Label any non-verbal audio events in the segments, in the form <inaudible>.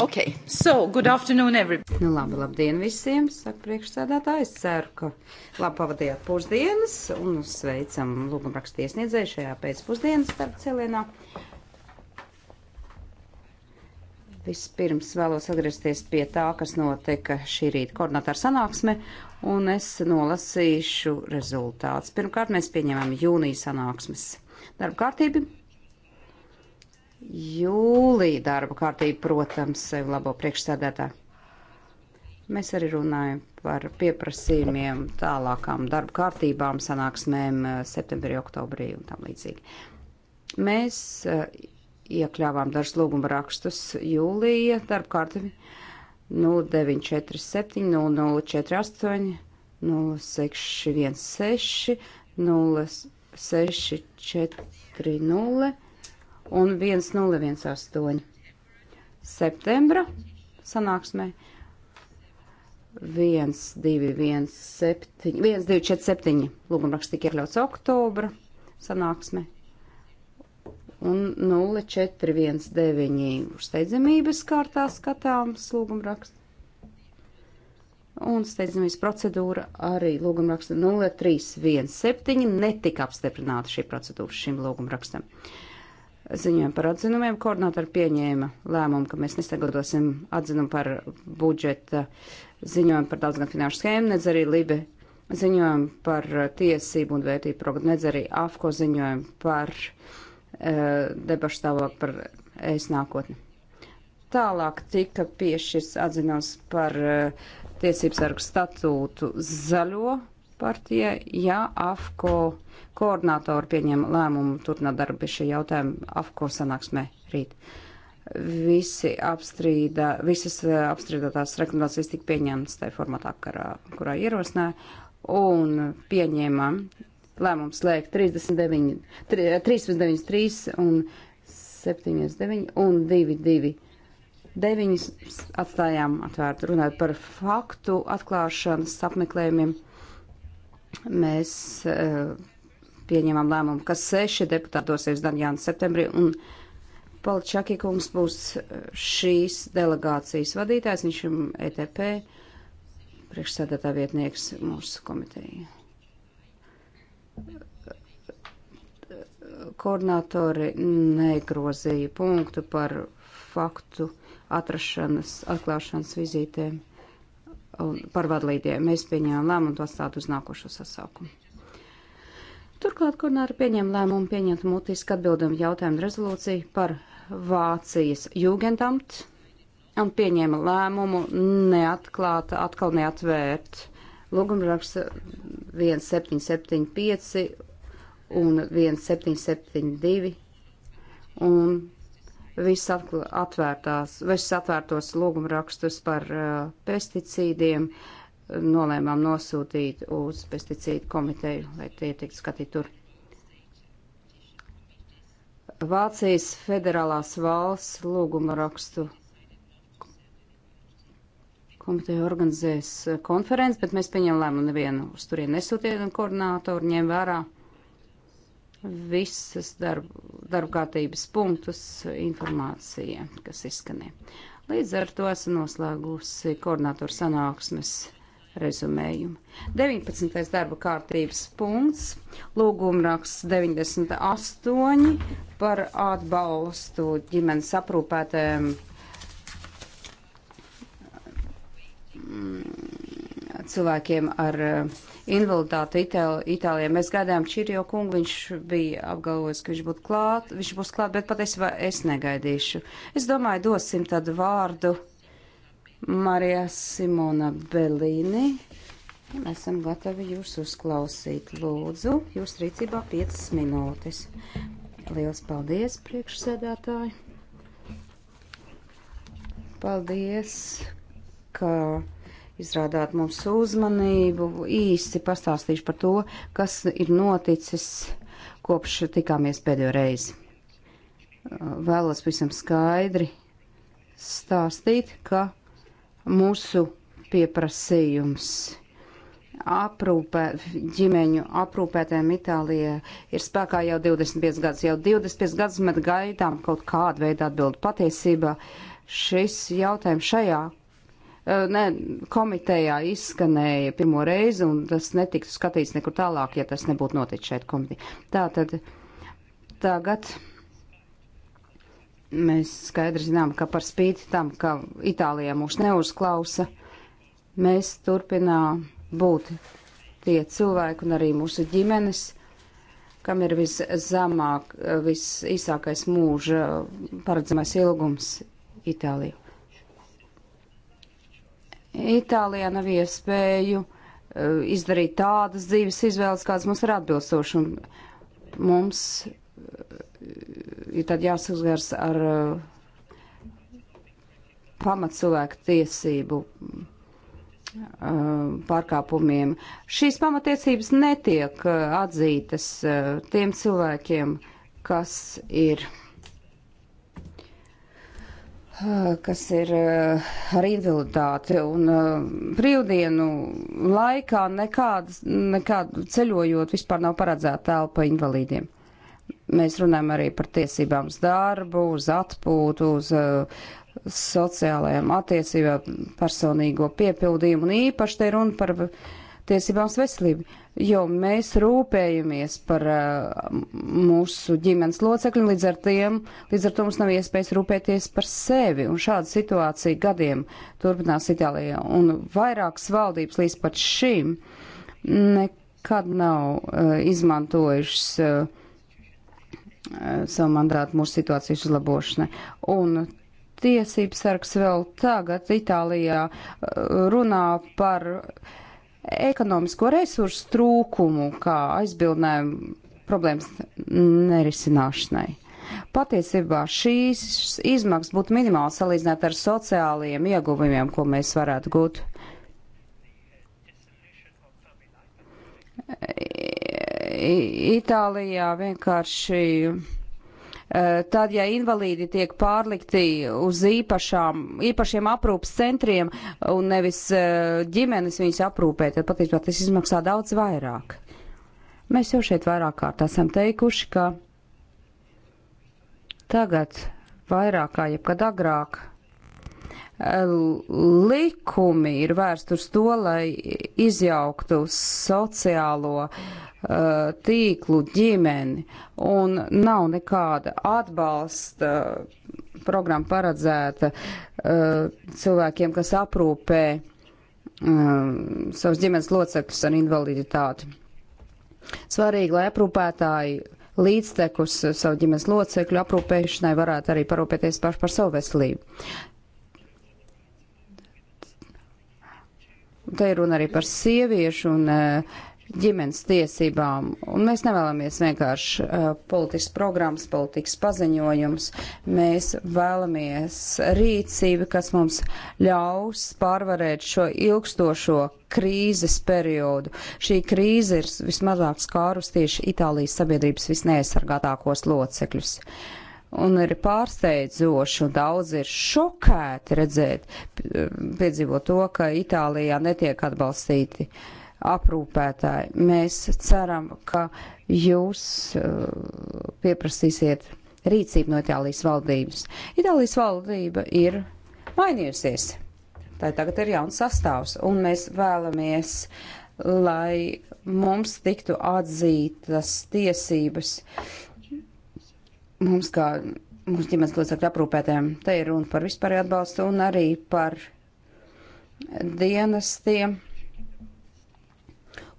Okay. So, good afternoon, everybody. Nu, labi, labdien visiem, saka priekšsēdētājs. Ceru, ka labi pavadījāt pusdienas un sveicam lūgumrakstu iesniedzēju šajā pēcpusdienas starp celienā. Vispirms vēlos atgriezties pie tā, kas notika šī rīta koordinātāra sanāksme, un es nolasīšu rezultātus. Pirmkārt, mēs pieņemam jūnija sanāksmes darba kārtību jūlija darba kārtību, protams, sev labo priekšsēdētā. Mēs arī runājam par pieprasījumiem, tālākām darba kārtībām, sanāksmēm eh, septembrī, oktobrī un tam līdzīgi. Mēs eh, iekļāvām dažus lūguma rakstus jūlija darba kārtību 0947, 0048, 0616, 0640 un 1018. Septembra sanāksmē 1247 lūgumraksts tika iekļauts oktobra sanāksmē un 0419 steidzamības kārtā skatāms lūgumraksts. Un steidzamības procedūra arī lūgumraksta 0317 netika apstiprināta šī procedūra šim lūgumrakstam. rakstam ziņojumu par atzinumiem. Koordinātori pieņēma lēmumu, ka mēs nesagatavosim atzinumu par budžeta ziņojumu par daudzgad finanšu schēmu, nedz arī Libe ziņojumu par uh, tiesību un vērtību programmu, nedz arī AFKO ziņojumu par uh, debašu stāvokli par es nākotni. Tālāk tika piešķirts atzinums par uh, tiesības sargu statūtu zaļo partija, ja AFCO koordinātori pieņem lēmumu turpināt darbu pie šī jautājuma AFCO sanāksmē rīt. Visi apstrīda, visas eh, apstrīdotās rekomendācijas tika pieņemtas tajā formatā, karā, kurā ierosināja, un pieņēma lēmumu slēgt 39, 39, 3 un 79 un 2, 2 deviņas atstājām atvērtu, runājot par faktu atklāšanas apmeklējumiem. Mēs eh, pieņemam lēmumu, ka seši deputāti dosies Danjāna septembrī un Palčaki kungs būs eh, šīs delegācijas vadītājs, viņš ir ETP priekšsēdētā vietnieks mūsu komiteja. Koordinātori negrozīja punktu par faktu atrašanas, atklāšanas vizītēm. Um, par vadlīdiem. Mēs pieņēmām lēmumu to atstāt uz nākošo sasaukumu. Turklāt, koronāri pieņēma lēmumu pieņemt mutiski atbildumu jautājumu rezolūciju par Vācijas jūgendamt un pieņēma lēmumu neatklāt, atkal neatvērt lūgumraksta 1775 un 1772 un visus atvērtās, visus atvērtos lūgumrakstus par uh, pesticīdiem nolēmām nosūtīt uz pesticīdu komiteju, lai tie tiktu skatīti tur. Vācijas federālās valsts lūgumrakstu komiteja organizēs uh, konferenci, bet mēs pieņemam lēmumu nevienu uz turieni nesūtiet un koordinātori ņem vērā visus darbkārtības punktus informācija, kas izskanē. Līdz ar to esmu noslēgusi koordinātoru sanāksmes rezumējumu. 19. darba kārtības punkts, lūgumraksts 98 par atbalstu ģimenes aprūpētēm mm, cilvēkiem ar uh, invaliditāti Itāl Itālijā. Mēs gaidām Čirio kungu, viņš bija apgalvojis, ka viņš, būtu klāt, viņš būs klāt, bet patiesībā es negaidīšu. Es domāju, dosim tad vārdu Marijā Simona Belīni. Esam gatavi jūs uzklausīt. Lūdzu, jūs rīcībā 5 minūtes. Liels paldies, priekšsēdētāji! Paldies, ka izrādāt mums uzmanību. Īsi pastāstīšu par to, kas ir noticis kopš tikāmies pēdējo reizi. Vēlos visam skaidri stāstīt, ka mūsu pieprasījums aprūpē, ģimeņu aprūpētēm Itālijā ir spēkā jau 25 gadus. Jau 25 gadus mēs gaidām kaut kādu veidu atbildi. Patiesībā šis jautājums šajā Eh, ne, komitejā izskanēja pirmo reizi, un tas netiktu skatīts nekur tālāk, ja tas nebūtu noticis šeit komitejā. Tā tad tagad mēs skaidri zinām, ka par spīti tam, ka Itālijā mūs neuzklausa, mēs turpinām būt tie cilvēki un arī mūsu ģimenes, kam ir viszemāk, visīsākais mūža paredzamais ilgums Itālijā. Itālijā nav iespēju eh, izdarīt tādas dzīves izvēles, kādas mums ir atbilstoši. Un mums eh, ir tad jāsasgars ar eh, pamatcilvēku tiesību pārkāpumiem. Šīs pamatiesības netiek atzītas tiem cilvēkiem, kas ir kas ir ar invaliditāti un brīvdienu laikā nekādas, nekādu ceļojot vispār nav paredzēta telpa invalīdiem. Mēs runājam arī par tiesībām uz darbu, uz atpūtu, uz sociālajām attiecībām, personīgo piepildījumu un īpaši te runa par tiesībām uz veselību, jo mēs rūpējamies par uh, mūsu ģimenes locekļiem, līdz ar tiem, līdz ar to mums nav iespējas rūpēties par sevi, un šāda situācija gadiem turpinās Itālijā, un vairākas valdības līdz pat šim nekad nav uh, izmantojušas uh, savu mandātu mūsu situācijas uzlabošanai. Un tiesības sargs vēl tagad Itālijā uh, runā par uh, ekonomisko resursu trūkumu kā aizbildinājumu problēmas nerisināšanai. Patiesībā šīs izmaksas būtu minimāli salīdzināt ar sociālajiem ieguvumiem, ko mēs varētu gūt. Itālijā vienkārši Eh, tad, ja invalīdi tiek pārlikti uz īpašām, īpašiem aprūpas centriem un nevis eh, ģimenes viņus aprūpē, tad patiesībā tas izmaksā daudz vairāk. Mēs jau šeit vairāk kārt esam teikuši, ka tagad vairāk kā jebkad agrāk likumi ir vērst uz to, lai izjauktu sociālo uh, tīklu ģimeni un nav nekāda atbalsta programma paredzēta uh, cilvēkiem, kas aprūpē um, uh, savus ģimenes locekļus ar invaliditāti. Svarīgi, lai aprūpētāji līdztekus savu ģimenes locekļu aprūpēšanai varētu arī parūpēties paši par savu veselību. Te ir runa arī par sieviešu un eh, ģimenes tiesībām. Un mēs nevēlamies vienkārši eh, politikas programmas, politikas paziņojums. Mēs vēlamies rīcību, kas mums ļaus pārvarēt šo ilgstošo krīzes periodu. Šī krīze ir vismazāk skārus tieši Itālijas sabiedrības visneaizsargātākos locekļus. Uh, un ir pārsteidzoši, un daudz ir šokēti redzēt, piedzīvot to, ka Itālijā netiek atbalstīti aprūpētāji. Mēs ceram, ka jūs uh, pieprasīsiet rīcību no Itālijas valdības. Itālijas valdība ir mainījusies. Tā tagad ir jauns sastāvs, un mēs vēlamies, lai mums tiktu atzītas tiesības uh, mums kā mūsu ģimenes locekļu aprūpētēm, te ir runa par vispārēju atbalstu un arī par dienestiem,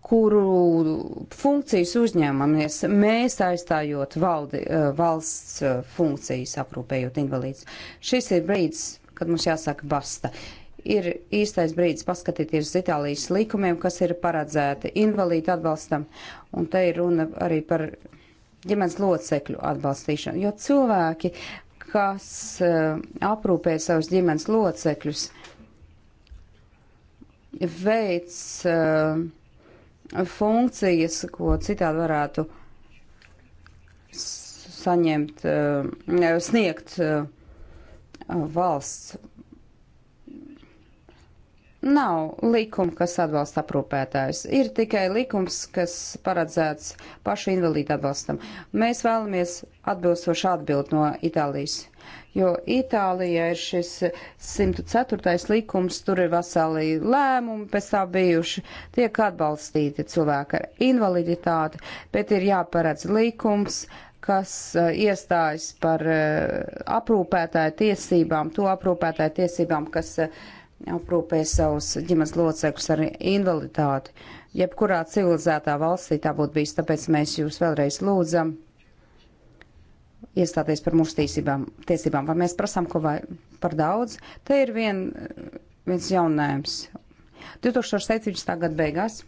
kuru funkcijas uzņēmamies mēs aizstājot valdi, eh, valsts eh, funkcijas aprūpējot invalīdus. Šis ir brīdis, kad mums jāsaka basta. Ir īstais brīdis paskatīties uz Itālijas likumiem, kas ir paredzēti invalīdu atbalstam, un te ir runa arī par ģimenes locekļu atbalstīšanu, jo cilvēki, kas uh, aprūpē savus ģimenes locekļus, veids uh, e, funkcijas, ko citādi varētu saņemt, uh, sniegt uh, valsts Nav likuma, kas atbalsta aprūpētājus. Ir tikai likums, kas paredzēts pašu invalīdu atbalstam. Mēs vēlamies atbilstošu atbildi no Itālijas, jo Itālijā ir šis 104. likums, tur ir veseli lēmumi, pēc tā bijuši, tiek atbalstīti cilvēki ar invaliditāti, bet ir jāparedz likums, kas uh, iestājas par uh, eh, aprūpētāju tiesībām, to aprūpētāju tiesībām, kas uh, aprūpē savus ģimenes locekļus ar invaliditāti. Jebkurā civilizētā valstī tā būtu bijis, tāpēc mēs jūs vēlreiz lūdzam iestāties par mūsu tiesībām. tiesībām. Vai mēs prasām ko vai par daudz? Te ir vien, viens jaunājums. 2017. gada beigās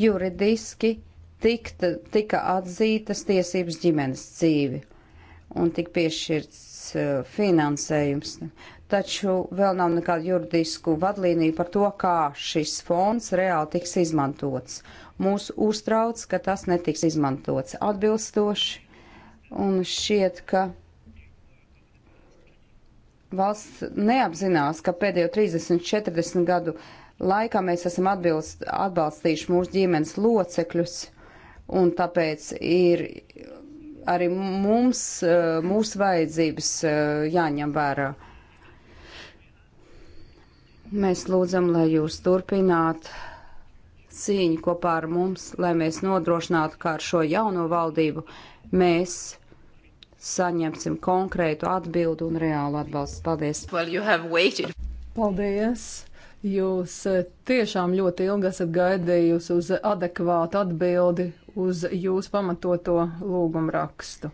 juridiski tikt, tika atzītas tiesības ģimenes dzīvi un tika piešķirts eh, finansējums taču vēl nav nekādu juridisku vadlīniju par to, kā šis fonds reāli tiks izmantots. Mūs uztrauc, ka tas netiks izmantots atbilstoši, un šķiet, ka valsts neapzinās, ka pēdējo 30, 40 gadu laikā mēs esam atbilst, atbalstījuši mūsu ģimenes locekļus, un tāpēc ir arī mums, eh, mūsu vajadzības eh, jāņem vērā. Uh, Mēs lūdzam, lai jūs turpināt cīņu kopā ar mums, lai mēs nodrošinātu, kā ar šo jauno valdību mēs saņemsim konkrētu atbildu un reālu atbalstu. Paldies! Well, Paldies! Jūs eh, tiešām ļoti ilgi esat gaidījusi uz adekvātu atbildi uz jūsu pamatoto lūgumu rakstu.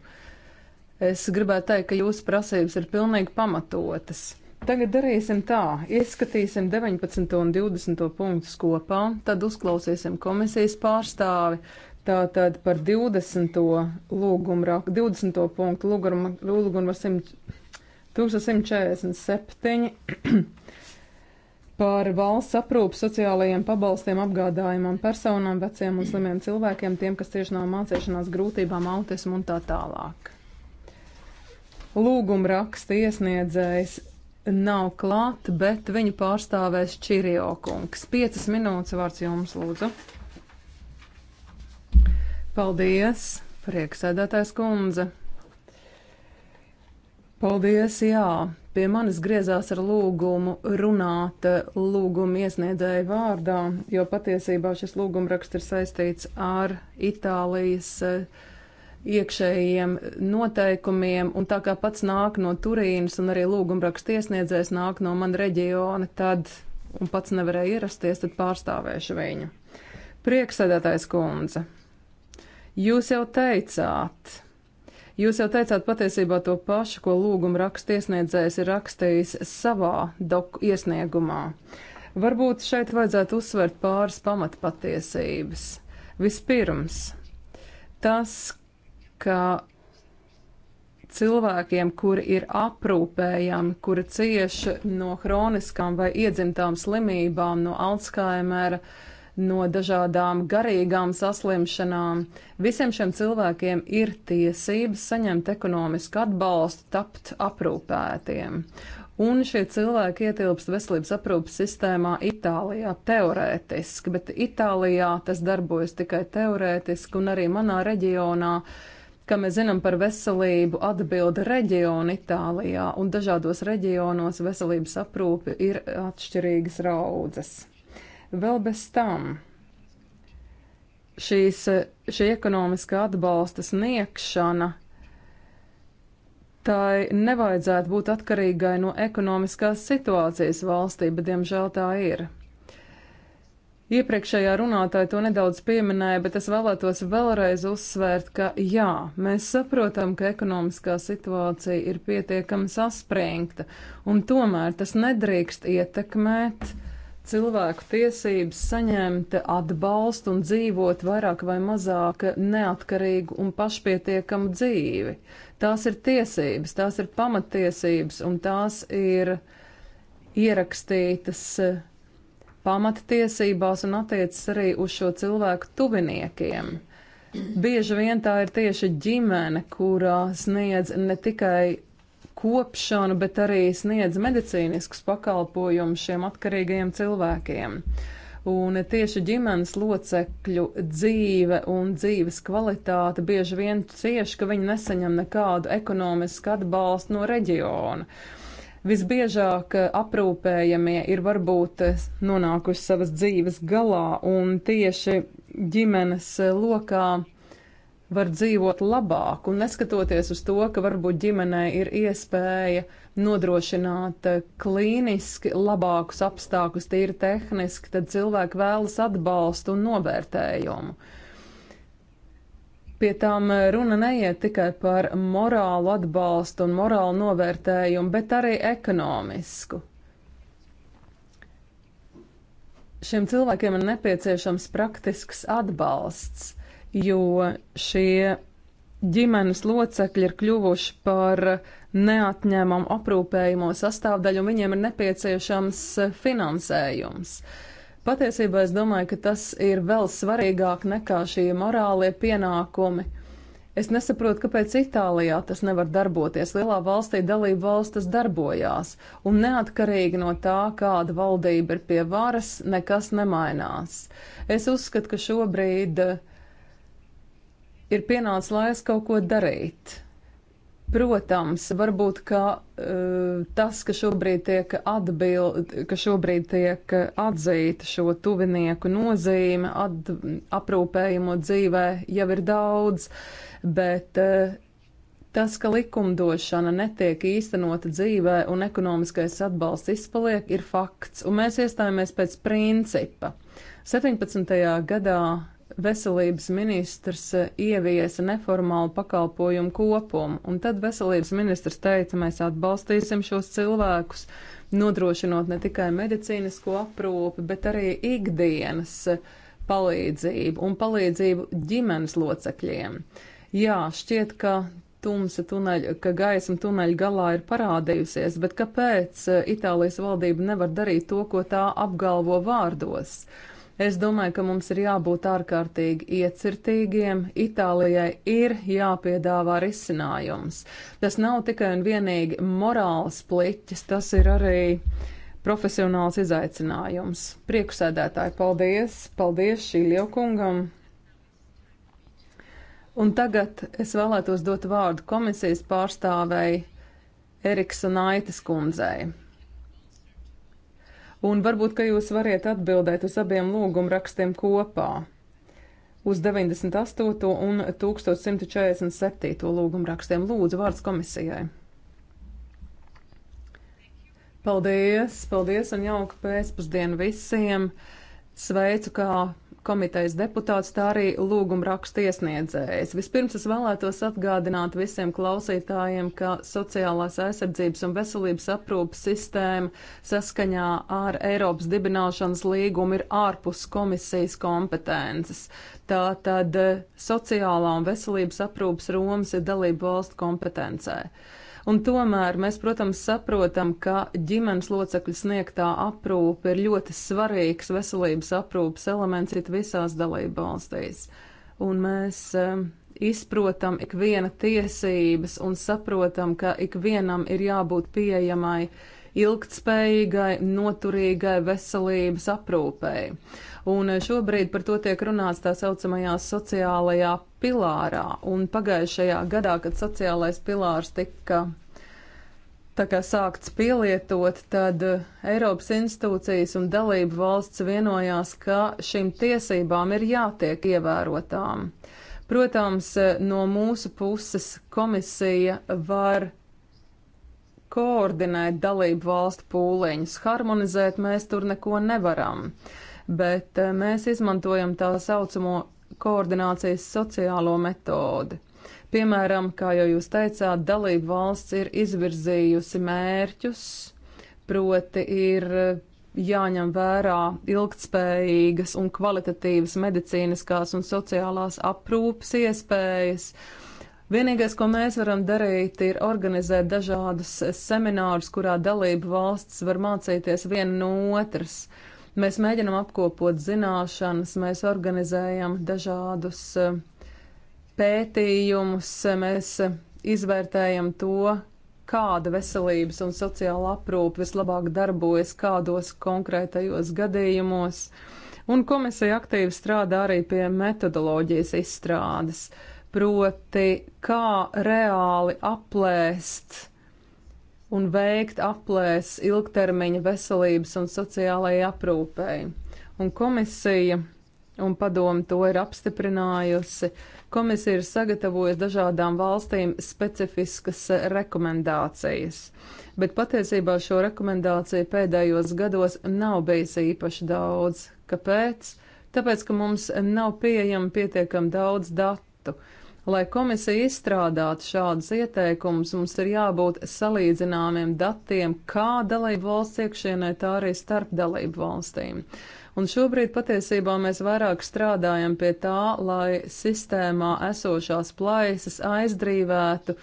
Es gribētu teikt, ka jūsu prasības ir pilnīgi pamatotas. Tagad darīsim tā, ieskatīsim 19. un 20. punktus kopā, tad uzklausīsim komisijas pārstāvi, tātad par 20. lūgumu, 20. punktu lūgumu, lūgumu 1147 par valsts aprūpu sociālajiem pabalstiem apgādājumam personām, veciem un slimiem cilvēkiem, tiem, kas cieši no mācīšanās grūtībām, autismu un tā tālāk. Lūguma raksta iesniedzējs nav klāt, bet viņu pārstāvēs Čirio kungs. Piecas minūtes vārds jums lūdzu. Paldies, prieksēdētājs kundze. Paldies, jā. Pie manis griezās ar lūgumu runāt lūgumu iesniedzēju vārdā, jo patiesībā šis lūgumraksts ir saistīts ar Itālijas uh, iekšējiem noteikumiem, un tā kā pats nāk no Turīnas un arī lūgumraksta iesniedzējs nāk no man reģiona, tad, un pats nevarēja ierasties, tad pārstāvēšu viņu. Prieksēdētājs kundze, jūs jau teicāt, jūs jau teicāt patiesībā to pašu, ko lūgumraksta iesniedzējs ir rakstījis savā doku iesniegumā. Varbūt šeit vajadzētu uzsvērt pāris pamatpatiesības. Vispirms, tas, ka cilvēkiem, kuri ir aprūpējami, kuri cieši no hroniskām vai iedzimtām slimībām, no Alzheimera, no dažādām garīgām saslimšanām, visiem šiem cilvēkiem ir tiesības saņemt ekonomisku atbalstu, tapt aprūpētiem. Un šie cilvēki ietilpst veselības aprūpas sistēmā Itālijā teorētiski, bet Itālijā tas darbojas tikai teorētiski, un arī manā reģionā uh, Kā mēs zinām par veselību, atbilda reģiona Itālijā, un dažādos reģionos veselības aprūpe ir atšķirīgas raudzes. Vēl bez tam šīs, šī ekonomiskā atbalsta sniegšana. Tai nevajadzētu būt atkarīgai no ekonomiskās situācijas valstī, bet diemžēl tā ir. Iepriekšējā runātāja to nedaudz pieminēja, bet es vēlētos vēlreiz uzsvērt, ka jā, mēs saprotam, ka ekonomiskā situācija ir pietiekami saspringta, un tomēr tas nedrīkst ietekmēt cilvēku tiesības saņemt atbalstu un dzīvot vairāk vai mazāk neatkarīgu un pašpietiekamu dzīvi. Tās ir tiesības, tās ir pamatiesības, un tās ir ierakstītas pamattiesībās un attiecas arī uz šo cilvēku tuviniekiem. Bieži vien tā ir tieši ģimene, kurā sniedz ne tikai kopšanu, bet arī sniedz medicīniskus pakalpojumus šiem atkarīgajiem cilvēkiem. Un tieši ģimenes locekļu dzīve un dzīves kvalitāte bieži vien cieš, ka viņi nesaņem nekādu ekonomisku atbalstu no reģiona. Visbiežāk eh, aprūpējamie ir varbūt eh, nonākuši savas dzīves galā, un tieši ģimenes eh, lokā var dzīvot labāk, un neskatoties uz to, ka varbūt ģimenei ir iespēja nodrošināt klīniski labākus apstākļus, tīri tehniski, tad cilvēki vēlas atbalstu un novērtējumu. Pie tām e, runa neiet tikai par morālu atbalstu un morālu novērtējumu, bet arī ekonomisku. Šiem cilvēkiem ir nepieciešams praktisks atbalsts, jo šie ģimenes locekļi ir kļuvuši par neatņēmumu aprūpējumu sastāvdaļu, un viņiem ir nepieciešams e, finansējums. Uh, Patiesībā es domāju, ka tas ir vēl svarīgāk nekā šie morālie pienākumi. Es nesaprotu, kāpēc Itālijā tas nevar darboties. Lielā valstī dalību valstis darbojās, un neatkarīgi no tā, kāda valdība ir pie varas, nekas nemainās. Es uzskatu, ka šobrīd ir pienācis laiks kaut ko darīt. Protams, varbūt ka, uh, tas, ka šobrīd tiek, atbild, ka šobrīd tiek atzīta šo tuvinieku nozīme at, aprūpējamo dzīvē, jau ir daudz, bet uh, tas, ka likumdošana netiek īstenota dzīvē un ekonomiskais atbalsts izpaliek, ir fakts, un mēs iestājāmies pēc principa. 17. gadā veselības ministrs eh, ieviesa neformālu pakalpojumu kopumu, un tad veselības ministrs teica, mēs atbalstīsim šos cilvēkus, nodrošinot ne tikai medicīnisko aprūpi, bet arī ikdienas eh, palīdzību un palīdzību ģimenes locekļiem. Jā, šķiet, ka tumsa tuneļa, ka gaisma tuneļa galā ir parādījusies, bet kāpēc eh, Itālijas valdība nevar darīt to, ko tā apgalvo vārdos? Uh, Es domāju, ka mums ir jābūt ārkārtīgi iecirtīgiem. Itālijai ir jāpiedāvā risinājums. Tas nav tikai un vienīgi morāls pliķis, tas ir arī profesionāls izaicinājums. Priekšsēdētāji, paldies! Paldies Šīļo kungam! Un tagad es vēlētos dot vārdu komisijas pārstāvei Eriksonaitis kundzei un varbūt, ka jūs variet atbildēt uz abiem lūgumrakstiem kopā. Uz 98. un 1147. lūgumrakstiem lūdzu vārds komisijai. Paldies, paldies un jauka pēcpusdiena visiem! Sveicu kā komitejas deputāts, tā arī lūguma rakstu iesniedzējs. Vispirms es vēlētos atgādināt visiem klausītājiem, ka sociālās aizsardzības un veselības aprūpas sistēma saskaņā ar Eiropas dibināšanas līgumu ir ārpus komisijas kompetences. Tātad sociālā un veselības aprūpas Romas ir dalību valstu kompetencē. Uh, Un tomēr mēs, protams, saprotam, ka ģimenes locekļu sniegtā aprūpe ir ļoti svarīgs veselības aprūpes elements it visās dalība valstīs. Un mēs eh, izprotam ikviena tiesības un saprotam, ka ikvienam ir jābūt pieejamai ilgtspējīgai, noturīgai veselības aprūpei un šobrīd par to tiek runāts tā saucamajā sociālajā pilārā, un pagājušajā gadā, kad sociālais pilārs tika tā kā sākts pielietot, tad Eiropas institūcijas un dalību valsts vienojās, ka šīm tiesībām ir jātiek ievērotām. Protams, no mūsu puses komisija var koordinēt dalību valstu pūliņus, harmonizēt mēs tur neko nevaram. Uh, bet eh, mēs izmantojam tā saucamo koordinācijas sociālo metodi. Piemēram, kā jau jūs teicāt, dalību valsts ir izvirzījusi mērķus, proti ir eh, jāņem vērā ilgtspējīgas un kvalitatīvas medicīniskās un sociālās aprūpas iespējas. Vienīgais, ko mēs varam darīt, ir organizēt dažādus seminārus, kurā dalību valsts var mācīties viena no otras. Mēs mēģinam apkopot zināšanas, mēs organizējam dažādus eh, pētījumus, mēs eh, izvērtējam to, kāda veselības un sociāla aprūpe vislabāk darbojas kādos konkrētajos gadījumos, un komisija aktīvi strādā arī pie metodoloģijas izstrādes, proti kā reāli aplēst un veikt aplēs ilgtermiņa veselības un sociālajai aprūpēji. Un komisija un padomu to ir apstiprinājusi. Komisija ir sagatavojusi dažādām valstīm specifiskas rekomendācijas, bet patiesībā šo rekomendāciju pēdējos gados nav bijis īpaši daudz. Kāpēc? Tāpēc, ka mums nav pieejama pietiekami daudz datu. Lai komisija izstrādātu šādus ieteikumus, mums ir jābūt salīdzināmiem datiem, kā dalību valsts iekšienē, tā arī starp dalību valstīm. Un šobrīd patiesībā mēs vairāk strādājam pie tā, lai sistēmā esošās plaisas aizdrīvētu,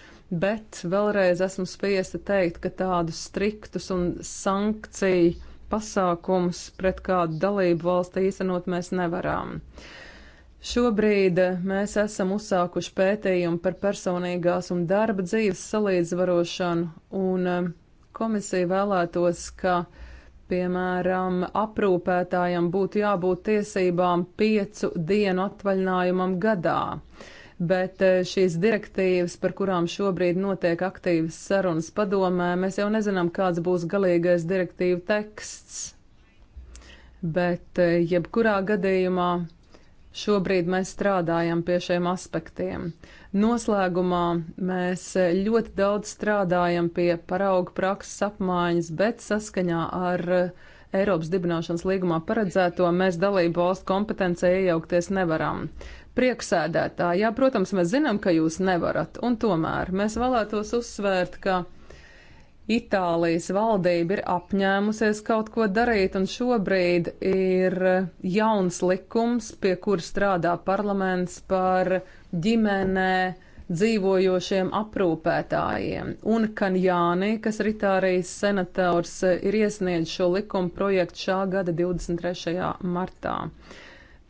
bet vēlreiz esmu spiesta teikt, ka tādus striktus un sankciju pasākumus pret kādu dalību valsti īstenot mēs nevaram. Uh, Šobrīd mēs esam uzsākuši pētījumu par personīgās un darba dzīves salīdzvarošanu, un um, komisija vēlētos, ka, piemēram, aprūpētājam būtu jābūt tiesībām piecu dienu atvaļinājumam gadā. Bet uh, šīs direktīvas, par kurām šobrīd notiek aktīvas sarunas padomē, mēs jau nezinām, kāds būs galīgais direktīvu teksts. Bet uh, jebkurā gadījumā Šobrīd mēs strādājam pie šiem aspektiem. Noslēgumā mēs ļoti daudz strādājam pie parauga prakses apmaiņas, bet saskaņā ar Eiropas dibināšanas līgumā paredzēto mēs dalību valstu kompetencē iejaukties nevaram. Prieksēdētā, jā, protams, mēs zinām, ka jūs nevarat, un tomēr mēs vēlētos uzsvērt, ka Itālijas valdība ir apņēmusies kaut ko darīt, un šobrīd ir eh, jauns likums, pie kura strādā parlaments par ģimenē dzīvojošiem aprūpētājiem. Un Kanjāni, kas ir Itālijas senators, ir iesniedz šo likumu projektu šā gada 23. martā.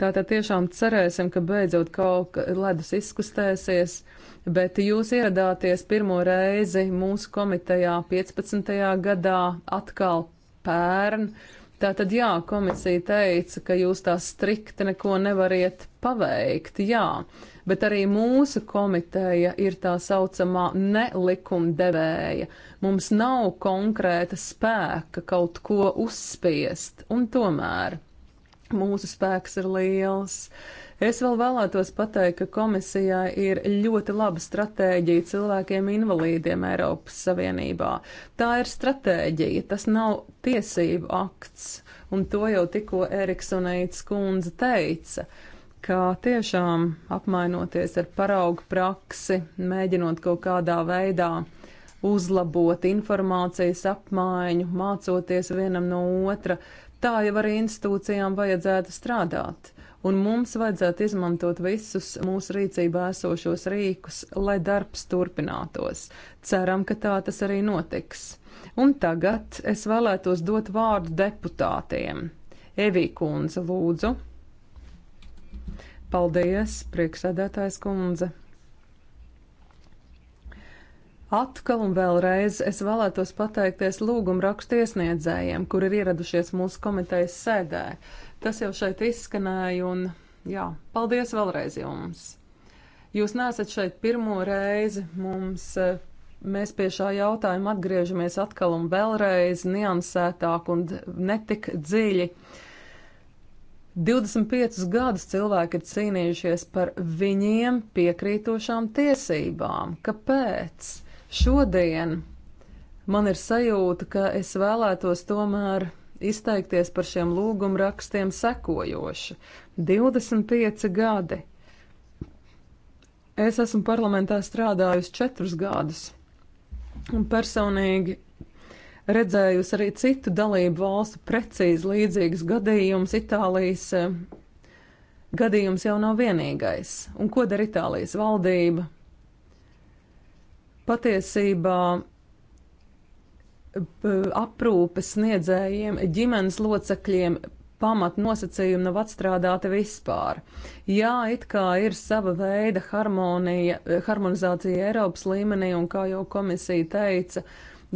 Tātad tiešām cerēsim, ka beidzot kaut ledus izkustēsies. Uh, bet jūs ieradāties pirmo reizi mūsu komitejā 15. gadā atkal pērn. Tātad jā, komisija teica, ka jūs tā strikti neko nevariet paveikt, jā, bet arī mūsu komiteja ir tā saucamā nelikumdevēja. Mums nav konkrēta spēka kaut ko uzspiest, un tomēr mūsu spēks ir liels. Uh, Es vēl vēlētos pateikt, ka komisijai ir ļoti laba stratēģija cilvēkiem invalīdiem Eiropas Savienībā. Tā ir stratēģija, tas nav tiesību akts, un to jau tikko Eriksoneits kundze teica ka tiešām apmainoties ar paraugu praksi, mēģinot kaut kādā veidā uzlabot informācijas apmaiņu, mācoties vienam no otra, tā jau arī institūcijām vajadzētu strādāt un mums vajadzētu izmantot visus mūsu rīcībā esošos rīkus, lai darbs turpinātos. Ceram, ka tā tas arī notiks. Un tagad es vēlētos dot vārdu deputātiem. Evī kundze, lūdzu. Paldies, prieksēdētājs kundze. Atkal un vēlreiz es vēlētos pateikties lūgumu rakstu iesniedzējiem, kuri ir ieradušies mūsu komitejas sēdē. Tas jau šeit izskanēja, un jā, paldies vēlreiz jums! Jūs nesat šeit pirmo reizi, mums, eh, mēs pie šā jautājuma atgriežamies atkal un vēlreiz niansētāk un netik dziļi. 25 gadus cilvēki ir cīnījušies par viņiem piekrītošām tiesībām. Kāpēc? Šodien man ir sajūta, ka es vēlētos tomēr izteikties par šiem lūgumrakstiem sekojoši. 25 gadi. Es esmu parlamentā strādājusi četrus gadus un personīgi redzējusi arī citu dalību valstu precīzi līdzīgus gadījumus. Itālijas eh, gadījums jau nav vienīgais. Un ko dara Itālijas valdība? patiesībā aprūpes sniedzējiem, ģimenes locekļiem pamat nosacījumi nav atstrādāti vispār. Jā, it kā ir sava veida harmonija, harmonizācija Eiropas līmenī, un kā jau komisija teica,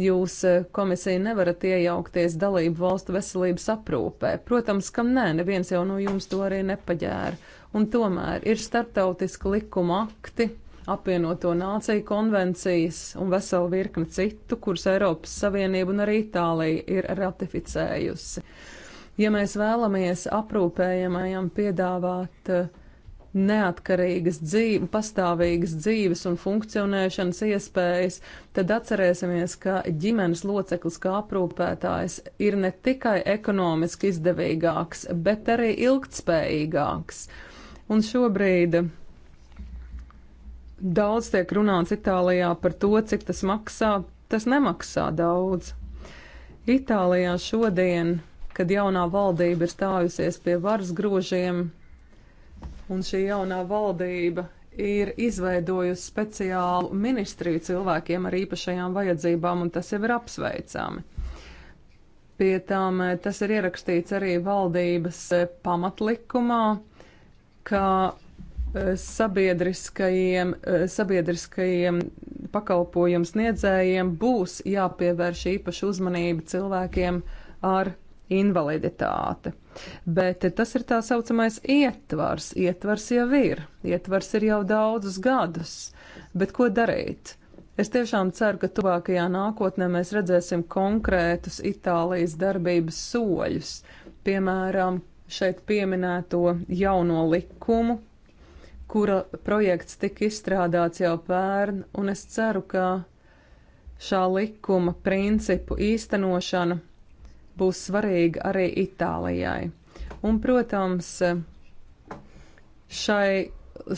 jūs e, komisija nevarat iejaukties dalību valstu veselības aprūpē. Protams, kam nē, neviens jau no jums to arī nepaģēra. Un tomēr ir starptautiski likuma akti, apvienoto nāciju konvencijas un veselu virkni citu, kuras Eiropas Savienība un arī Itālija ir ratificējusi. Ja mēs vēlamies aprūpējamajam piedāvāt eh, neatkarīgas dzīves, pastāvīgas dzīves un funkcionēšanas iespējas, tad atcerēsimies, ka ģimenes loceklis kā aprūpētājs ir ne tikai ekonomiski izdevīgāks, bet arī ilgtspējīgāks. Un šobrīd Daudz tiek runāts Itālijā par to, cik tas maksā. Tas nemaksā daudz. Itālijā šodien, kad jaunā valdība ir stājusies pie varas grožiem, un šī jaunā valdība ir izveidojusi speciālu ministriju cilvēkiem ar īpašajām vajadzībām, un tas jau ir apsveicami. Pie tām eh, tas ir ierakstīts arī valdības eh, pamatlikumā, ka Eh, sabiedriskajiem, eh, sabiedriskajiem pakalpojumu sniedzējiem būs jāpievērš īpaša uzmanība cilvēkiem ar invaliditāti. Bet tas ir tā saucamais ietvars. Ietvars jau ir. Ietvars ir jau daudzus gadus. Bet ko darīt? Es tiešām ceru, ka tuvākajā nākotnē mēs redzēsim konkrētus Itālijas darbības soļus. Piemēram, šeit pieminēto jauno likumu kura projekts tika izstrādāts jau pērn, un es ceru, ka šā likuma principu īstenošana būs svarīga arī Itālijai. Un, protams, šai,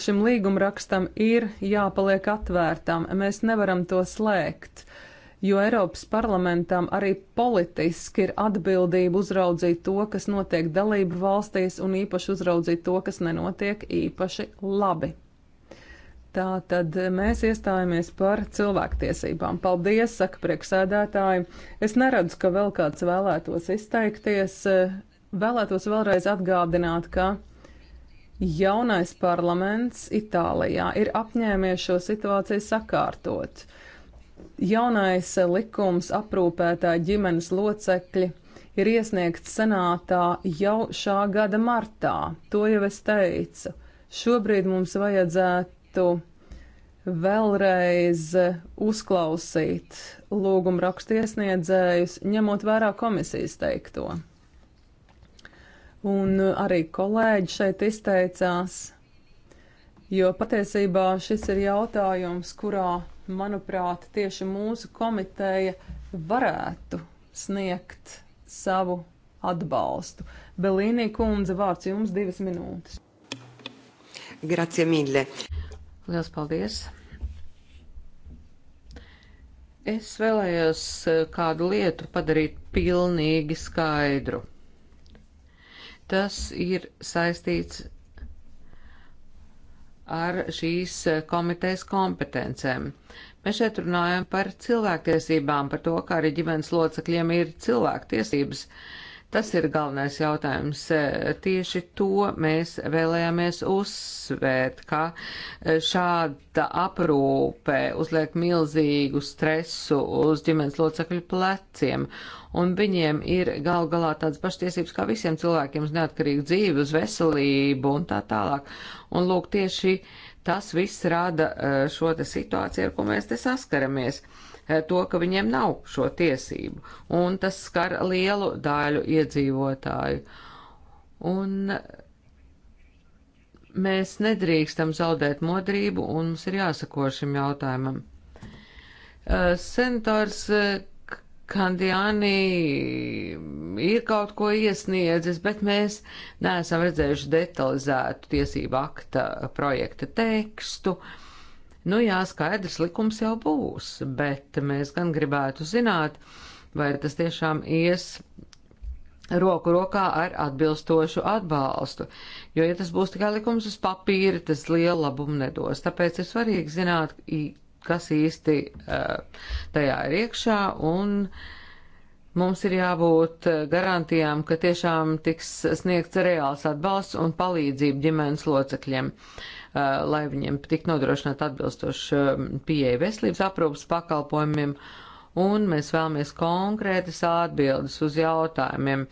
šim līgumrakstam ir jāpaliek atvērtam, mēs nevaram to slēgt jo Eiropas parlamentam arī politiski ir atbildība uzraudzīt to, kas notiek dalību valstīs, un īpaši uzraudzīt to, kas nenotiek īpaši labi. Tā tad mēs iestājāmies par cilvēktiesībām. Paldies, saka priekšsēdētāji. Es neredzu, ka vēl kāds vēlētos izteikties. Vēlētos vēlreiz atgādināt, ka jaunais parlaments Itālijā ir apņēmies šo situāciju sakārtot. Uh, Jaunais likums aprūpētāja ģimenes locekļi ir iesniegts senātā jau šā gada martā. To jau es teicu. Šobrīd mums vajadzētu vēlreiz uzklausīt lūgumu rakstiesniedzējus, ņemot vērā komisijas teikto. Un arī kolēģi šeit izteicās, jo patiesībā šis ir jautājums, kurā manuprāt, tieši mūsu komiteja varētu sniegt savu atbalstu. Belīnī kundze, vārds jums divas minūtes. Grazie mille. Liels paldies. Es vēlējos eh, kādu lietu padarīt pilnīgi skaidru. Tas ir saistīts ar šīs komitejas kompetencēm. Mēs šeit runājam par cilvēktiesībām, par to, kā arī ģimenes locekļiem ir cilvēktiesības. tiesības Tas ir galvenais jautājums. Eh, tieši to mēs vēlējāmies uzsvērt, ka eh, šāda aprūpe uzliek milzīgu stresu uz ģimenes locekļu pleciem, un viņiem ir gal galā tāds paštiesības kā visiem cilvēkiem uz neatkarīgu dzīvi, uz veselību un tā tālāk. Un lūk, tieši tas viss rada eh, šo te situāciju, ar ko mēs te saskaramies. Uh, Eh, to, ka viņiem nav šo tiesību, un tas skar lielu daļu iedzīvotāju. Un mēs nedrīkstam zaudēt modrību, un mums ir jāsako šim jautājumam. Eh, Senators eh, Kandiāni ir kaut ko iesniedzis, bet mēs neesam redzējuši detalizētu tiesību akta projekta tekstu. Uh, Nu jā, skaidrs likums jau būs, bet mēs gan gribētu zināt, vai tas tiešām ies roku rokā ar atbilstošu atbalstu. Jo, ja tas būs tikai likums uz papīra, tas lielu labumu nedos. Tāpēc ir svarīgi zināt, kas īsti e, tajā ir iekšā, un mums ir jābūt e, garantijām, ka tiešām tiks sniegts reāls atbalsts un palīdzība ģimenes locekļiem. Uh, Uh, lai viņiem tik nodrošināt atbilstoši um, pieeja veselības aprūpas pakalpojumiem, un mēs vēlamies konkrētas atbildes uz jautājumiem.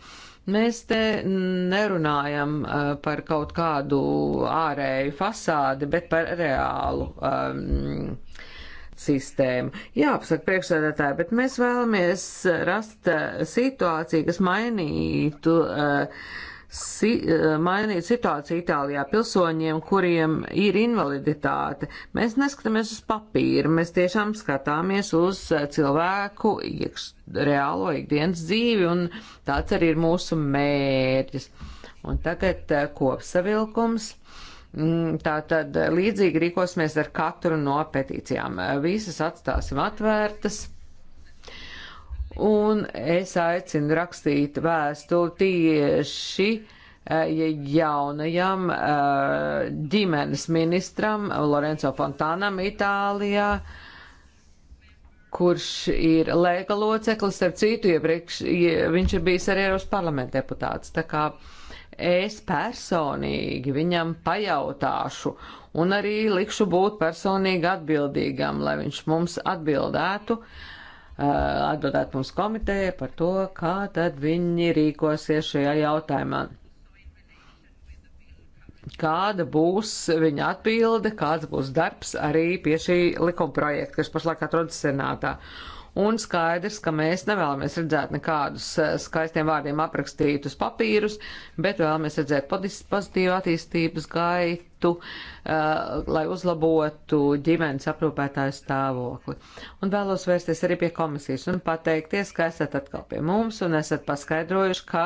Mēs te nerunājam uh, par kaut kādu ārēju fasādi, bet par reālu um, sistēmu. Jā, pasaka priekšsēdētāji, bet mēs vēlamies rast uh, situāciju, kas mainītu uh, si eh, mainīt situāciju Itālijā pilsoņiem, kuriem ir invaliditāte. Mēs neskatāmies uz papīru, mēs tiešām skatāmies uz eh, cilvēku iekš, reālo ikdienas dzīvi, un tāds arī ir mūsu mērķis. Un tagad eh, kopsavilkums. Mm, Tātad līdzīgi rīkosimies ar katru no petīcijām. Visas atstāsim atvērtas un es aicinu rakstīt vēstuli tieši eh, jaunajam eh, ģimenes ministram Lorenzo Fontānam Itālijā, kurš ir lēka loceklis, ar citu iepriekš, viņš ir bijis arī Eiropas parlamenta deputāts. Tā kā es personīgi viņam pajautāšu un arī likšu būt personīgi atbildīgam, lai viņš mums atbildētu. Uh, Eh, atbildēt mums komitejai par to, kā tad viņi rīkosies šajā jautājumā. Kāda būs viņa atbilde, kāds būs darbs arī pie šī likuma projekta, kas pašlaik atrodas senātā. Un skaidrs, ka mēs nevēlamies redzēt nekādus eh, skaistiem vārdiem aprakstītus papīrus, bet vēlamies redzēt pozitīvu attīstības gaitu veiktu, uh, eh, lai uzlabotu ģimenes aprūpētāju stāvokli. Un vēlos vērsties arī pie komisijas un pateikties, ka esat atkal pie mums un esat paskaidrojuši, ka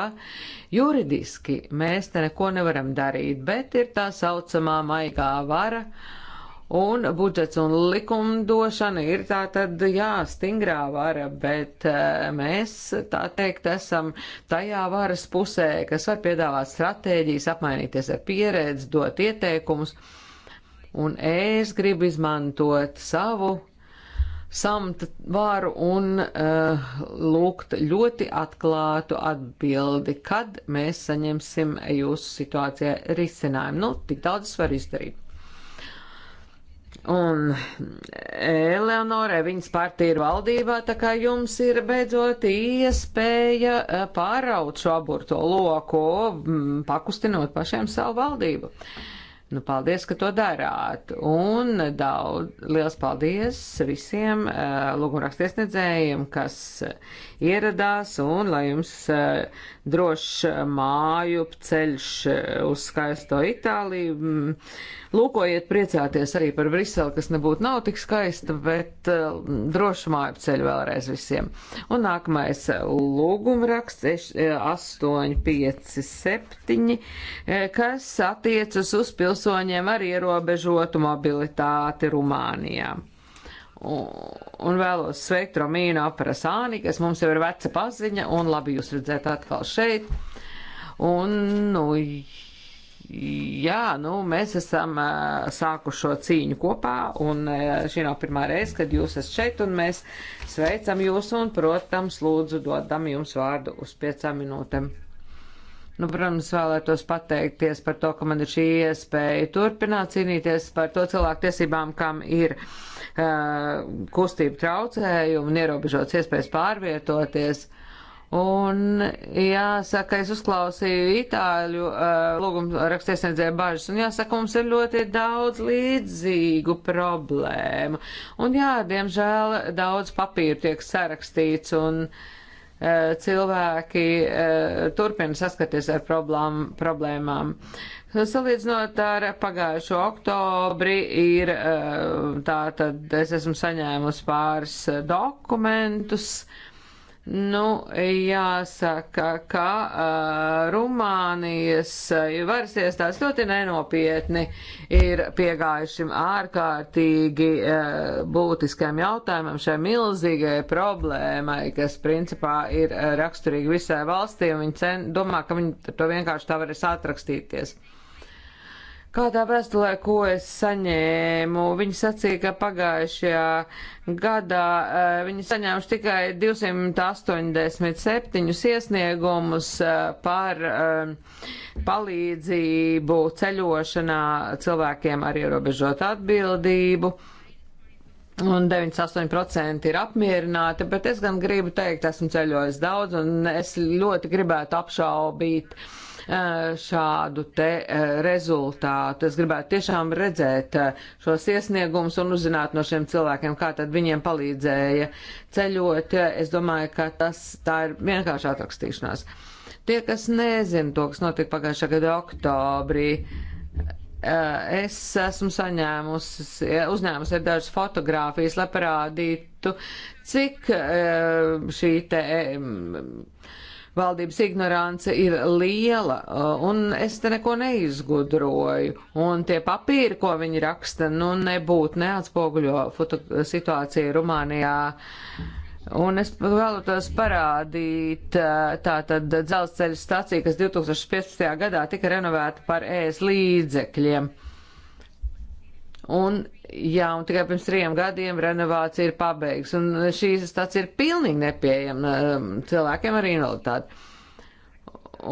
juridiski mēs te neko nevaram darīt, bet ir tā saucamā maigā vara. Uh, Un budžets un likumdošana ir tā tad, jā, stingrā vara, bet eh, mēs, tā teikt, esam tajā varas pusē, kas var piedāvāt stratēģijas, apmainīties ar pieredzi, dot ieteikumus. Un es gribu izmantot savu samta vāru un uh, lūgt ļoti atklātu atbildi, kad mēs saņemsim jūsu situācijā risinājumu. Nu, tik daudz es varu izdarīt. Un Eleonorai viņas partija ir valdībā, tā kā jums ir beidzot iespēja eh, pāraut šo aburto loku, mm, pakustinot pašiem savu valdību. Nu, paldies, ka to darāt. Un daudz, liels paldies visiem uh, lūgumrakstiesniedzējiem, kas ieradās un lai jums uh, drošs māju ceļš uz skaisto Itāliju. Mm, lūkojiet, priecāties arī par Briseli, kas nebūtu nav tik skaista, bet mm, drošs māju ceļu vēlreiz visiem. Un nākamais lūgumraksts 857, e, e, kas attiecas uz pilsoņiem ar ierobežotu mobilitāti Rumānijā un vēlos sveikt Romīnu Aprasāni, kas mums jau ir veca paziņa, un labi jūs redzēt atkal šeit. Un, nu, jā, nu, mēs esam sākuši šo cīņu kopā, un šī nav pirmā reize, kad jūs esat šeit, un mēs sveicam jūs, un, protams, lūdzu dodam jums vārdu uz piecām minūtēm. Nu, protams, vēlētos pateikties par to, ka man ir šī iespēja turpināt cīnīties par to cilvēku tiesībām, kam ir uh, Eh, kustību traucējumu un ierobežots iespējas pārvietoties. Un jāsaka, es uzklausīju itāļu uh, lūgumu rakstiesniedzēju bažas, un jāsaka, mums ir ļoti daudz līdzīgu problēmu. Un jā, diemžēl daudz papīru tiek sarakstīts, un uh, cilvēki uh, turpina saskaties ar problām, problēmām. Salīdzinot ar pagājušo oktobri, ir eh, tā tad es esmu saņēmusi pāris eh, dokumentus. Nu, jāsaka, ka eh, Rumānijas varas iestādes ļoti nenopietni ir piegājušim ārkārtīgi būtiskam jautājumam, šai milzīgai problēmai, kas principā ir raksturīgi visai valstī, un viņi cen, domā, ka viņi to vienkārši tā varēs atrakstīties. Kādā vēstulē, ko es saņēmu, viņi sacīja, ka pagājušajā gadā eh, viņi saņēmuši tikai 287 iesniegumus eh, par eh, palīdzību ceļošanā cilvēkiem ar ierobežotu atbildību un 98% ir apmierināti, bet es gan gribu teikt, esmu ceļojis daudz, un es ļoti gribētu apšaubīt šādu te rezultātu. Es gribētu tiešām redzēt šos iesniegumus un uzzināt no šiem cilvēkiem, kā tad viņiem palīdzēja ceļot. Es domāju, ka tas tā ir vienkārši atrakstīšanās. Tie, kas nezina to, kas notika pagājušā gada oktobrī, es esmu saņēmusi, uzņēmusi ar dažas fotogrāfijas, lai parādītu, cik šī te valdības ignorance ir liela, uh, un es te neko neizgudroju. Un tie papīri, ko viņi raksta, nu nebūtu neatspoguļo situāciju Rumānijā. Un es vēlētos parādīt uh, tātad dzelzceļa staciju, kas 2015. gadā tika renovēta par ēs līdzekļiem. Un, jā, un tikai pirms trim gadiem renovācija ir pabeigts, un šī stacija ir pilnīgi nepieejama um, cilvēkiem ar invaliditāti.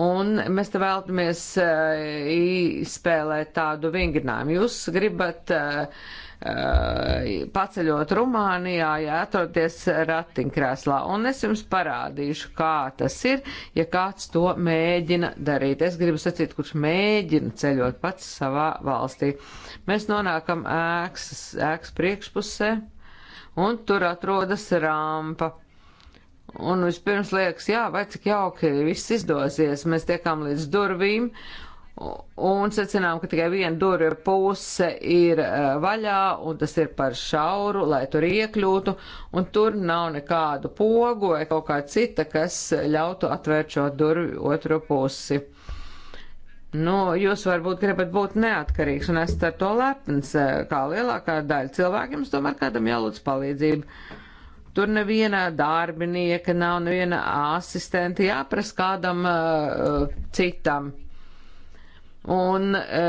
Un mēs te vēlamies uh, izspēlēt tādu vingrinājumu. Jūs gribat uh, Uh, paceļot Rumānijā, ja atroties ratiņkrēslā. Un es jums parādīšu, kā tas ir, ja kāds to mēģina darīt. Es gribu sacīt, kurš mēģina ceļot pats savā valstī. Mēs nonākam ēks, ēks priekšpusē, un tur atrodas rampa. Un vispirms liekas, jā, vai cik jauki viss izdosies. Mēs tiekam līdz durvīm, un secinām, ka tikai viena durvju puse ir uh, vaļā, un tas ir par šauru, lai tur iekļūtu, un tur nav nekādu pogu vai kaut kā cita, kas ļautu atvērt šo durvju otru pusi. Nu, jūs varbūt gribat būt neatkarīgs, un esat ar to lepns, eh, kā lielākā daļa cilvēkiem, tomēr kādam jālūdz palīdzību. Tur neviena darbinieka nav, neviena asistenta jāprasa kādam uh, citam Un e,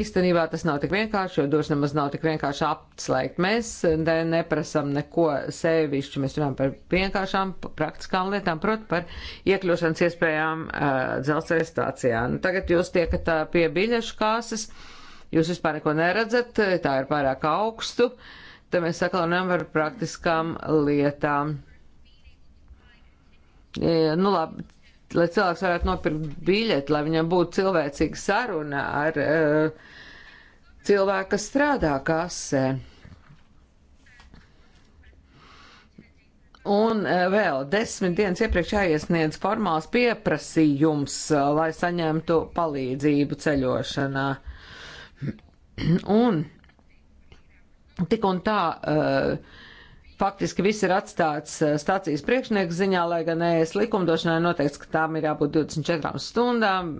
īstenībā tas nav tik vienkārši, jo droši nemaz nav tik vienkārši apslēgt. Mēs ne, neprasam neko sevišķi, mēs runājam par vienkāršām, praktiskām lietām, proti par iekļūšanas iespējām e, dzelzceļa stācijā. Nu, tagad jūs tiekat eh, pie biļešu kāses, jūs vispār neko neredzat, tā ir pārāk augstu, tad mēs sakalunājam par praktiskām lietām. E, nu labi lai cilvēks varētu nopirkt biļeti, lai viņam būtu cilvēcīga saruna ar uh, cilvēku, kas strādā kasē. Un uh, vēl desmit dienas iepriekš jāiesniedz formāls pieprasījums, uh, lai saņemtu palīdzību ceļošanā. <clears throat> Un tik un tā uh, faktiski viss ir atstāts eh, stācijas priekšnieka ziņā, lai gan ES likumdošanai noteikts, ka tām ir jābūt 24 stundām.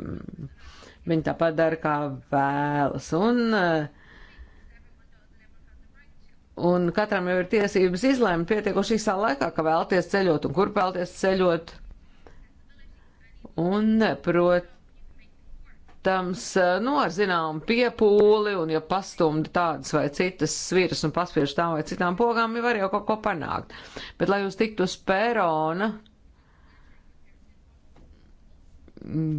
Viņi tāpat dara, kā vēlas. Un, eh, un katram jau ir tiesības izlēmt pietiekoši īsā laikā, ka vēlties ceļot un kur vēlties ceļot. Un, protams, protams, nu, ar zināmu piepūli, un ja pastumdi tādas vai citas sviras un paspiež tām vai citām pogām, jau var jau kaut ko panākt. Bet, lai jūs tiktu uz perona,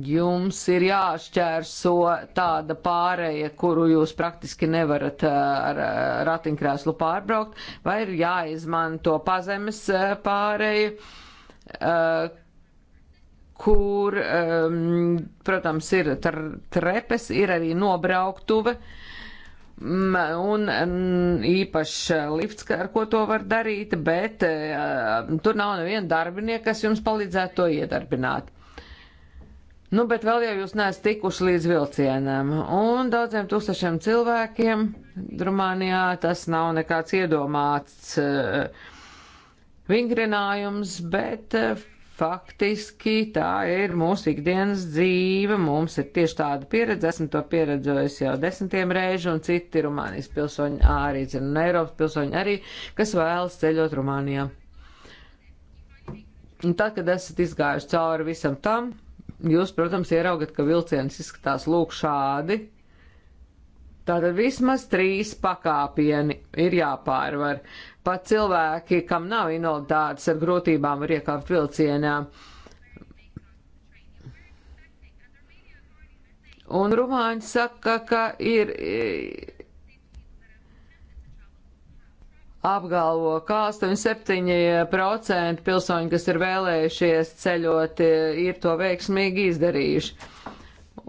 jums ir jāšķērso tāda pāreja, kuru jūs praktiski nevarat eh, ar eh, ratiņkrēslu pārbraukt, vai ir jāizmanto pazemes eh, pāreja kur, um, protams, ir trepes, ir arī nobrauktuve. Um, un um, īpaši lifts, ar ko to var darīt, bet uh, tur nav neviena darbinieka, kas jums palīdzētu to iedarbināt. Nu, bet vēl jau jūs neesat tikuši līdz vilcienam. Un daudziem tūkstošiem cilvēkiem Rumānijā tas nav nekāds iedomāts uh, vingrinājums, bet uh, Faktiski tā ir mūsu ikdienas dzīve, mums ir tieši tāda pieredze, esmu to pieredzējusi jau desmitiem reižu, un citi Rumānijas pilsoņi arī zina, un Eiropas pilsoņi arī, kas vēlas ceļot Rumānijā. Un tad, kad esat izgājuši cauri visam tam, jūs, protams, ieraugat, ka vilciens izskatās lūk šādi. Tātad vismaz trīs pakāpieni ir jāpārvar. Uh, Pat cilvēki, kam nav invaliditātes, ar grūtībām var iekāpt vilcienā. Un Rumāņi saka, ka ir apgalvo, ka 87% pilsoņi, kas ir vēlējušies ceļot, ir to veiksmīgi izdarījuši.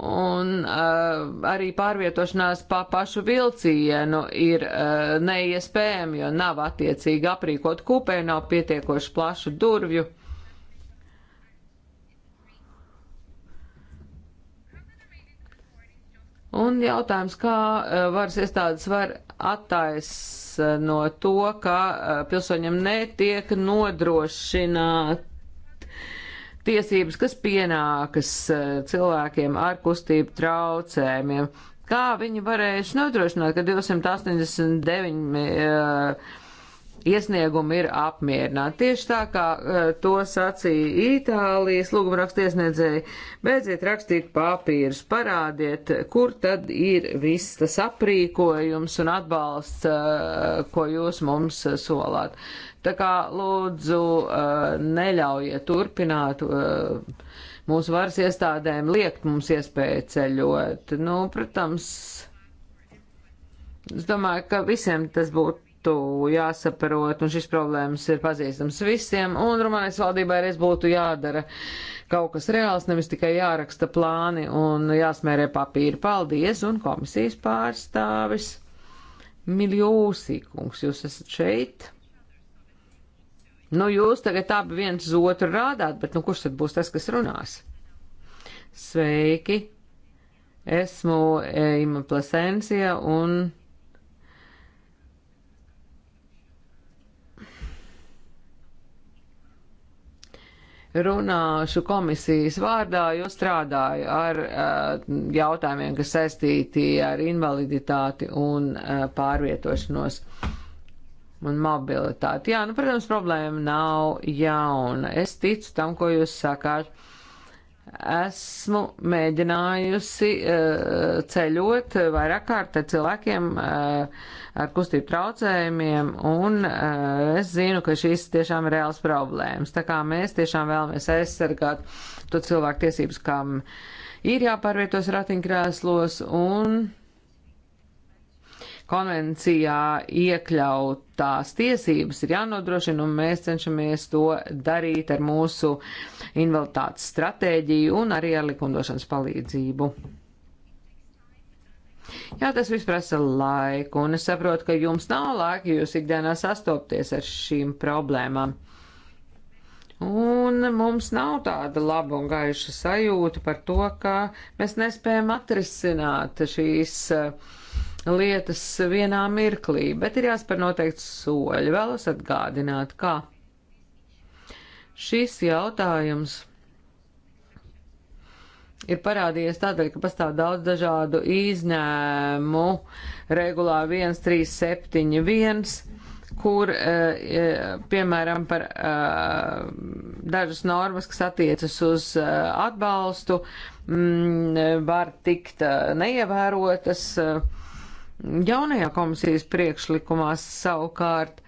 Un uh, arī pārvietošanās pa pašu vilcienu ir uh, eh, neiespējama, jo nav attiecīgi aprīkot kupē, nav pietiekoši plašu durvju. Un jautājums, kā uh, varas iestādes var attaisno to, ka uh, pilsoņiem netiek nodrošināt tiesības, kas pienākas eh, cilvēkiem ar kustību traucējumiem. Kā viņi varēs nodrošināt, ka 289 uh, eh, iesniegumi ir apmierināti. Tieši tā kā uh, to sacīja Itālijas lūgumraksta iesniedzēji, beidziet rakstīt papīrus, parādiet, kur tad ir viss tas aprīkojums un atbalsts, uh, ko jūs mums solāt. Uh, Tā kā lūdzu eh, neļaujiet turpināt eh, mūsu varas iestādēm liekt mums iespēju ceļot. Nu, protams, es domāju, ka visiem tas būtu jāsaprot, un šis problēmas ir pazīstams visiem, un Rumānijas valdībai reiz būtu jādara kaut kas reāls, nevis tikai jāraksta plāni un jāsmērē papīri. Paldies, un komisijas pārstāvis Miljūsīkungs, jūs esat šeit. Nu, jūs tagad abi viens uz otru rādāt, bet nu kurš tad būs tas, kas runās? Sveiki! Esmu Eima Plasencija un. runāšu komisijas vārdā, jo strādāju ar uh, jautājumiem, kas saistīti ar invaliditāti un uh, pārvietošanos. Uh, un mobilitāti. Jā, nu, protams, problēma nav jauna. Es ticu tam, ko jūs sakāt. Esmu mēģinājusi uh, ceļot vairāk kārt ar cilvēkiem uh, ar kustību traucējumiem, un uh, es zinu, ka šīs tiešām ir reāls problēmas. Tā kā mēs tiešām vēlamies aizsargāt to cilvēku tiesības, kam ir jāpārvietos ratiņkrēslos, un konvencijā iekļautās tiesības ir jānodrošina, un mēs cenšamies to darīt ar mūsu invaliditātes stratēģiju un arī ar likumdošanas palīdzību. Jā, tas viss prasa laiku, un es saprotu, ka jums nav laika, jo jūs ikdienā sastopties ar šīm problēmām. Un mums nav tāda laba un gaiša sajūta par to, ka mēs nespējam atrisināt šīs uh, lietas vienā mirklī, bet ir jāspēr noteikti soļi. Vēlos atgādināt, kā šis jautājums ir parādījies tādēļ, ka pastāv daudz dažādu izņēmu regulā 1371, kur, eh, eh, piemēram, par eh, dažas normas, kas attiecas uz atbalstu, mm, var tikt neievērotas. Uh, Jaunajā komisijas priekšlikumā savukārt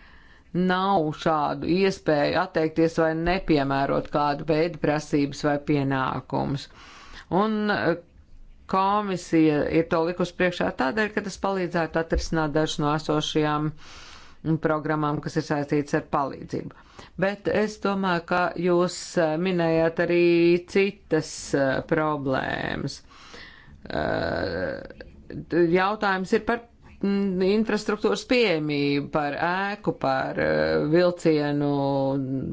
nav šādu iespēju atteikties vai nepiemērot kādu veidu prasības vai pienākumus. Un eh, komisija ir to likusi priekšā tādēļ, ka tas palīdzētu atrisināt dažas no esošajām programmām, kas ir saistītas ar palīdzību. Bet es domāju, ka jūs eh, minējāt arī citas eh, problēmas. Uh, jautājums ir par mm, infrastruktūras pieejamību, par ēku, par eh, vilcienu,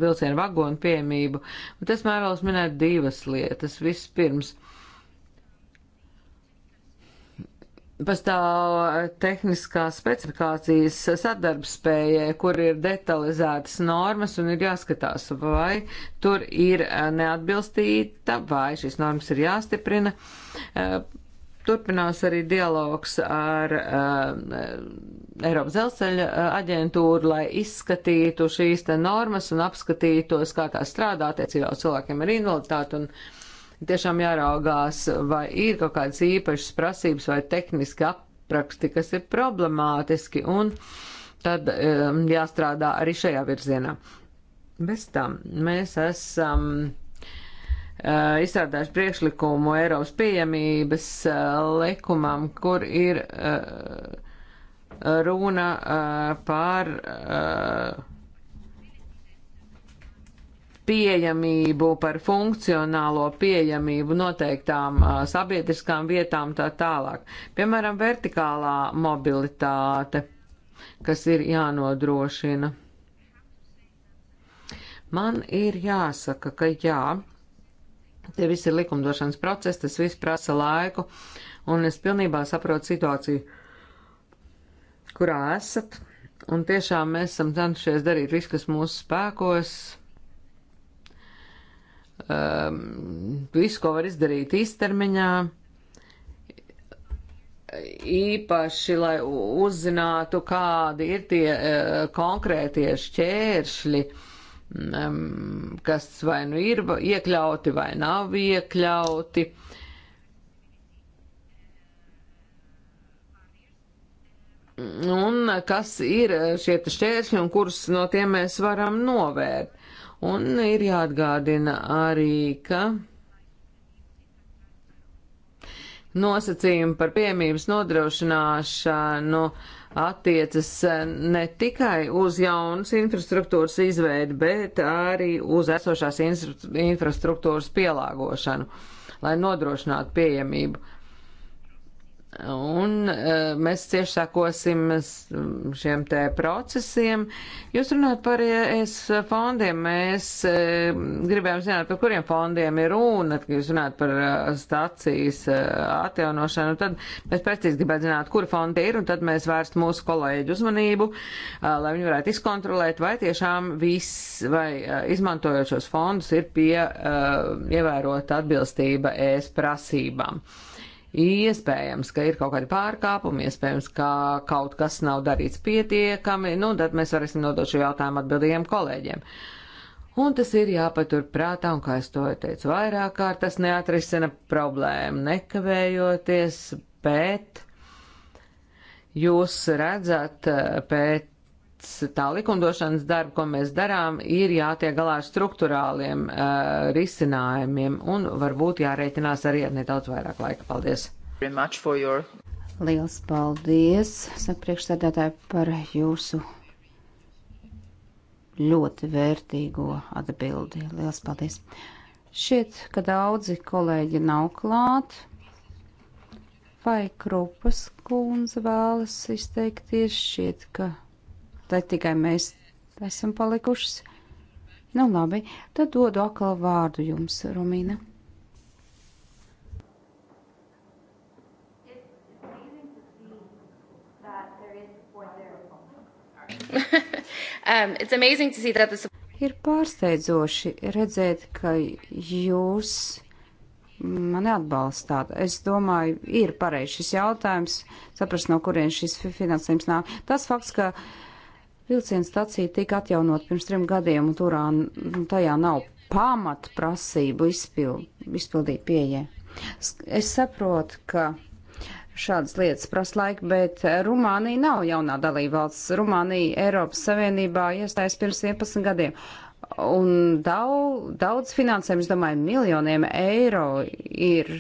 vilcienu vagonu pieejamību. Un tas man vēlas minēt divas lietas. Vispirms. Pastāv eh, tehniskās specifikācijas sadarbspējai, kur ir detalizētas normas un ir jāskatās, vai tur ir eh, neatbilstīta, vai šīs normas ir jāstiprina Turpinās arī dialogs ar uh, Eiropas dzelzceļa eh, aģentūru, lai izskatītu šīs te normas un apskatītos, kā tā strādā attiecībā uz cilvēkiem ar invaliditāti. Un tiešām jāraugās, vai ir kaut kādas īpašas prasības vai tehniski apraksti, kas ir problemātiski, un tad um, jāstrādā arī šajā virzienā. Bez tam mēs esam. Um, Eh, izstrādājuši priekšlikumu Eiropas pieejamības eh, likumam, kur ir eh, runa par pieejamību, par funkcionālo pieejamību noteiktām sabiedriskām vietām tā tālāk. Piemēram, vertikālā mobilitāte, kas ir jānodrošina. Man ir jāsaka, ka jā, Te viss ir likumdošanas process, tas viss prasa laiku, un es pilnībā saprotu situāciju, kurā esat. Un tiešām mēs esam centušies darīt visu, kas mūsu spēkos, um, visu, ko var izdarīt īstermiņā īpaši, lai uzzinātu, kādi ir tie uh, konkrētie šķēršļi, uh, kas vai nu ir iekļauti, vai nav iekļauti. Un kas ir šie šķēršļi un kurus no tiem mēs varam novērt. Un ir jāatgādina arī, ka nosacījumi par piemības nodrošināšanu no attiecas eh, ne tikai uz jaunas infrastruktūras izveidi, bet arī uz esošās infrastruktūras pielāgošanu, lai nodrošinātu pieejamību. Un e, mēs cieši sakosim šiem te procesiem. Jūs runājat par ES fondiem. Mēs e, gribējām zināt, par kuriem fondiem ir runa, kad jūs runājat par e, stācijas atjaunošanu. Tad mēs precīzi gribētu zināt, kuri fondi ir, un tad mēs vērst mūsu kolēģu uzmanību, lai viņi varētu izkontrolēt, vai tiešām viss, vai izmantojot šos fondus, ir pie ievērota atbilstība ES prasībām. Uh, Iespējams, ka ir kaut kādi pārkāpumi, iespējams, ka kaut kas nav darīts pietiekami, nu, tad mēs varēsim nodot šo jautājumu atbildīgiem kolēģiem. Un tas ir jāpatur prātā, un kā es to teicu vairāk kārt, tas neatrisina problēmu nekavējoties, bet jūs redzat eh, pēc tā likumdošanas darba, ko mēs darām, ir jātiek galā ar struktūrāliem uh, risinājumiem un varbūt jārēķinās arī ar nedaudz vairāk laika. Paldies! Your... Liels paldies, saka priekšsēdētāji, par jūsu ļoti vērtīgo atbildi. Liels paldies! Šķiet, ka daudzi kolēģi nav klāt. Vai Krupas kundze vēlas izteikties? Šķiet, ka tad tikai mēs esam palikušas. Nu labi, tad dodu atkal vārdu jums, Romīna. <laughs> um, this... Ir pārsteidzoši redzēt, ka jūs mani atbalstāt. Es domāju, ir pareizs šis jautājums, saprast, no kurien šis finansējums nāk. Tas fakts, ka uh, Vilciena stacija tika atjaunot pirms trim gadiem, un turā, tajā nav pamata prasību izpild, izpildīt pieejai. Es saprotu, ka šādas lietas prasa laiku, bet Rumānija nav jaunā dalībvalsts. Rumānija Eiropas Savienībā iestājas pirms 11 gadiem. Un daudz, daudz finansējums, domāju, miljoniem eiro ir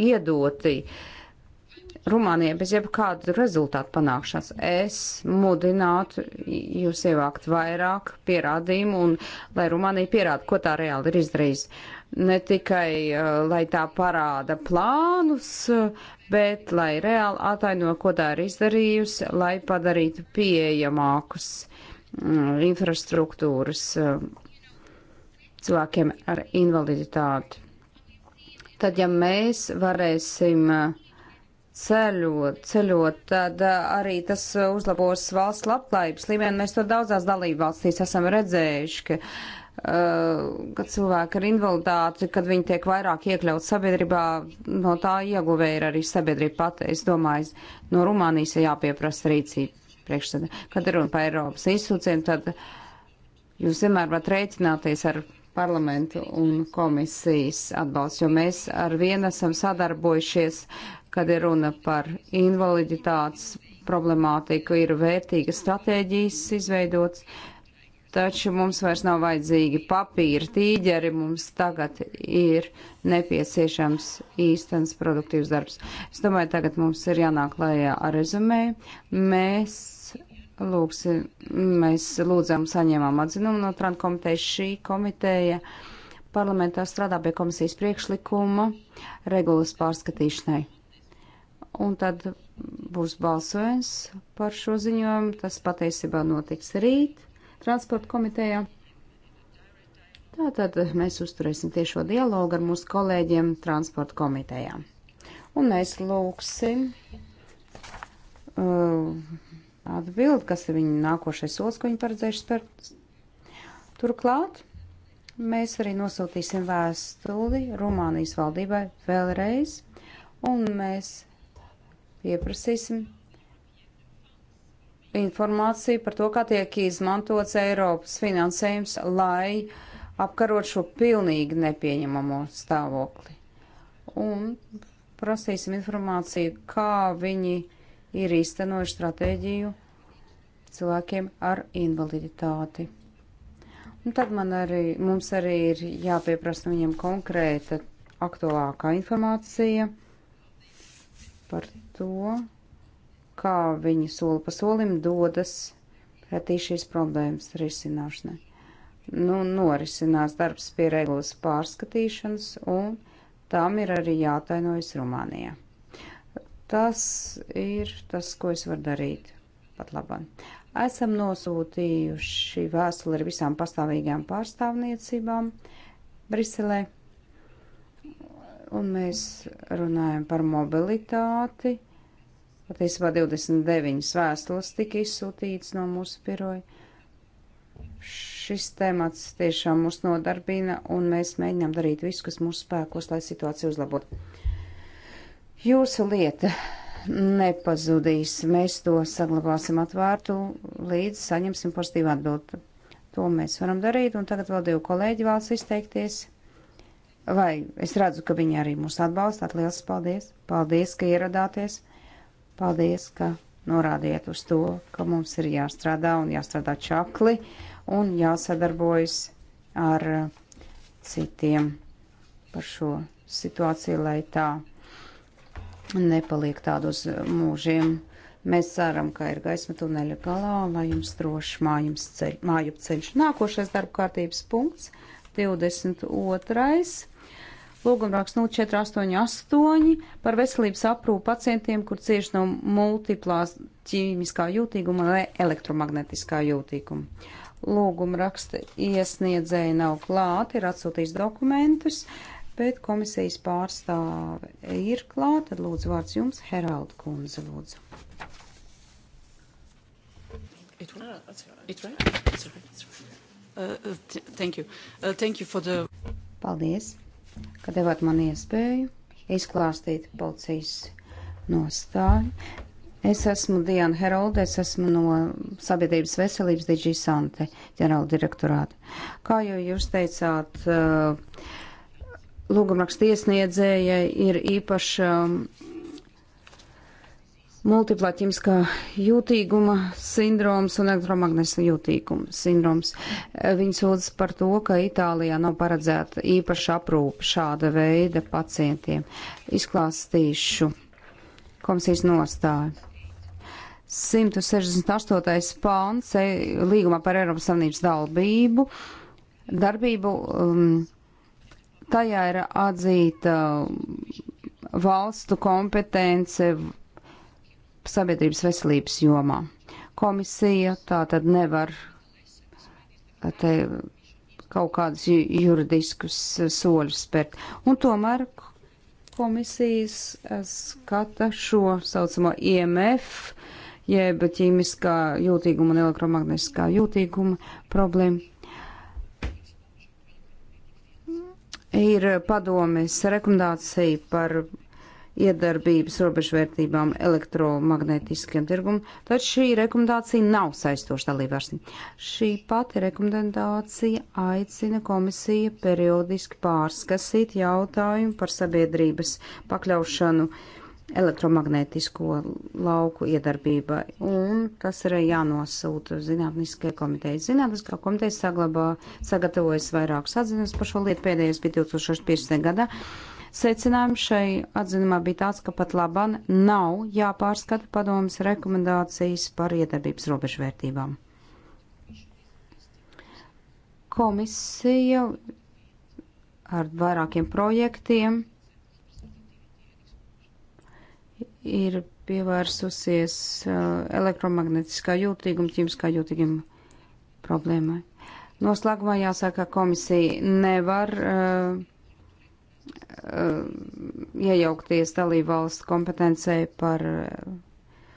iedoti uh, Rumānijai bez jebkādu rezultātu panākšanas. Es mudinātu jūs ievākt vairāk pierādījumu un lai Rumānija pierāda, ko tā reāli ir izdarījusi. Ne tikai, uh, lai tā parāda plānus, bet lai reāli ataino, ko tā ir izdarījusi, lai padarītu pieejamākus mm, infrastruktūras mm, cilvēkiem ar invaliditāti. Tad, ja mēs varēsim uh, ceļot, ceļot, tad eh, arī tas eh, uzlabos valsts labklājības līmeni. Mēs to daudzās dalību valstīs esam redzējuši, ka, eh, kad cilvēki ar invaliditāti, kad viņi tiek vairāk iekļaut sabiedrībā, no tā ieguvēja ir arī sabiedrība pati. Es domāju, no Rumānijas ir jāpieprasa rīcība priekšsēdē. Kad ir runa par Eiropas institūcijiem, tad jūs vienmēr varat rēķināties ar parlamentu un komisijas atbalstu, jo mēs ar vienu esam sadarbojušies uh, kad ir runa par invaliditātes problemātiku, ir vērtīgas stratēģijas izveidotas, taču mums vairs nav vajadzīgi papīra tīģeri, mums tagad ir nepieciešams īstens produktīvs darbs. Es domāju, tagad mums ir jānāk lējā ar rezumē. Mēs lūksi, mēs lūdzam saņēmām atzinumu no Trump komitejas šī komiteja. Parlamentā strādā pie komisijas priekšlikuma regulas pārskatīšanai un tad būs balsojums par šo ziņojumu. Tas patiesībā notiks rīt transporta komitejā. Tātad mēs uzturēsim tiešo dialogu ar mūsu kolēģiem transporta komitejā. Un mēs lūksim uh, atbildi, kas ir viņa nākošais solis, ko viņi paredzējuši spērt. Turklāt mēs arī nosūtīsim vēstuli Rumānijas valdībai vēlreiz, un mēs pieprasīsim informāciju par to, kā tiek izmantots Eiropas finansējums, lai apkarot šo pilnīgi nepieņemamo stāvokli. Un prasīsim informāciju, kā viņi ir īstenojuši stratēģiju cilvēkiem ar invaliditāti. Un tad man arī, mums arī ir jāpieprasa viņiem konkrēta aktuālākā informācija par to, kā viņi soli pa solim dodas pretī šīs problēmas risināšanai. Nu, norisinās darbs pie regulas pārskatīšanas, un tām ir arī jātainojas Rumānijā. Tas ir tas, ko es varu darīt pat labam. Esam nosūtījuši vēstuli ar visām pastāvīgām pārstāvniecībām Briselē, un mēs runājam par mobilitāti Patiesībā 29 vēstules tika izsūtīts no mūsu biroja. Šis temats tiešām mūs nodarbina, un mēs mēģinām darīt visu, kas mūsu spēkos, lai situāciju uzlabotu. Jūsu lieta nepazudīs. Mēs to saglabāsim atvērtu, līdz saņemsim pozitīvu atbildi. To mēs varam darīt, un tagad vēl divi kolēģi vēlas izteikties. Vai es redzu, ka viņi arī mūs atbalstāt? Lielas paldies! Paldies, ka ieradāties! Paldies, ka norādiet uz to, ka mums ir jāstrādā un jāstrādā čakli un jāsadarbojas ar uh, citiem par šo situāciju, lai tā nepaliek tādos uh, mūžiem. Mēs ceram, ka ir gaisma tuneļa galā, lai jums droši mājums ceļ, māju ceļš. Nākošais darba kārtības punkts - 22. Lūgumraks 0488 par veselības aprūpu pacientiem, kur cieši no multiplās ķīmiskā jūtīguma vai elektromagnetiskā jūtīguma. Lūgumraksta iesniedzēja nav klāta, ir atsūtījis dokumentus, bet komisijas pārstāve ir klāta. Tad lūdzu vārds jums, Heralda Kunze, lūdzu. It, ah, it, it, uh, uh thank you. Uh, thank you for the... Paldies ka devāt man iespēju izklāstīt policijas nostāju. Es esmu Diana Herolde, es esmu no Sabiedrības veselības diģisante ģenerāla direktorāta. Kā jau jūs teicāt, uh, lūgumraksta iesniedzējai ir īpaša um, multiplaķimiskā jūtīguma sindroms un elektromagnētiskā jūtīguma sindroms. Viņi sūdz par to, ka Itālijā nav paredzēta īpaša aprūpa šāda veida pacientiem. Izklāstīšu komisijas nostāju. 168. pāns e, līgumā par Eiropas Savienības dalību. Darbību um, tajā ir atzīta um, valstu kompetence sabiedrības veselības jomā. Komisija tā tad nevar te kaut kādus juridiskus soļus spērt. Un tomēr komisijas skata šo saucamo IMF, jeb ķīmiskā jūtīguma un elektromagnetiskā jūtīguma problēmu. Ir padomes rekomendācija par iedarbības robežvērtībām elektromagnetiskiem tirgumam, taču šī rekomendācija nav saistoša dalībvalstīm. Šī pati rekomendācija aicina komisiju periodiski pārskasīt jautājumu par sabiedrības pakļaušanu elektromagnētisko lauku iedarbībai, un tas arī jānosūta zinātniskajai komitejai. Zinātniskā komiteja saglabā, sagatavojas vairākus atziņas par šo lietu, pēdējais bija 2015. gadā Secinājums šai atzinumā bija tāds, ka pat laban nav jāpārskata padomas rekomendācijas par iedarbības robežvērtībām. Komisija ar vairākiem projektiem ir pievērsusies uh, elektromagnetiskā jūtīguma, ķīmiskā jūtīguma problēmai. Noslēgumā jāsaka, komisija nevar uh, Uh, iejaukties dalībvalstu kompetencē par uh,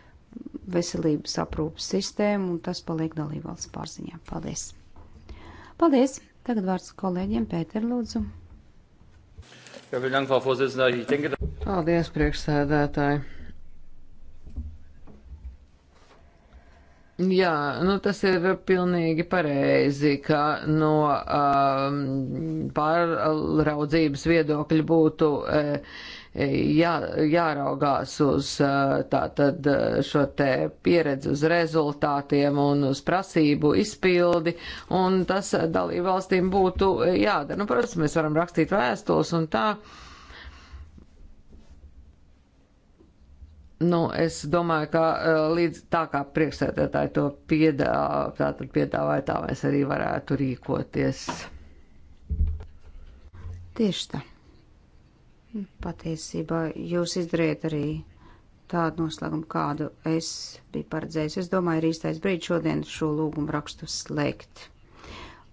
veselības aprūpas sistēmu, un tas paliek dalībvalsts pārziņā. Paldies! Paldies! Tagad vārds kolēģiem Pēter Lūdzu. Paldies, priekšsēdētāji! Jā, nu tas ir pilnīgi pareizi, ka no um, pārraudzības viedokļa būtu uh, jā, jāraugās uz uh, eh, tātad eh, šo te pieredzi uz rezultātiem un uz prasību izpildi, un tas dalību valstīm būtu jādara. Nu, protams, mēs varam rakstīt vēstules un tā. Uh, Nu, es domāju, ka eh, līdz tā kā priekšsēdētāji to piedāvā, tātad piedāvāja, tā mēs arī varētu rīkoties. Tieši tā. Patiesībā jūs izdarījat arī tādu noslēgumu, kādu es biju paredzējis. Es domāju, ir īstais brīdis šodien šo lūgumu rakstu slēgt.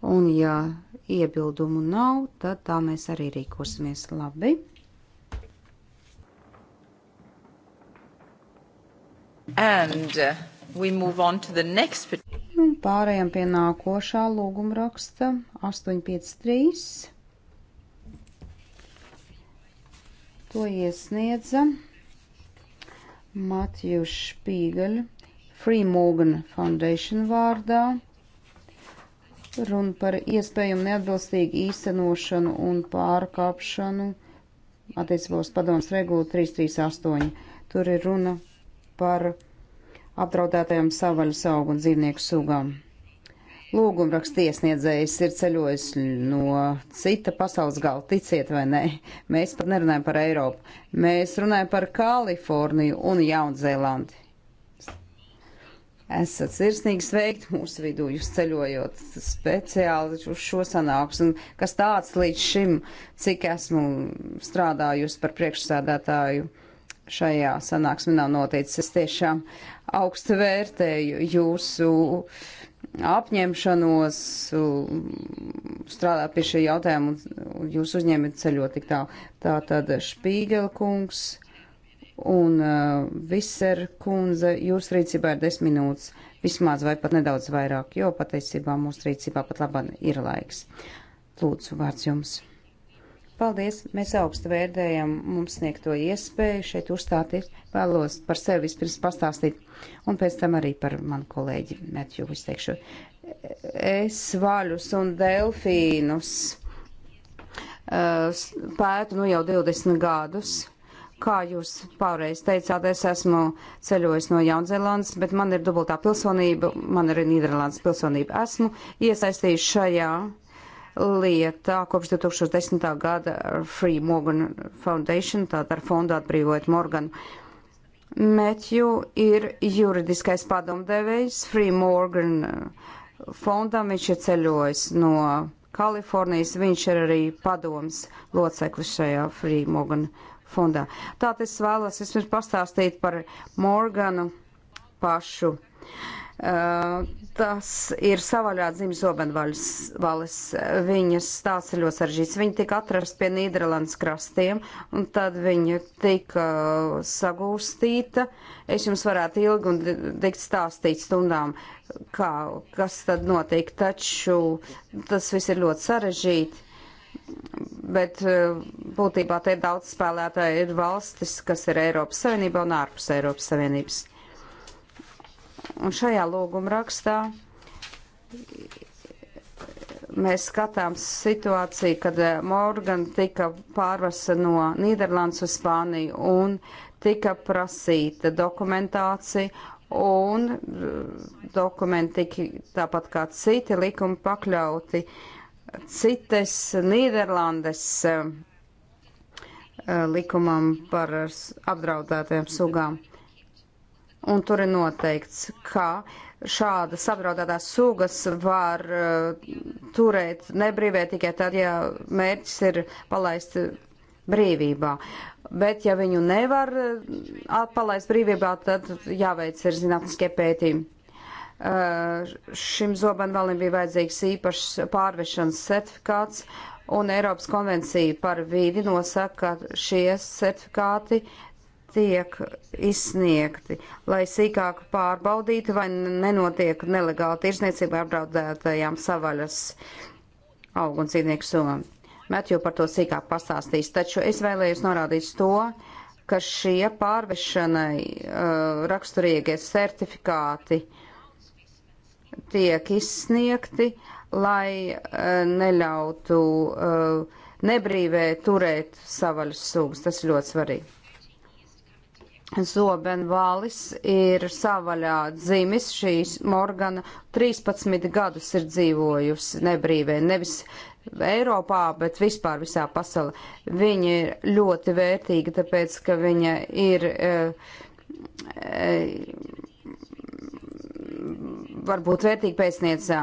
Un ja iebildumu nav, tad tā mēs arī rīkosimies labi. And uh, we move on to the next. Un nu, pārējām pie nākošā lūguma raksta 853. To iesniedza Matiju Špīgaļu Free Morgan Foundation vārdā. Runa par iespējumu neatbilstīgu īstenošanu un pārkāpšanu attiecībā uz padomus regulu 338. Tur ir runa par apdraudētajām savaļas augu un dzīvnieku sugām. Lūgumraksta iesniedzējs ir ceļojis no cita pasaules gala, ticiet vai nē. Mēs pat nerunājam par Eiropu. Mēs runājam par Kaliforniju un Jaunzēlandi. Esat sirsnīgi sveikti mūsu vidū, jūs ceļojot speciāli uz šo sanāksmi, kas tāds līdz šim, cik esmu strādājusi par priekšsēdētāju šajā sanāksmē nav noticis. Es tiešām augstu vērtēju jūsu apņemšanos strādāt pie šī jautājuma un jūs uzņēmat ceļot tik tālu. Tā tad Špīgelkungs un uh, Viser kundze, jūs rīcībā ir desmit minūtes, vismaz vai pat nedaudz vairāk, jo patiesībā mūsu rīcībā pat labāk ir laiks. Lūdzu, vārds jums. Paldies! Mēs augstu vērtējam mums sniegto iespēju šeit uzstāties. Vēlos par sevi vispirms pastāstīt, un pēc tam arī par manu kolēģi Mētju izteikšu. Es vaļus un delfīnus eh, pētu nu jau 20 gadus. Kā jūs pārreiz teicāt, es esmu ceļojis no Jaunzēlandes, bet man ir dubultā pilsonība, man ir Nīderlandes pilsonība. Esmu iesaistījuši šajā uh, lietā kopš 2010. gada Free Morgan Foundation, tātad fondu atbrīvojot Morganu. Metju ir juridiskais padomdevējs Free Morgan fondam, viņš ir ceļojis no Kalifornijas, viņš ir arī padoms loceklis šajā Free Morgan fondā. Tātad es vēlos vispirms pastāstīt par Morganu pašu. Uh, Eh, tas ir savaļā dzimis zobenvalis. Viņas stāsts ir ļoti saržģīts. Viņa tika atrast pie Nīderlandes krastiem, un tad viņa tika sagūstīta. Es jums varētu ilgi un dikt stāstīt stundām, kā, kas tad notiek, taču tas viss ir ļoti sarežģīti. Bet eh, būtībā te ir daudz spēlētāji, ir valstis, kas ir Eiropas Savienībā un ārpus Eiropas Savienības. Un šajā lūguma rakstā mēs skatām situāciju, kad eh, Morgan tika pārvesa no Nīderlandes uz Spāniju un tika prasīta dokumentācija un eh, dokumenti tika tāpat kā citi likumi pakļauti citas Nīderlandes eh, likumam par apdraudētajām sugām. Uh, un tur ir noteikts, ka šādas apdraudētās sugas var uh, turēt nebrīvē tikai tad, ja mērķis ir palaist brīvībā. Bet, ja viņu nevar eh, palaist brīvībā, tad jāveic ir zinātniskie pētījumi. Uh, šim zobenvalim bija vajadzīgs īpašs pārvešanas certifikāts, un Eiropas konvencija par vīdi nosaka, ka šie certifikāti tiek izsniegti, lai sīkāk pārbaudītu, vai nenotiek nelegāla tirsniecība apdraudētajām savaļas augu un dzīvnieku sumām. Metju par to sīkāk pastāstīs, taču es vēlējos norādīt to, ka šie pārvešanai uh, raksturīgie certifikāti tiek izsniegti, lai uh, neļautu uh, nebrīvē turēt savaļas sugas. Tas ļoti svarīgi. Zobenvālis ir savaļā dzimis, šīs Morgana 13 gadus ir dzīvojusi nebrīvē, nevis Eiropā, bet vispār visā pasaulē. Viņa ir ļoti vērtīga, tāpēc, ka viņa ir. E, e, varbūt vērtīga pēcniecā.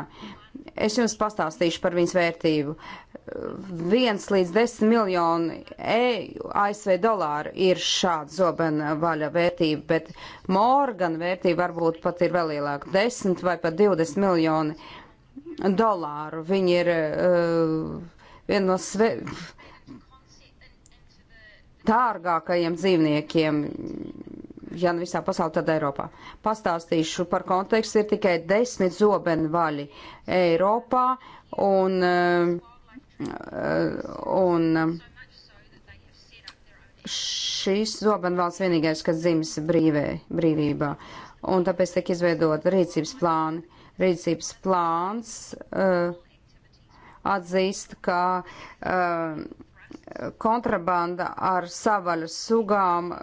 Es jums pastāstīšu par viņas vērtību. 1 līdz 10 miljoni e, ASV dolāru ir šāda zobena vaļa vērtība, bet Morgan vērtība varbūt pat ir vēl lielāka - 10 vai pat 20 miljoni dolāru. Viņi ir uh, viena no sve dārgākajiem dzīvniekiem ja nu visā pasaulē, tad Eiropā. Pastāstīšu par kontekstu, ir tikai desmit zobeni vaļi Eiropā un, eh, un šīs zobeni valsts vienīgais, kas dzimis brīvē, brīvībā. Un tāpēc tiek izveidot rīcības plāni. Rīcības plāns uh, atzīst, ka uh, kontrabanda ar savaļas sugām e,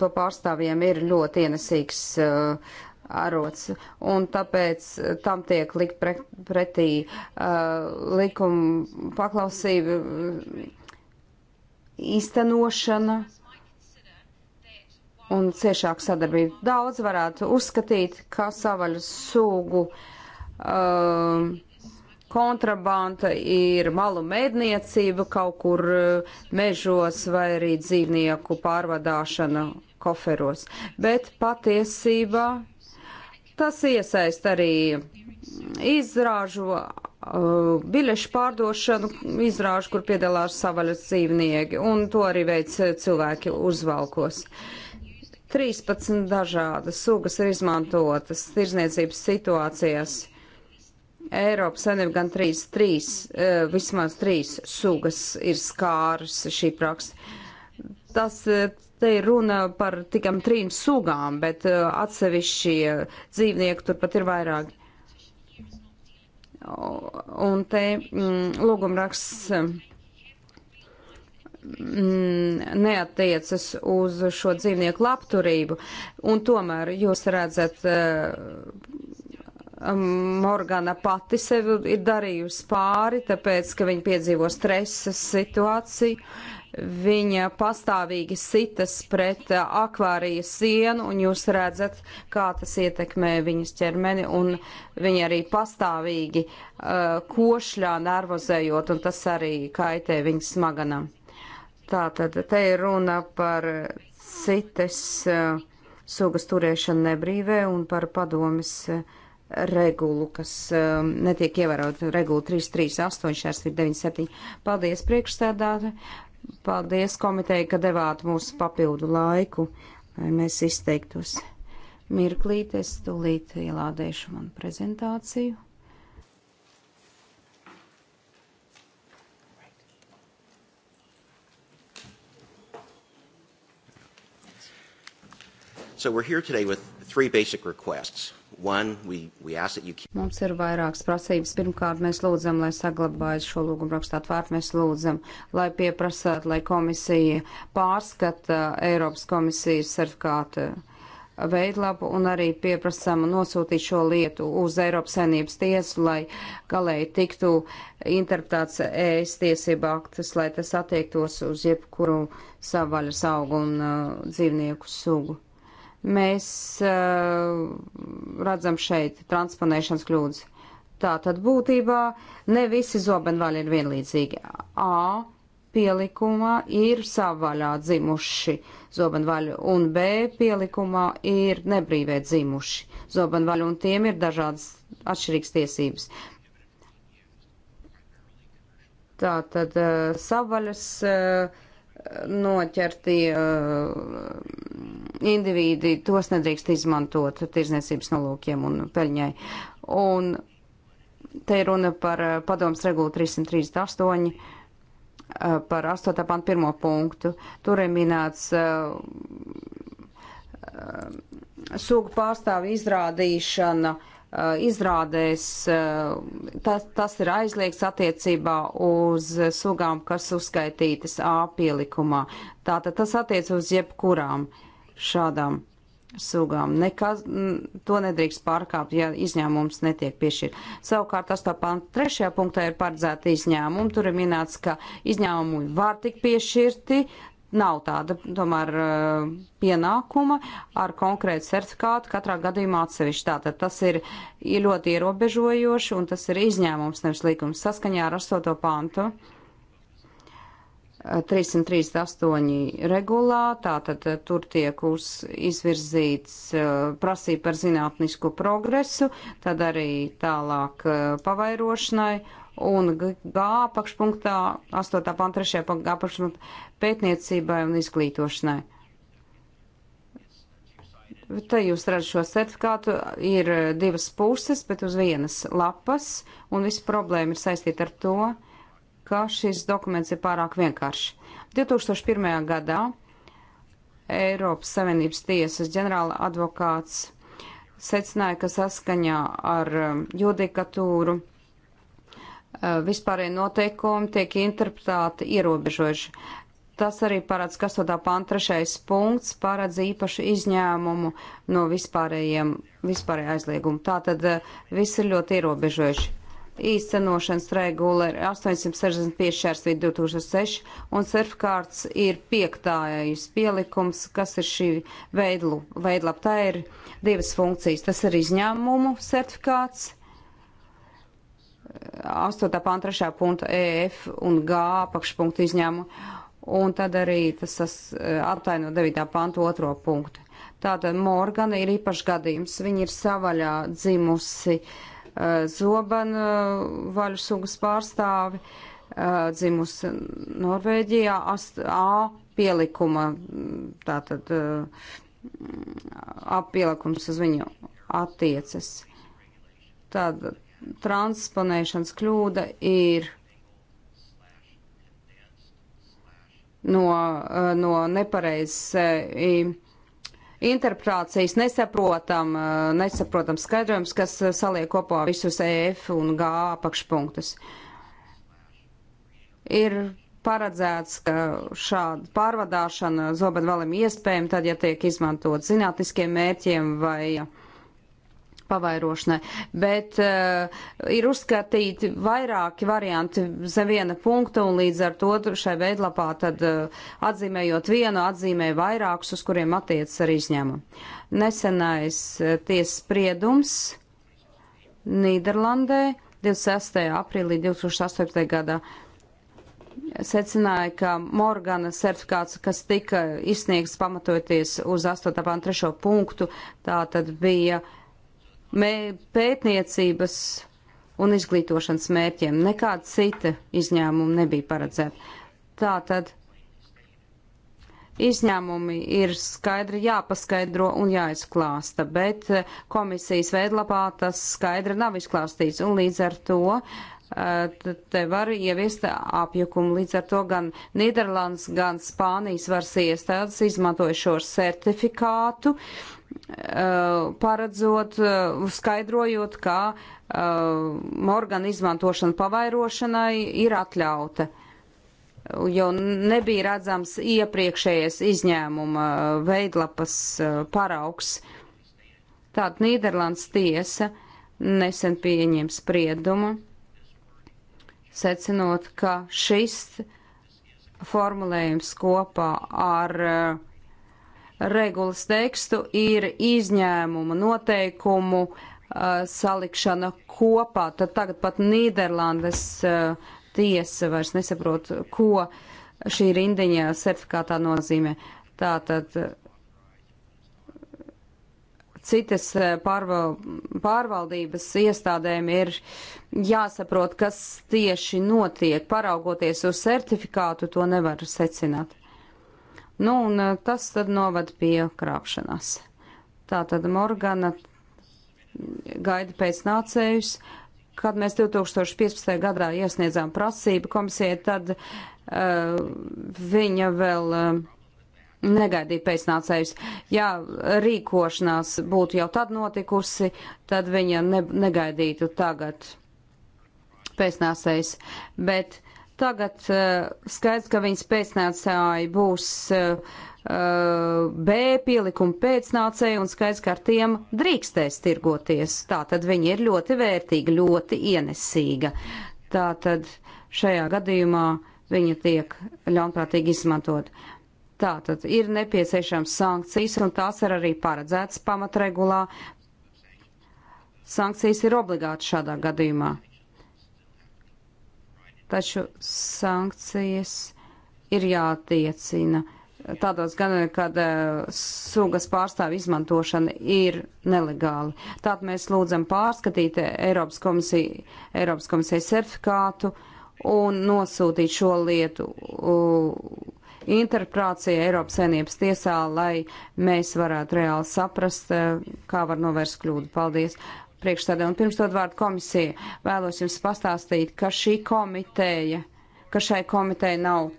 to pārstāvjiem ir ļoti ienesīgs e, arots, un tāpēc tam tiek likt pret, pretī e, likuma paklausība īstenošana un ciešāka sadarbība. Daudz varētu uzskatīt, ka savaļas sugu uh, kontrabanta ir malu mēdniecība kaut kur eh, mežos vai arī dzīvnieku pārvadāšana koferos. Bet patiesībā tas iesaist arī izrāžu uh, biļešu pārdošanu, izrāžu, kur piedalās savaļas dzīvnieki, un to arī veic cilvēki uzvalkos. 13 dažādas sugas ir izmantotas tirzniecības situācijās. Uh, Eiropas Savienība gan trīs, trīs, eh, vismaz trīs sugas ir skārus šī praksa. Tas eh, te ir runa par tikam trim sugām, bet eh, atsevišķi dzīvnieki tur pat ir vairāk. Un te mm, lūgumraksts mm, neatiecas uz šo dzīvnieku labturību, un tomēr jūs redzat Um, Morgana pati sevi ir darījusi pāri, tāpēc, ka viņa piedzīvo stresa situāciju. Viņa pastāvīgi sitas pret uh, akvārijas sienu, un jūs redzat, kā tas ietekmē viņas ķermeni, un viņa arī pastāvīgi uh, košļā nervozējot, un tas arī kaitē viņas smaganam. Tātad te ir runa par citas uh, sugas turēšanu nebrīvē un par padomis. Uh, regulu, kas um, netiek ievērot, regulu 338, 497. Paldies priekšstādātāji, paldies komiteja, ka devāt mūsu papildu laiku, lai mēs izteiktos. Mirklīt, es tūlīt ielādēšu manu prezentāciju. So we're here today with three basic requests. Mums ir vairākas prasības. Pirmkārt, mēs lūdzam, lai saglabājas šo lūgumu rakstu atvērt. Mēs lūdzam, lai pieprasāt, lai komisija pārskata Eiropas komisijas sertifikātu veidlapu un arī pieprasām nosūtīt šo lietu uz Eiropas saimnības tiesu, lai galēji tiktu interpretāts ES tiesība aktas, lai tas attiektos uz jebkuru savvaļas augu un uh, dzīvnieku sugu. Mēs uh, redzam šeit transponēšanas kļūdas. Tā tad būtībā ne visi zobenvaļi ir vienlīdzīgi. A pielikumā ir savvaļā dzimuši zobenvaļi, un B pielikumā ir nebrīvē dzimuši zobenvaļi, un tiem ir dažādas atšķirīgas tiesības. Tā tad uh, savvaļas. Uh, noķerti uh, eh, indivīdi, tos nedrīkst izmantot tirzniecības nolūkiem un peļņai. Un te ir runa par uh, padoms regulu 338 uh, par 8. pantu pirmo punktu. Tur ir minēts uh, uh, sūku pārstāvu izrādīšana uh, Eh, izrādēs eh, tas, tas ir aizliegts attiecībā uz sugām, kas uzskaitītas A pielikumā. Tātad tas attiec uz jebkurām šādām sugām. Nekas, to nedrīkst pārkāpt, ja izņēmums netiek piešķirt. Savukārt 8.3. punktā ir paredzēta izņēmuma. Tur ir minēts, ka izņēmumi var tik piešķirti nav tāda, tomēr, eh, pienākuma ar konkrētu certifikātu katrā gadījumā atsevišķi. Tātad tas ir, ir ļoti ierobežojoši un tas ir izņēmums, nevis likums saskaņā ar 8. pantu. 338 eh, regulā, tātad eh, tur tiek uz izvirzīts prasība par zinātnisku progresu, tad arī tālāk pavairošanai un G apakšpunktā, 8. pānta 3. pānta apakšpunktā pētniecībai un izglītošanai. Te jūs redzat šo certifikātu, ir divas puses, bet uz vienas lapas, un visa problēma ir saistīta ar to, ka šis dokuments ir pārāk vienkāršs. 2001. gadā Eiropas Savienības tiesas ģenerāla advokāts secināja, ka saskaņā ar um, judikatūru Eh, vispārējie noteikumi tiek interpretēti ierobežoši. Tas arī parāds, kas to tā pānt trešais punkts, parāds īpašu izņēmumu no vispārējiem, vispārējā aizlieguma. Tā tad eh, viss ir ļoti ierobežojuši. Īstenošanas regula ir 865 šērsvīt 2006 un serfkārts ir piektājais pielikums, kas ir šī veidlu, veidlap. Tā ir divas funkcijas. Tas ir izņēmumu sertifikāts 8. pānt 3. punkta EF un G apakšpunktu izņēmu, un tad arī tas attaino 9. pāntu 2. punktu. Tātad Morgana ir īpašs gadījums. Viņa ir savaļā dzimusi uh, eh, zobenu eh, vaļu sugas pārstāvi, uh, dzimusi Norvēģijā, ast, A pielikuma, mm, tātad uh, apielikums uz viņu attiecas. Tātad transponēšanas kļūda ir no, eh, no nepareizes eh, interpretācijas nesaprotam, eh, nesaprotam skaidrojums, kas saliek kopā visus EF un G apakšpunktus. Ir paredzēts, ka šāda pārvadāšana zobenvalim iespējama tad, ja tiek izmantot zinātniskiem mērķiem vai uh, pavairošanai, bet uh, ir uzskatīti vairāki varianti zem viena punkta, un līdz ar to šai veidlapā tad uh, atzīmējot vienu, atzīmē vairākus, uz kuriem attiecas arī izņēmumi. Nesenais uh, tiesas spriedums Nīderlandē 26. aprīlī 2008. gadā secināja, ka Morgana certifikāts, kas tika izsniegts pamatoties uz 8.3. punktu, tā tad bija pētniecības un izglītošanas mērķiem. Nekāda cita izņēmuma nebija paredzēta. Tātad izņēmumi ir skaidri jāpaskaidro un jāizklāsta, bet eh, komisijas veidlapā tas skaidri nav izklāstīts, un līdz ar to eh, te var ieviest apjukumu. Līdz ar to gan Nīderlands, gan Spānijas varas iestādes izmantoja šo certifikātu, uh, Uh, paredzot, uh, skaidrojot, ka uh, organu izmantošana pavairošanai ir atļauta, jo nebija redzams iepriekšējais izņēmuma uh, veidlapas paraugs. Tāda Nīderlandes tiesa nesen pieņem spriedumu, secinot, ka šis formulējums kopā ar uh, regulas tekstu ir izņēmumu noteikumu uh, salikšana kopā. Tad tagad pat Nīderlandes uh, tiesa vairs nesaprot, ko šī rindiņa certifikātā nozīmē. Tātad uh, citas uh, pārval, pārvaldības iestādēm ir jāsaprot, kas tieši notiek. Paraugoties uz certifikātu, to nevar secināt. Nu, un eh, tas tad novad pie krāpšanās. Tā tad Morgana gaida pēc nācējus. Kad mēs 2015. gadā iesniedzām prasību komisijai, tad uh, viņa vēl. Uh, eh, negaidīt pēcnācējus. Ja rīkošanās būtu jau tad notikusi, tad viņa ne, negaidītu tagad pēcnācējus. Bet Tagad eh, skaidrs, ka viņas pēcnācēji būs eh, eh, B pielikuma pēcnācēji un skaidrs, ka ar tiem drīkstēs tirgoties. Tā tad viņa ir ļoti vērtīga, ļoti ienesīga. Tā tad šajā gadījumā viņa tiek ļaunprātīgi izmantot. Tātad ir nepieciešams sankcijas, un tās ir arī paredzētas pamatregulā. Sankcijas ir obligāti šādā gadījumā taču sankcijas ir jātiecina tādos gan, kad uh, sugas pārstāvju izmantošana ir nelegāla. Tātad mēs lūdzam pārskatīt Eiropas, komisiju, Eiropas komisijas certifikātu un nosūtīt šo lietu uh, interpretācija Eiropas saimniecības tiesā, lai mēs varētu reāli saprast, uh, kā var novērst kļūdu. Paldies! priekšstādē. Un pirms dod vārdu komisija, vēlos jums pastāstīt, ka šī komiteja, ka šai komitejai nav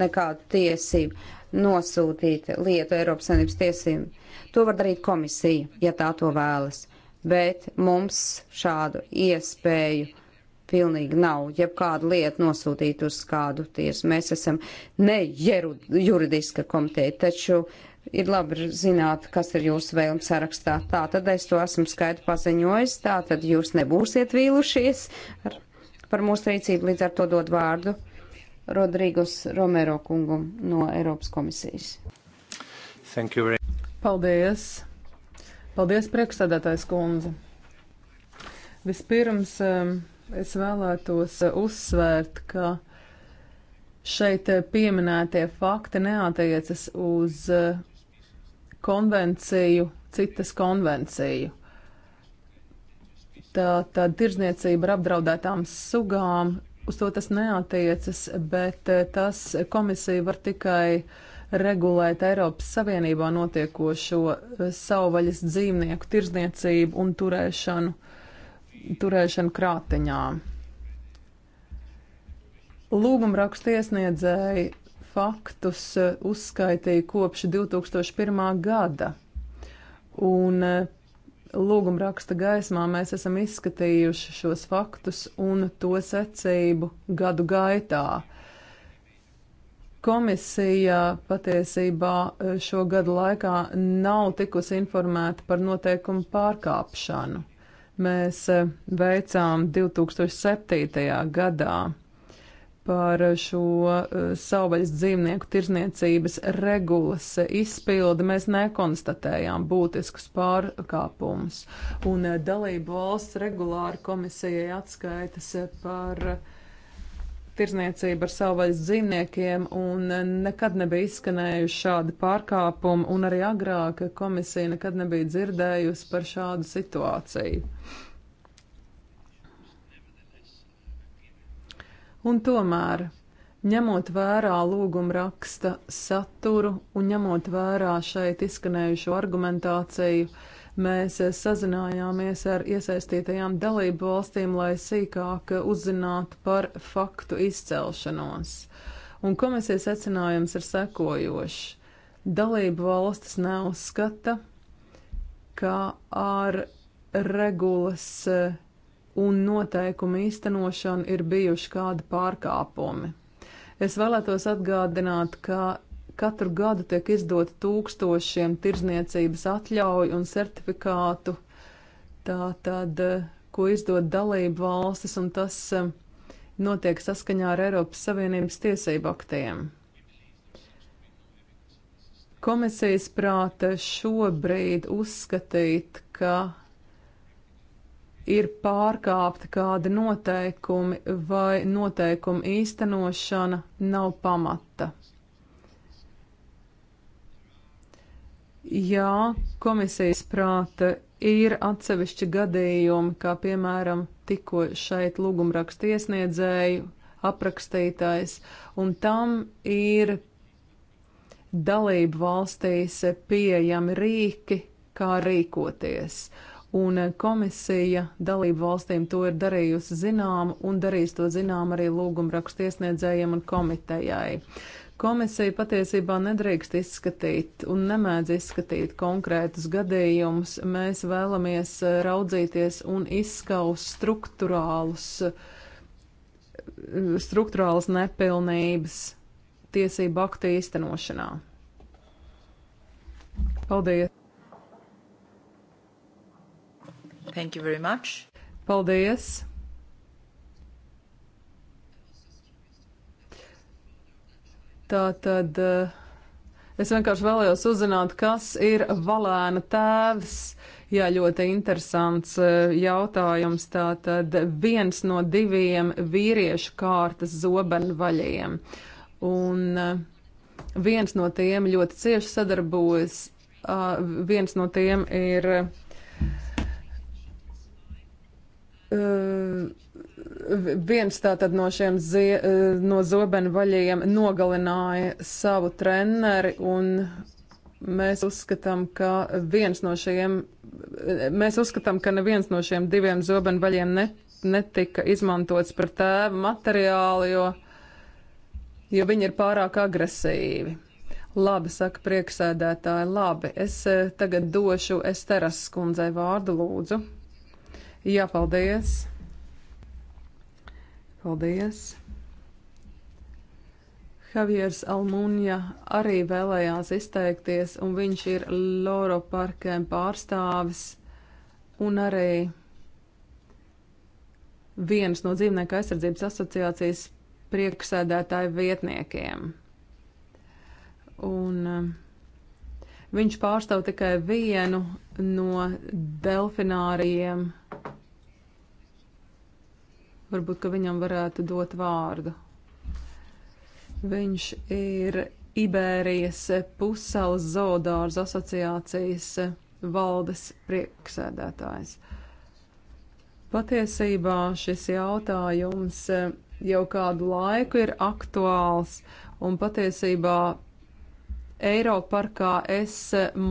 nekāda tiesība nosūtīt lietu Eiropas Savienības tiesību. To var darīt komisija, ja tā to vēlas. Bet mums šādu iespēju pilnīgi nav. Ja kādu lietu nosūtīt uz kādu tiesu, mēs esam ne juridiska komiteja, taču uh, ir labi zināt, kas ir jūsu vēlmes sarakstā. Tā tad es to esmu skaidri paziņojis, tā tad jūs nebūsiet vīlušies ar, par mūsu rīcību, līdz ar to dod vārdu Rodrīgos Romero kungum no Eiropas komisijas. Paldies! Paldies, priekšsēdētājs kundze! Vispirms um, es vēlētos uh, uzsvērt, ka šeit uh, pieminētie fakti neatiecas uz uh, konvenciju, citas konvenciju. Tā tad tirzniecība ar apdraudētām sugām, uz to tas neatiecas, bet eh, tas komisija var tikai regulēt Eiropas Savienībā notiekošo eh, savvaļas dzīvnieku tirzniecību un turēšanu, turēšanu krāteņām. Lūguma rakstu iesniedzēji faktus eh, uzskaitīju kopš 2001. gada. Un eh, lūguma raksta gaismā mēs esam izskatījuši šos faktus un to secību gadu gaitā. Komisija patiesībā eh, šo gadu laikā nav tikusi informēta par noteikumu pārkāpšanu. Mēs veicām 2007. gadā par šo eh, savvaļas dzīvnieku tirzniecības regulas izpildi mēs nekonstatējām būtiskus pārkāpumus. Un eh, dalību valsts regulāri komisijai atskaitas eh, par tirzniecību ar savvaļas dzīvniekiem un nekad nebija izskanējuši šādi pārkāpumi un arī agrāk komisija nekad nebija dzirdējusi par šādu situāciju. Un tomēr, ņemot vērā lūguma raksta saturu un ņemot vērā šeit izskanējušo argumentāciju, mēs sazinājāmies ar iesaistītajām dalību valstīm, lai sīkāk uzzinātu par faktu izcelšanos. Un komisijas secinājums ir sekojošs. Dalību valstis neuzskata, ka ar regulas un noteikumu īstenošanu ir bijuši kādi pārkāpumi. Es vēlētos atgādināt, ka katru gadu tiek izdota tūkstošiem tirzniecības atļauju un certifikātu, tā tad, ko izdod dalību valstis, un tas eh, notiek saskaņā ar Eiropas Savienības tiesību aktiem. Komisijas prāta šobrīd uzskatīt, ka ir pārkāpti kādi noteikumi vai noteikumu īstenošana nav pamata. Jā, komisijas prāta ir atsevišķi gadījumi, kā piemēram tikko šeit lūgumrakstu iesniedzēju aprakstītais, un tam ir dalību valstīs pieejami rīki, kā rīkoties. Uh, un komisija dalību valstīm to ir darījusi zinām un darīs to zinām arī lūgumrakstu iesniedzējiem un komitejai. Komisija patiesībā nedrīkst izskatīt un nemēdz izskatīt konkrētus gadījumus. Mēs vēlamies eh, raudzīties un izskaust struktūrālus, eh, struktūrālas nepilnības tiesību aktu īstenošanā. Paldies! Thank you very much. Paldies! Tā tad eh, es vienkārši vēlējos uzzināt, kas ir valēna tēvs. Jā, ļoti interesants eh, jautājums. Tā tad viens no diviem vīriešu kārtas zobenvaļiem. Un eh, viens no tiem ļoti cieši sadarbojas, viens no tiem ir Ehm, viens tātad no šiem zie, eh, no zobenu vaļiem nogalināja savu treneri, un mēs uzskatām, ka viens no šiem, eh, mēs uzskatām, ka neviens no šiem diviem zobenu vaļiem net, netika izmantots par tēva materiālu, jo, jo viņi ir pārāk agresīvi. Labi, saka prieksēdētāji, labi, es eh, tagad došu Esteras skundzei vārdu lūdzu. Jā, paldies! Paldies! Javiers Almunja arī vēlējās izteikties, un viņš ir Loro parkiem pārstāvis un arī vienas no dzīvnieku aizsardzības asociācijas priekšsēdētāju vietniekiem. Un um, viņš pārstāv tikai vienu no delfinārijiem Varbūt, ka viņam varētu dot vārdu. Viņš ir Ibērijas pussalas zoodārs asociācijas valdes priekšsēdētājs. Patiesībā šis jautājums jau kādu laiku ir aktuāls, un patiesībā Eiroparkā es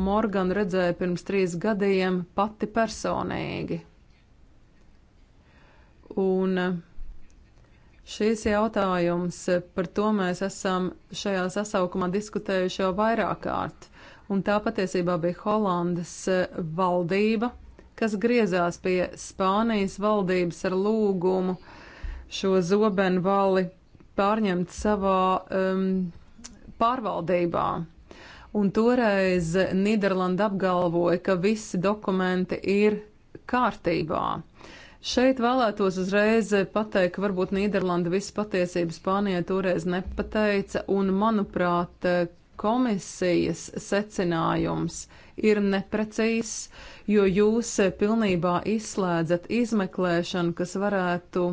Morganu redzēju pirms trīs gadiem pati personīgi. Un eh, šīs jautājums, eh, par to mēs esam šajā sasaukumā diskutējuši jau vairāk kārt. Un tā patiesībā bija Holandas eh, valdība, kas griezās pie Spānijas valdības ar lūgumu šo zobenu vali pārņemt savā um, pārvaldībā. Un toreiz Nīderlanda apgalvoja, ka visi dokumenti ir kārtībā. Uh, Šeit vēlētos uzreiz pateikt, ka varbūt Nīderlanda visu patiesību Spānijai toreiz nepateica, un manuprāt, komisijas secinājums ir neprecīzs, jo jūs pilnībā izslēdzat izmeklēšanu, kas varētu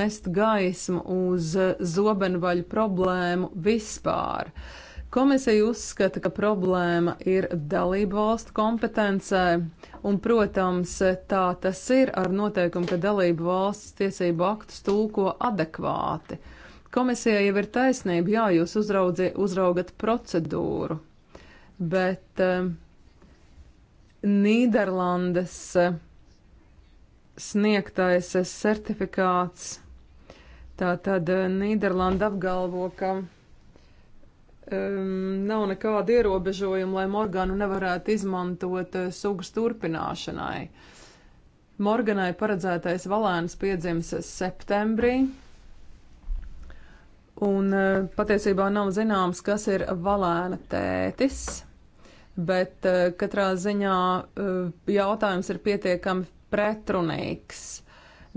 mest gaismu uz zobenvaļu problēmu vispār. Uh, Komisija uzskata, ka problēma ir dalību valstu kompetencē, un, protams, tā tas ir ar noteikumu, ka dalību valsts tiesību aktus tulko adekvāti. Komisijai jau ir taisnība, jā, jūs uzraudzie, uzraugat procedūru, bet eh, Nīderlandes eh, sniegtais eh, certifikāts, tā tad eh, Nīderlanda apgalvo, ka um, nav nekāda ierobežojuma, lai Morganu nevarētu izmantot uh, sugas turpināšanai. Morganai paredzētais valēns piedzims septembrī, un uh, patiesībā nav zināms, kas ir valēna tētis, bet uh, katrā ziņā uh, jautājums ir pietiekami pretrunīgs.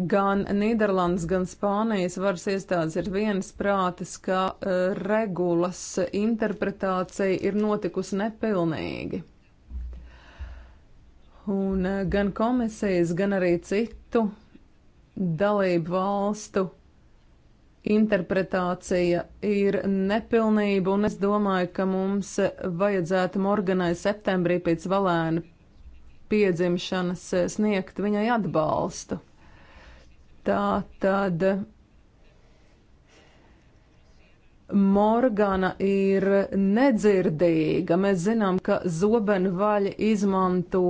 Gan Nīderlandes, gan Spānijas varas iestādes ir vienas prātes, ka uh, regulas interpretācija ir notikusi nepilnīgi. Un uh, gan komisijas, gan arī citu dalību valstu interpretācija ir nepilnība, un es domāju, ka mums vajadzētu Morganai septembrī pēc valēna piedzimšanas e, sniegt viņai atbalstu. Tā tad Morgana ir nedzirdīga. Mēs zinām, ka zobenvaļi izmanto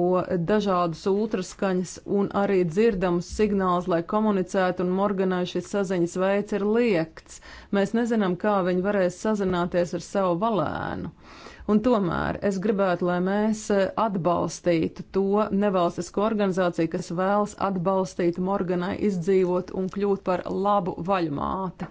dažādus ultraskaņas un arī dzirdamus signālus, lai komunicētu, un Morganai šis saziņas veids ir liekts. Mēs nezinām, kā viņi varēs sazināties ar savu valēnu. Un tomēr es gribētu, lai mēs atbalstītu to nevalstisko organizāciju, kas vēlas atbalstīt Morganai izdzīvot un kļūt par labu vaļmāti.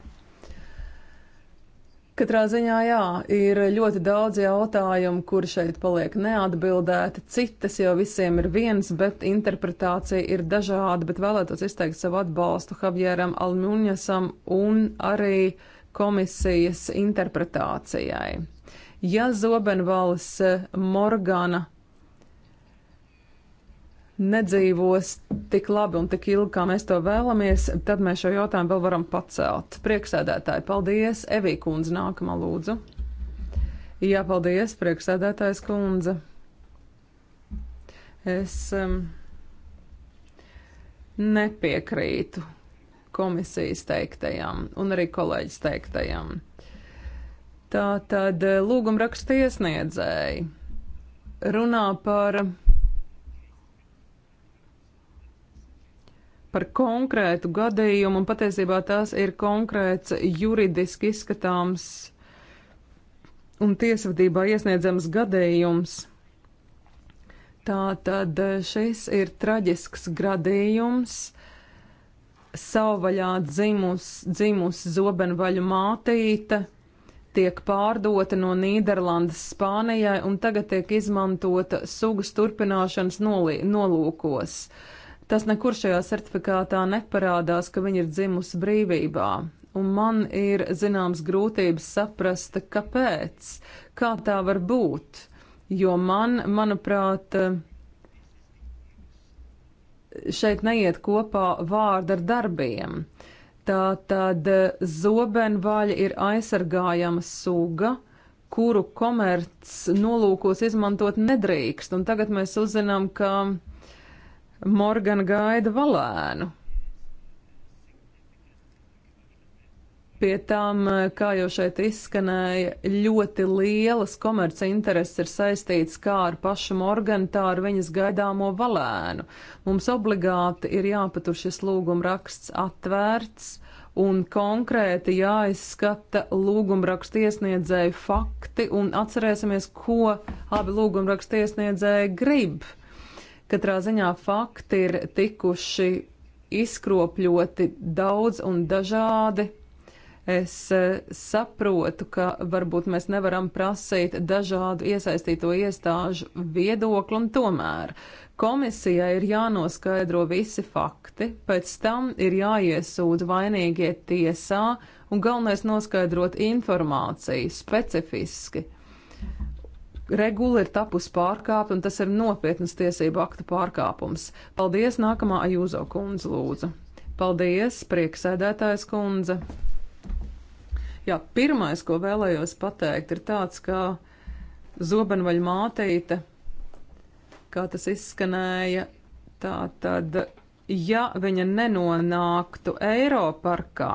Katrā ziņā, jā, ir ļoti daudz jautājumu, kur šeit paliek neatbildēti. Citas jau visiem ir viens, bet interpretācija ir dažāda, bet vēlētos izteikt savu atbalstu Javieram Almuņasam un arī komisijas interpretācijai. Ja Zobenvalis eh, Morgana nedzīvos tik labi un tik ilgi, kā mēs to vēlamies, tad mēs šo jautājumu vēl varam pacelt. Prieksēdētāji, paldies! Evī kundze nākamā lūdzu. Jā, paldies, prieksēdētājs kundze. Es um, nepiekrītu komisijas teiktajam un arī kolēģis teiktajam. Tā tad eh, lūgumraksta iesniedzēji runā par, par konkrētu gadījumu, un patiesībā tās ir konkrēts juridiski izskatāms un tiesvedībā iesniedzams gadījums. Tā tad eh, šis ir traģisks gadījums savvaļā dzimus, dzimus zobenvaļu mātīte, tiek pārdota no Nīderlandes Spānijai un tagad tiek izmantota sugas turpināšanas nolūkos. Tas nekur šajā certifikātā neparādās, ka viņa ir dzimusi brīvībā. Un man ir zināms grūtības saprast, kāpēc, kā tā var būt. Jo man, manuprāt, šeit neiet kopā vārdi ar darbiem. Tātad zobenvaļa ir aizsargājama suga, kuru komerc nolūkos izmantot nedrīkst, un tagad mēs uzzinām, ka Morgana gaida valēnu. Pie tam, eh, kā jau šeit izskanēja, ļoti lielas komerci intereses ir saistīts kā ar pašu Morganu, tā ar viņas gaidāmo valēnu. Mums obligāti ir jāpatur šis lūguma raksts atvērts un konkrēti jāizskata lūguma raksta iesniedzēju fakti un atcerēsimies, ko abi lūguma raksta iesniedzēji grib. Katrā ziņā fakti ir tikuši izkropļoti daudz un dažādi Es e, saprotu, ka varbūt mēs nevaram prasīt dažādu iesaistīto iestāžu viedokli, un tomēr komisijai ir jānoskaidro visi fakti, pēc tam ir jāiesūdz vainīgie tiesā, un galvenais noskaidrot informāciju specifiski. Regula ir tapusi pārkāpta, un tas ir nopietnas tiesību akta pārkāpums. Paldies, nākamā Ajūzo kundze lūdzu. Paldies, prieksēdētājs kundze. Jā, pirmais, ko vēlējos pateikt, ir tāds, ka zobenvaļ māteite, kā tas izskanēja, tā tad, ja viņa nenonāktu Eiroparkā,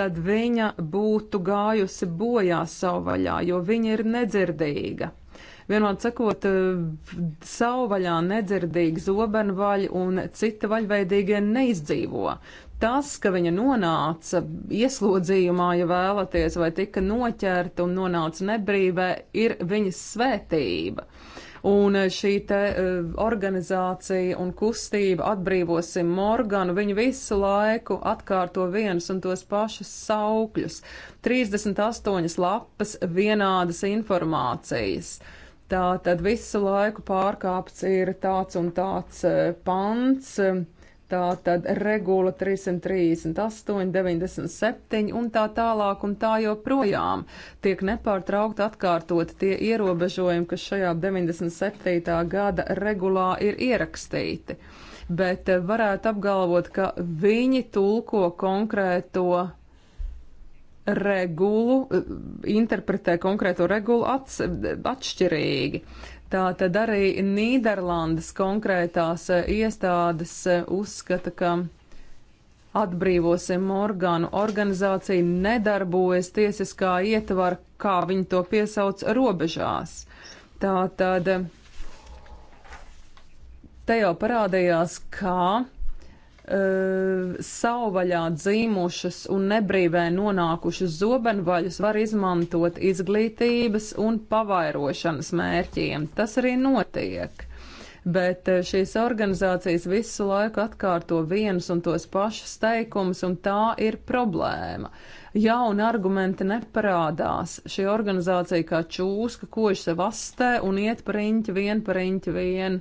tad viņa būtu gājusi bojā savvaļā, jo viņa ir nedzirdīga vienmēr sakot, savvaļā nedzirdīgi zobenvaļi un cita vaļveidīgie neizdzīvo. Tas, ka viņa nonāca ieslodzījumā, ja vēlaties, vai tika noķerta un nonāca nebrīvē, ir viņas svētība. Un eh, šī te uh, organizācija un kustība atbrīvosim Morganu, viņi visu laiku atkārto vienus un tos pašus saukļus. 38 lapas vienādas informācijas. Tā tad visu laiku pārkāpts ir tāds un tāds uh, pants. Uh, Tā tad regula 338, 97 un tā tālāk un tā joprojām tiek nepārtraukti atkārtot tie ierobežojumi, kas šajā 97. gada regulā ir ierakstīti. Bet eh, varētu apgalvot, ka viņi tulko konkrēto regulu, eh, interpretē konkrēto regulu ats, atšķirīgi. Tātad arī Nīderlandes konkrētās e, iestādes e, uzskata, ka atbrīvosim orgānu organizācija nedarbojas tiesiskā ietvara, kā viņi to piesauc, robežās. Tātad e, te jau parādījās, kā Eh, savvaļā dzīmušas un nebrīvē nonākušas zobenvaļas var izmantot izglītības un pavairošanas mērķiem. Tas arī notiek. Bet eh, šīs organizācijas visu laiku atkārto vienus un tos pašus teikumus, un tā ir problēma. Uh, jauni argumenti neparādās. Šī organizācija kā čūska kož sev astē un iet par riņķi vien par riņķi vien.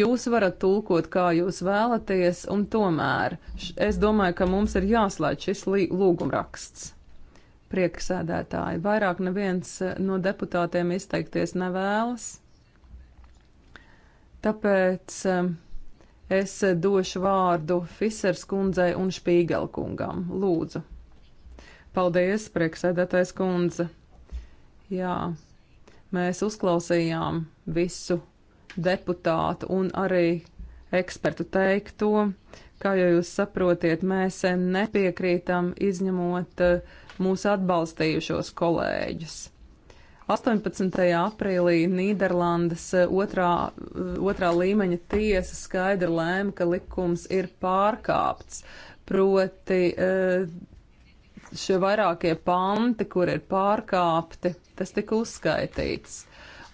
Jūs varat tulkot, kā jūs vēlaties, un tomēr es domāju, ka mums ir jāslēdz šis lūgumraksts. Prieksēdētāji, vairāk neviens eh, no deputātiem izteikties nevēlas. Tāpēc eh, es došu vārdu Fisers kundzei un Špīgelkungam. Lūdzu! Paldies, prieksēdētais kundze. Jā, mēs uzklausījām visu deputātu un arī ekspertu teikto. Kā jau jūs saprotiet, mēs nepiekrītam izņemot eh, mūsu atbalstījušos kolēģus. 18. aprīlī Nīderlandes eh, otrā, eh, otrā līmeņa tiesa skaidri lēma, ka likums ir pārkāpts. Proti šie vairākie panti, kur ir pārkāpti, tas tika uzskaitīts.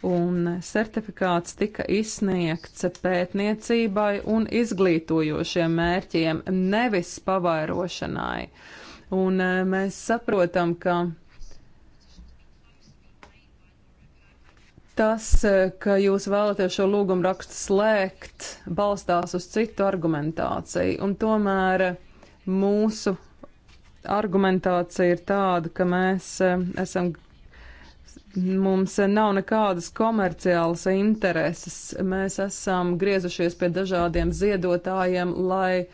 Un certifikāts tika izsniegts pētniecībai un izglītojošiem mērķiem, nevis pavairošanai. Un eh, mēs saprotam, ka tas, eh, ka jūs vēlaties šo lūgumu rakstu slēgt, balstās uz citu argumentāciju. Un tomēr mūsu argumentācija ir tāda, ka mēs e, esam, mums nav nekādas komerciālas intereses. Mēs esam griezušies pie dažādiem ziedotājiem, lai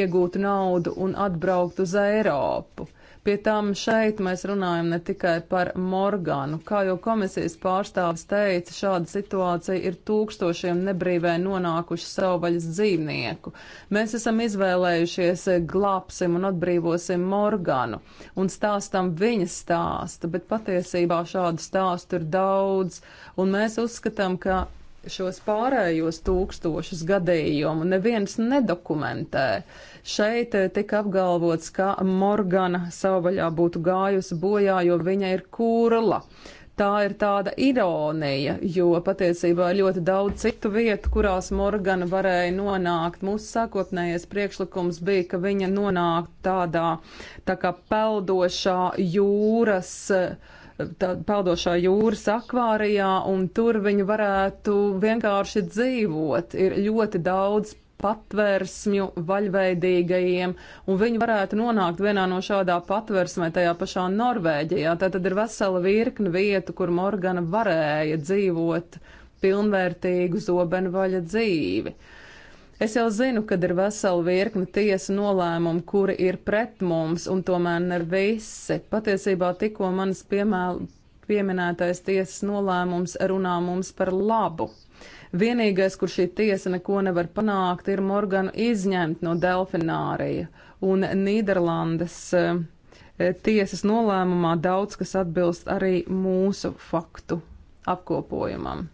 iegūtu naudu un atbraukt uz Eiropu. Pie tam šeit mēs runājam ne tikai par Morganu. Kā jau komisijas pārstāvis teica, šāda situācija ir tūkstošiem nebrīvē nonākuši savvaļas dzīvnieku. Mēs esam izvēlējušies glābsim un atbrīvosim Morganu un stāstam viņas stāstu, bet patiesībā šādu stāstu ir daudz, un mēs uzskatām, ka šos pārējos tūkstošus gadījumu neviens nedokumentē. Šeit eh, tika apgalvots, ka Morgana savvaļā būtu gājusi bojā, jo viņa ir kurla. Tā ir tāda ironija, jo patiesībā ir ļoti daudz citu vietu, kurās Morgana varēja nonākt. Mūsu sākotnējais priekšlikums bija, ka viņa nonāktu tādā tā kā peldošā jūras uh, peldošā jūras akvārijā, un tur viņi varētu vienkārši dzīvot. Ir ļoti daudz patvērsmju vaļveidīgajiem, un viņi varētu nonākt vienā no šādā patvērsmē tajā pašā Norvēģijā. Tā tad ir vesela virkne vietu, kur Morgana varēja dzīvot pilnvērtīgu zobenvaļa dzīvi. Uh, Es jau zinu, kad ir vesela virkne tiesa nolēmumu, kuri ir pret mums, un tomēr ne visi. Patiesībā tikko manas piemēl, pieminētais tiesas nolēmums runā mums par labu. Vienīgais, kur šī tiesa neko nevar panākt, ir Morganu izņemt no delfinārija. Un Nīderlandes eh, tiesas nolēmumā daudz kas atbilst arī mūsu faktu apkopojumam.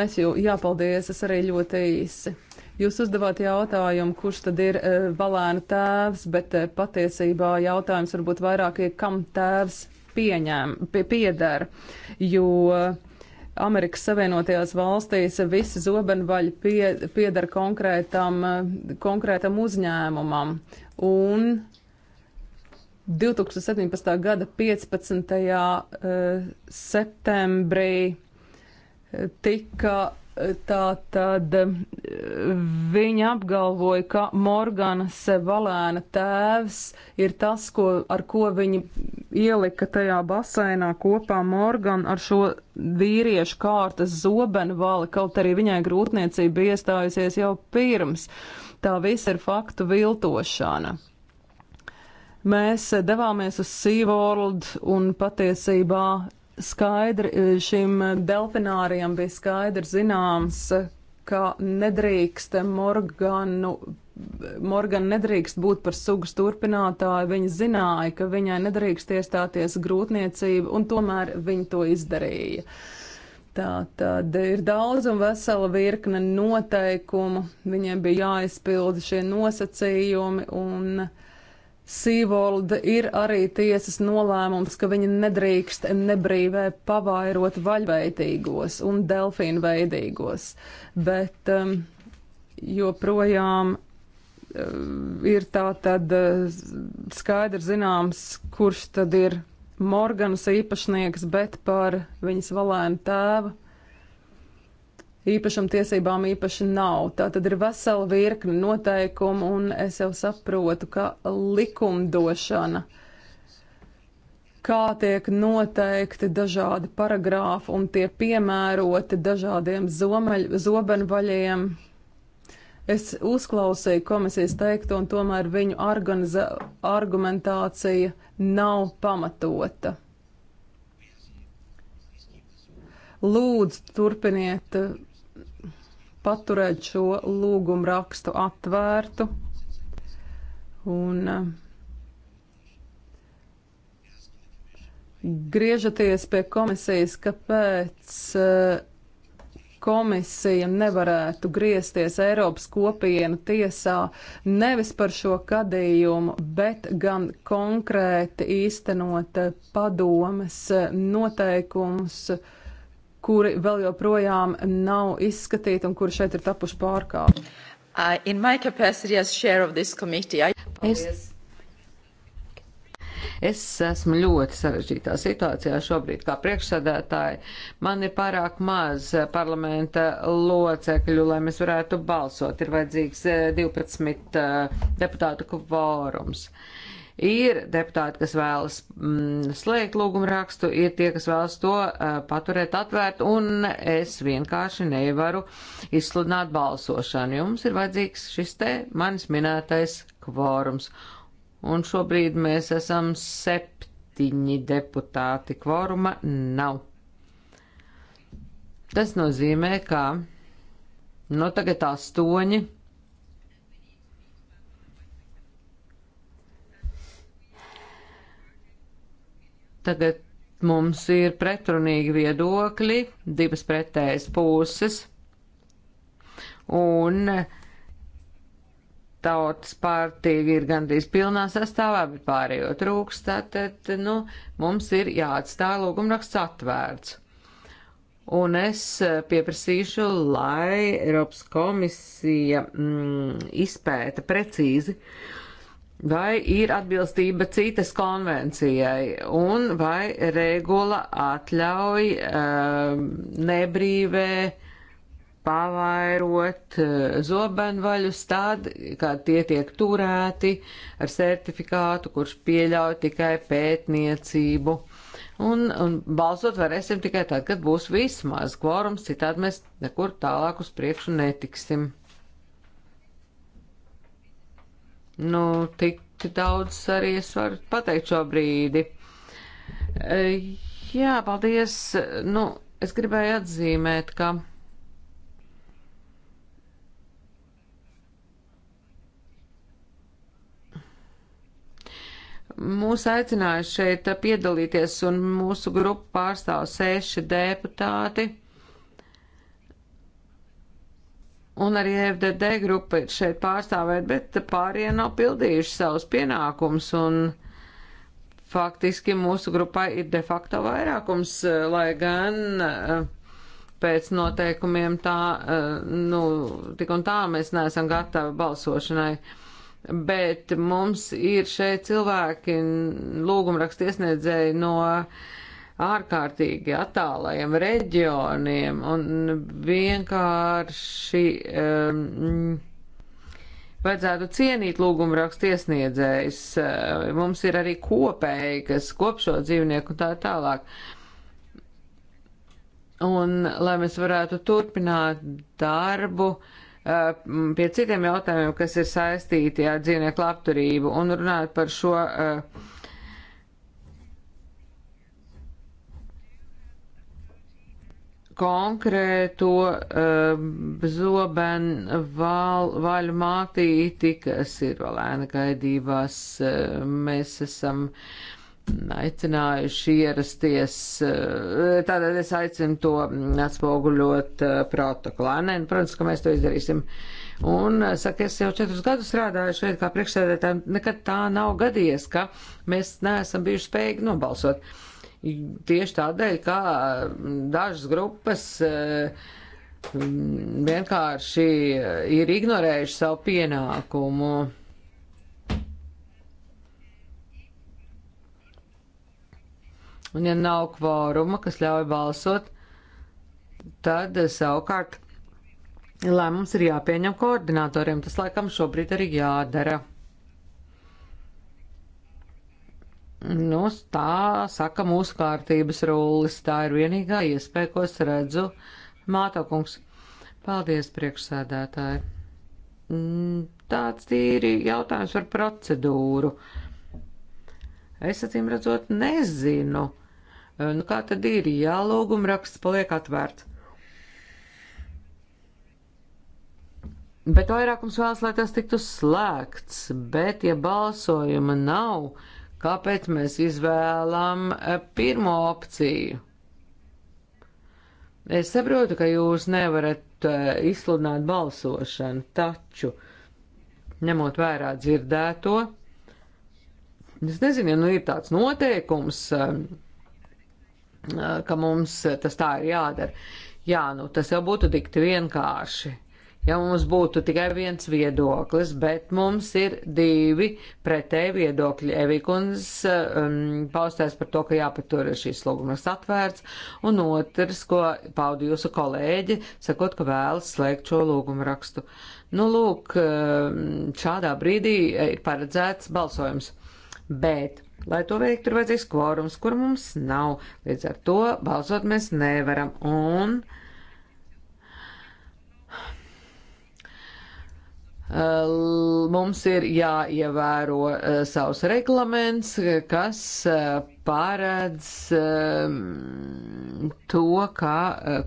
Mēs jau jāpaldies, es arī ļoti īsi. Jūs uzdevāt jautājumu, kurš tad ir e, Valēna tēvs, bet e, patiesībā jautājums varbūt vairāk ir, kam tēvs pieņem, pie, piedara, jo Amerikas Savienotajās valstīs visi zobenvaļi pie, piedara konkrētam, e, konkrētam uzņēmumam. Un 2017. gada 15. E, septembrī e, tika Tā tad eh, viņa apgalvoja, ka Morgana Sevalēna tēvs ir tas, ko, ar ko viņi ielika tajā basēnā kopā Morgana ar šo vīriešu kārtas zobenu vali, kaut arī viņai grūtniecība iestājusies jau pirms. Tā viss ir faktu viltošana. Mēs eh, devāmies uz SeaWorld un patiesībā skaidri e, šim delfinārijam bija skaidri zināms, ka nedrīkst Morganu, Morgan nedrīkst būt par sugas turpinātāju. Viņa zināja, ka viņai nedrīkst iestāties grūtniecība, un tomēr viņa to izdarīja. Tā tad ir daudz un vesela virkne noteikumu, viņiem bija jāizpilda šie nosacījumi, un uh, Sīvolda ir arī tiesas nolēmums, ka viņa nedrīkst nebrīvē pavairot vaļveitīgos un delfīnu veidīgos, bet um, joprojām um, ir tā tad uh, skaidri zināms, kurš tad ir Morganas īpašnieks, bet par viņas valēnu tēvu īpašumtiesībām īpaši nav. Tā tad ir vesela virkne noteikumu, un es jau saprotu, ka likumdošana, kā tiek noteikti dažādi paragrāfi un tie piemēroti dažādiem zomeļ, zobenvaļiem. Es uzklausīju komisijas teikto, un tomēr viņu argumentācija nav pamatota. Lūdzu, turpiniet uh, paturēt šo lūgumu rakstu atvērtu. Un eh, griežaties pie komisijas, kāpēc eh, komisija nevarētu griezties Eiropas kopienu tiesā nevis par šo gadījumu, bet gan konkrēti īstenot eh, padomes noteikumus kuri vēl joprojām nav izskatīti un kuri šeit ir tapuši pārkāpti. Uh, in my capacity as chair of this committee, I... Es Es esmu ļoti sarežģītā situācijā šobrīd kā priekšsādātāji. Man ir pārāk maz uh, parlamenta locekļu, lai mēs varētu balsot. Ir vajadzīgs 12 uh, uh, deputātu kvorums. Uh, Ir deputāti, kas vēlas mm, slēgt lūgumu rakstu, ir tie, kas vēlas to uh, paturēt atvērt, un es vienkārši nevaru izsludināt balsošanu. Jums ir vajadzīgs šis te manis minētais kvorums. Un šobrīd mēs esam septiņi deputāti. Kvoruma nav. Tas nozīmē, ka no nu, tagad astoņi Tagad mums ir pretrunīgi viedokļi, divas pretējas puses, un tautas partija ir gandrīz pilnā sastāvā, bet pārējo trūkst, tātad, nu, mums ir jāatstāja lūgumraksts atvērts. Un es pieprasīšu, lai Eiropas komisija mm, izpēta precīzi uh, vai ir atbilstība citas konvencijai un vai regula atļauj uh, nebrīvē pavairot eh, zobenvaļus tad, kad tie tiek turēti ar certifikātu, kurš pieļauj tikai pētniecību. Un, un balsot varēsim tikai tad, kad būs vismaz kvorums, citādi mēs nekur tālāk uz priekšu netiksim. Nu, tik daudz arī es varu pateikt šobrīd. E, jā, paldies. Nu, es gribēju atzīmēt, ka. mūs aicināja šeit piedalīties, un mūsu grupu pārstāv seši deputāti. un arī FDD grupa ir šeit pārstāvēt, bet pārējie nav pildījuši savus pienākumus un faktiski mūsu grupai ir de facto vairākums, eh, lai gan eh, pēc noteikumiem tā, eh, nu, tik un tā mēs neesam gatavi balsošanai. Bet mums ir šeit cilvēki, lūgumrakstiesniedzēji no uh, ārkārtīgi attālajiem reģioniem un vienkārši um, vajadzētu cienīt lūgumu rakstu iesniedzējs. Mums ir arī kopēji, kas kopšo dzīvnieku un tā tālāk. Un lai mēs varētu turpināt darbu pie citiem jautājumiem, kas ir saistīti ar dzīvnieku labturību un runāt par šo uh, konkrēto uh, um, zobenu val, vaļu mātīti, kas ir vēl ēna gaidībās. Uh, mēs esam aicinājuši ierasties, uh, tātad es aicinu to atspoguļot uh, protokolā. Nē, nu, protams, ka mēs to izdarīsim. Un, uh, saka, es jau četrus gadus strādāju šeit kā priekšsēdētājiem, nekad tā nav gadījies, ka mēs neesam bijuši spējīgi nobalsot. Uh, Tieši tādēļ, kā dažas grupas eh, vienkārši ir ignorējuši savu pienākumu. Un ja nav kvoruma, kas ļauj balsot, tad savukārt lēmums ir jāpieņem koordinatoriem. Tas laikam šobrīd arī jādara. Nu, tā saka mūsu kārtības rullis. Tā ir vienīgā iespēja, ko es redzu. Mātokungs, paldies priekšsēdētāji. Mm, tāds tīri jautājums par procedūru. Es acīm redzot nezinu, eh, nu kā tad ir, ja lūguma raksts paliek atvērts. Bet vairākums vēlas, lai tas tiktu slēgts, bet ja balsojuma nav, uh, Kāpēc mēs izvēlam e, pirmo opciju? Es saprotu, ka jūs nevarat e, izsludināt balsošanu, taču, ņemot vērā dzirdēto, es nezinu, ja nu ir tāds noteikums, e, ka mums tas tā ir jādara. Jā, nu tas jau būtu dikti vienkārši ja mums būtu tikai viens viedoklis, bet mums ir divi pretēji viedokļi. Evikundas um, paustās par to, ka jāpatur šīs lūgumas atvērts, un otrs, ko paudu jūsu kolēģi, sakot, ka vēlas slēgt šo lūgumu rakstu. Nu, lūk, um, šādā brīdī eh, ir paredzēts balsojums. Bet Lai to veiktu, ir vajadzīgs kvorums, kur mums nav. Līdz ar to balsot mēs nevaram. Un mums ir jāievēro e, savs reglaments, e, kas e, paredz to, ka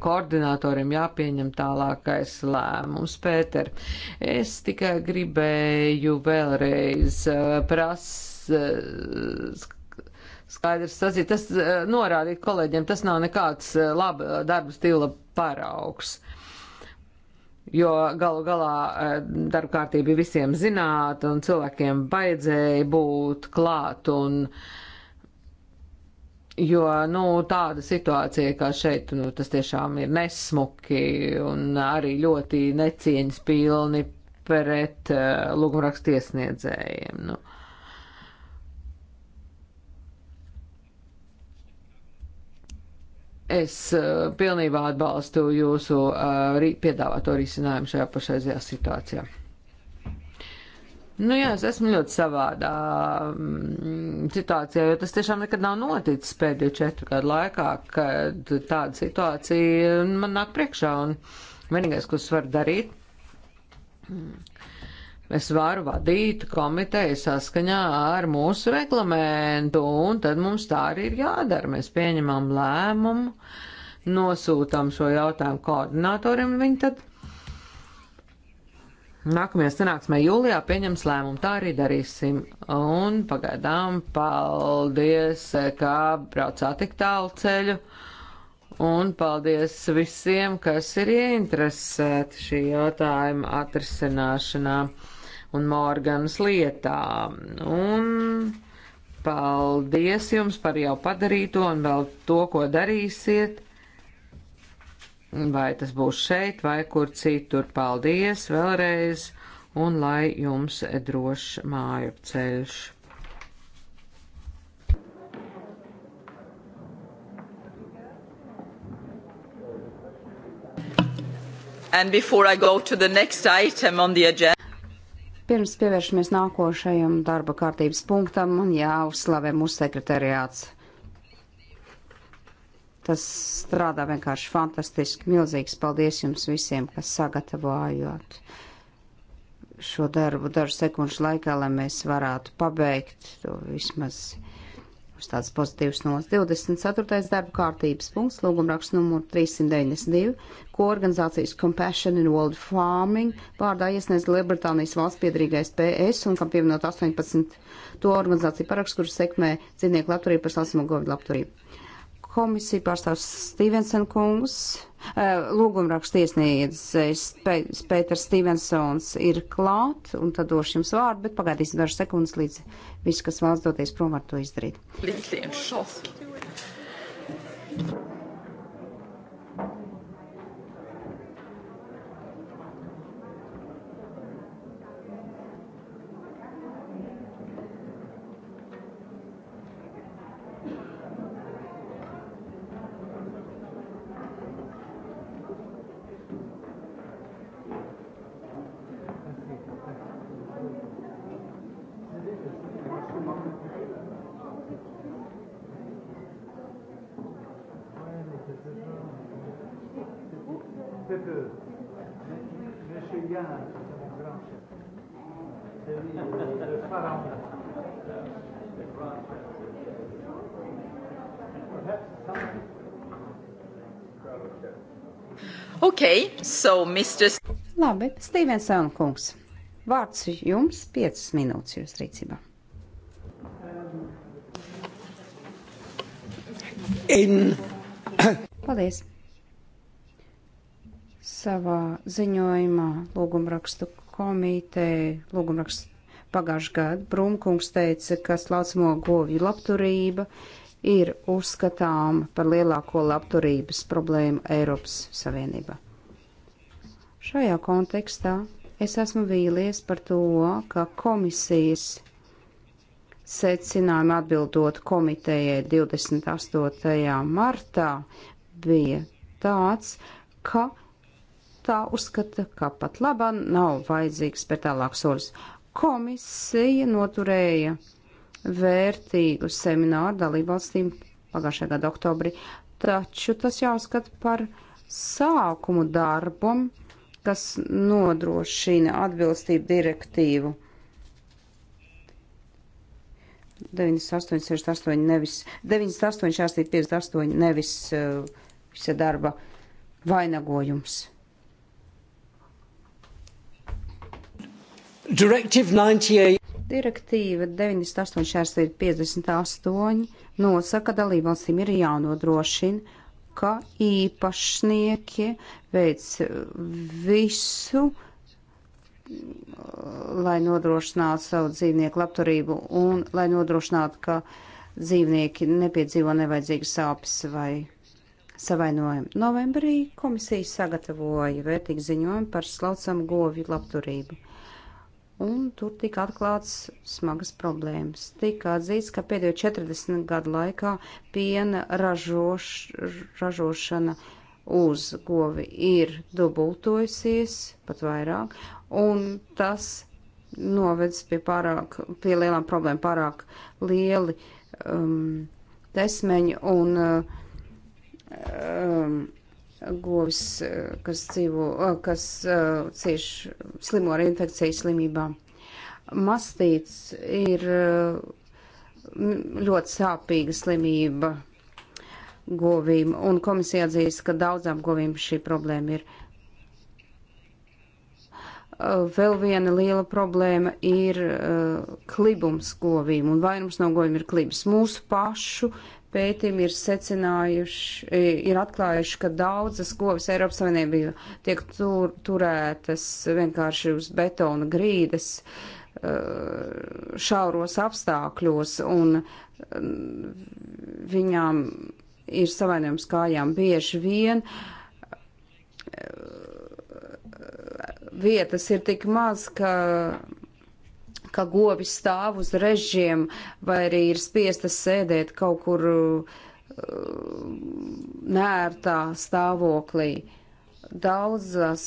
koordinatoriem jāpieņem tālākais lēmums. Pēter, es tikai gribēju vēlreiz prasīt. Skaidrs, tas ir tas norādīt kolēģiem, tas nav nekāds laba darba stila paraugs jo galu galā e, darbkārtība bija visiem zināta un cilvēkiem baidzēja būt klāt un jo, nu, tāda situācija kā šeit, nu, tas tiešām ir nesmuki un arī ļoti necieņas pilni pret uh, lūgumrakstiesniedzējiem, nu. Es uh, pilnībā atbalstu jūsu uh, eh, rī, piedāvāto risinājumu šajā pašreizajā situācijā. Nu jā, es esmu ļoti savādā mm, situācijā, jo tas tiešām nekad nav noticis pēdējo četru gadu laikā, kad tāda situācija man nāk priekšā un vienīgais, ko es varu darīt, mm, es varu vadīt komiteju saskaņā ar mūsu reglamentu, un tad mums tā arī ir jādara. Mēs pieņemam lēmumu, nosūtam šo jautājumu koordinatoriem, un viņi tad nākamajā sanāksmē jūlijā pieņems lēmumu. Tā arī darīsim. Un pagaidām paldies, kā braucāt tik tālu ceļu. Un paldies visiem, kas ir ieinteresēti šī jautājuma atrisināšanā un Morganas lietā. Un paldies jums par jau padarīto un vēl to, ko darīsiet. Vai tas būs šeit vai kur citur. Paldies vēlreiz un lai jums drošs māju ceļš. and before I go to the next item on the agenda. Pirms pievēršamies nākošajam darba kārtības punktam, man jāuzslavē mūsu sekretariāts. Tas strādā vienkārši fantastiski. Milzīgs paldies jums visiem, kas sagatavojot šo darbu dažu sekundžu laikā, lai mēs varētu pabeigt to vismaz labus, tāds pozitīvs nos. 24. darba kārtības punkts, lūgumraksts numur 392, ko organizācijas Compassion in World Farming vārdā iesniedz Lielbritānijas valsts piedrīgais PS un kam pievienot 18 to organizāciju parakstu, kuras sekmē dzīvnieku labturību par salsimo govidu labturību. Komisija pārstāvs Stevenson kungs. Eh, lūgumrakstu iesniedzējs Pēters Stevensons ir klāt, un tad došu jums vārdu, bet pagaidīsim dažas sekundes, līdz viss, kas vēlas doties prom, var to izdarīt. Līdz, Okay, so Mr. Labi, Stevensona kungs, vārds jums 5 minūtes jūs rīcībā. In... Paldies. Savā ziņojumā lūgumrakstu komiteja, lūgumrakstu pagājušajā gadā Brumkungs teica, ka slaucamo govju labturība ir uzskatām par lielāko labturības problēmu Eiropas Savienībā. Šajā kontekstā es esmu vīlies par to, ka komisijas secinājumi atbildot komitejai 28. martā bija tāds, ka tā uzskata, ka pat labā nav vajadzīgs pēc tālāk soļus. Komisija noturēja vērtīgu semināru dalībvalstīm pagājušajā gada oktobrī, taču tas jāuzskata par sākumu darbam, kas nodrošina atbilstību direktīvu 9868, nevis 9868, 58, nevis uh, visa darba vainagojums. Direktīva 98. Direktīva 98.58 nosaka, ka dalībvalstīm ir jānodrošina, ka īpašnieki veic visu, lai nodrošinātu savu dzīvnieku labturību un lai nodrošinātu, ka dzīvnieki nepiedzīvo nevajadzīgas sāpes vai savainojumu. Novembrī komisija sagatavoja vērtīgu ziņojumu par slaucam govju labturību un tur tika atklāts smagas problēmas. Tika atzīts, ka pēdējo 40 gadu laikā piena ražoš, ražošana uz govi ir dubultojusies, pat vairāk, un tas novedz pie pārāk, pie lielām problēmām, pārāk lieli um, tesmeņi un uh, um, govs, kas dzīvo, kas cieš slimo ar infekciju slimībām. Mastīts ir ļoti sāpīga slimība govīm, un komisija atzīst, ka daudzām govīm šī problēma ir. Vēl viena liela problēma ir klibums govīm, un vairums no govīm ir klibs. Mūsu pašu pētījumi ir secinājuši, ir atklājuši, ka daudzas govis Eiropas Savienībā tiek tur, turētas vienkārši uz betona grīdas eh, šauros apstākļos, un mm, viņām ir savainojums kājām bieži vien. Eh, vietas ir tik maz, ka ka govis stāv uz režiem vai arī ir spiestas sēdēt kaut kur uh, nērtā stāvoklī. Daudzas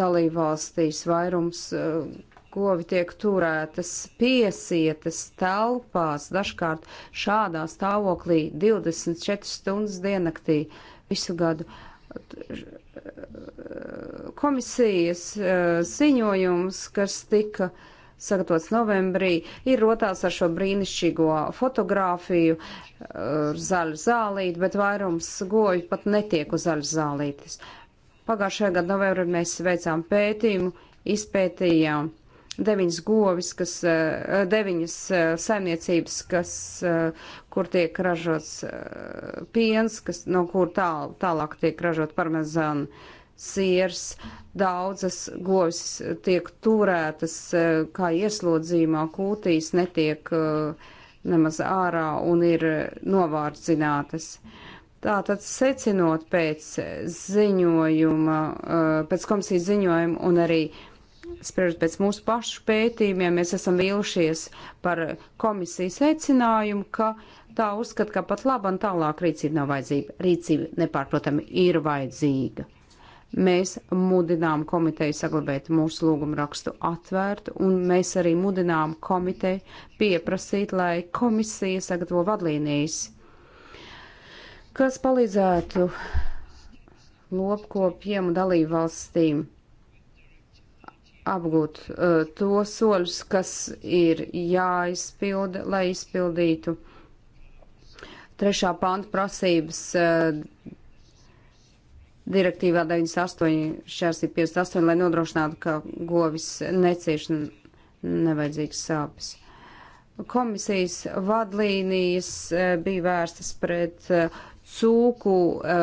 dalībvalstīs vairums uh, govi tiek turētas piesietas telpās, dažkārt šādā stāvoklī 24 stundas diennaktī visu gadu. Komisijas uh, ziņojums, kas tika uh, sagatavots novembrī, ir rotās ar šo brīnišķīgo fotografiju, zaļu zālīti, bet vairums goju pat netiek uz zaļu zālītes. Pagājušajā gadā novembrī mēs veicām pētījumu, izpētījām deviņas govis, kas, eh, deviņas eh, saimniecības, kas, eh, kur tiek ražots piens, kas, no kur tāl, tālāk tiek ražot parmezānu siers, daudzas govs tiek turētas e, kā ieslodzījumā, kūtīs netiek e, nemaz ārā un ir novārdzinātas. Tātad secinot pēc ziņojuma, e, pēc komisijas ziņojuma un arī spriežot pēc mūsu pašu pētījumiem, mēs esam vīlušies par komisijas secinājumu, ka tā uzskata, ka pat laba un tālāk rīcība nav vajadzība. Rīcība, nepārprotami, ir vajadzīga. Mēs mudinām komiteju saglabāt mūsu lūgumu rakstu atvērtu, un mēs arī mudinām komiteju pieprasīt, lai komisija sagatavo vadlīnijas, kas palīdzētu lopkopiem un dalību valstīm apgūt uh, to soļus, kas ir jāizpilda, lai izpildītu trešā panta prasības uh, direktīvā 98, 458, lai nodrošinātu, ka govis necieš nevajadzīgas sāpes. Komisijas vadlīnijas e, bija vērstas pret e, cūku e,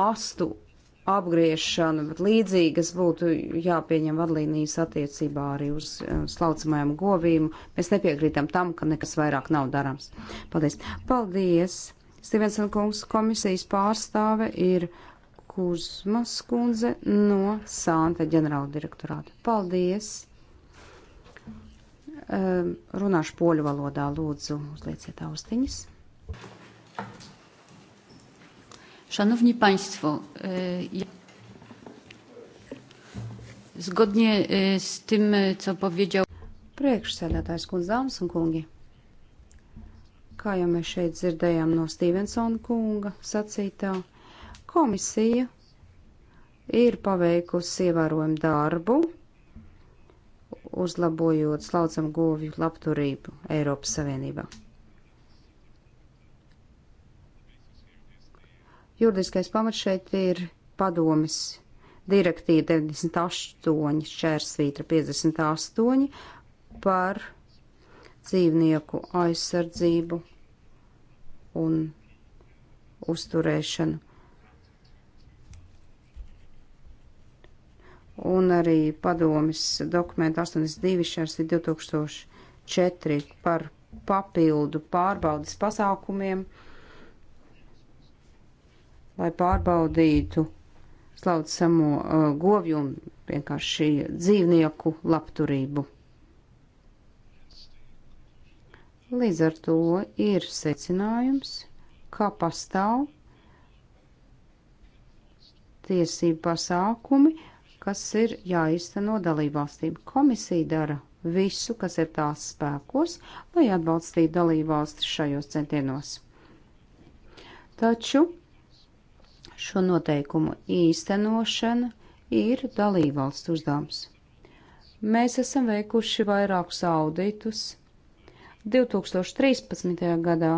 astu apgriešanu, bet līdzīgas būtu jāpieņem vadlīnijas attiecībā arī uz slaucamajām govīm. Mēs nepiekrītam tam, ka nekas vairāk nav darams. Paldies! Paldies! Stevenson kungs komisijas pārstāve ir Kuzmas kundze no Sānta ģenerāla direktorāta. Paldies! Ehm, runāšu poļu valodā, lūdzu, uzlieciet austiņas. Szanowni Państwo, e, zgodnie e, z tym, co powiedział Priekšsēdētājs kundze, dāmas un kungi, kā jau mēs šeit dzirdējām no Stevensona kunga sacītā, uh, Komisija ir paveikusi ievērojumu darbu, uzlabojot slaucam govju labturību Eiropas Savienībā. Juridiskais pamats šeit ir padomis direktīva 98 šķērsvītra 58 par dzīvnieku aizsardzību un uzturēšanu. un arī padomis dokumentu 82 šķērs 2004 par papildu pārbaudas pasākumiem, lai pārbaudītu slaucamo uh, govju un vienkārši dzīvnieku labturību. Līdz ar to ir secinājums, kā pastāv tiesību pasākumi, kas ir jāizteno dalībvalstīm. Komisija dara visu, kas ir tās spēkos, lai atbalstītu dalībvalstis šajos centienos. Taču šo noteikumu īstenošana ir dalībvalstu uzdevums. Mēs esam veikuši vairākus auditus 2013. gadā.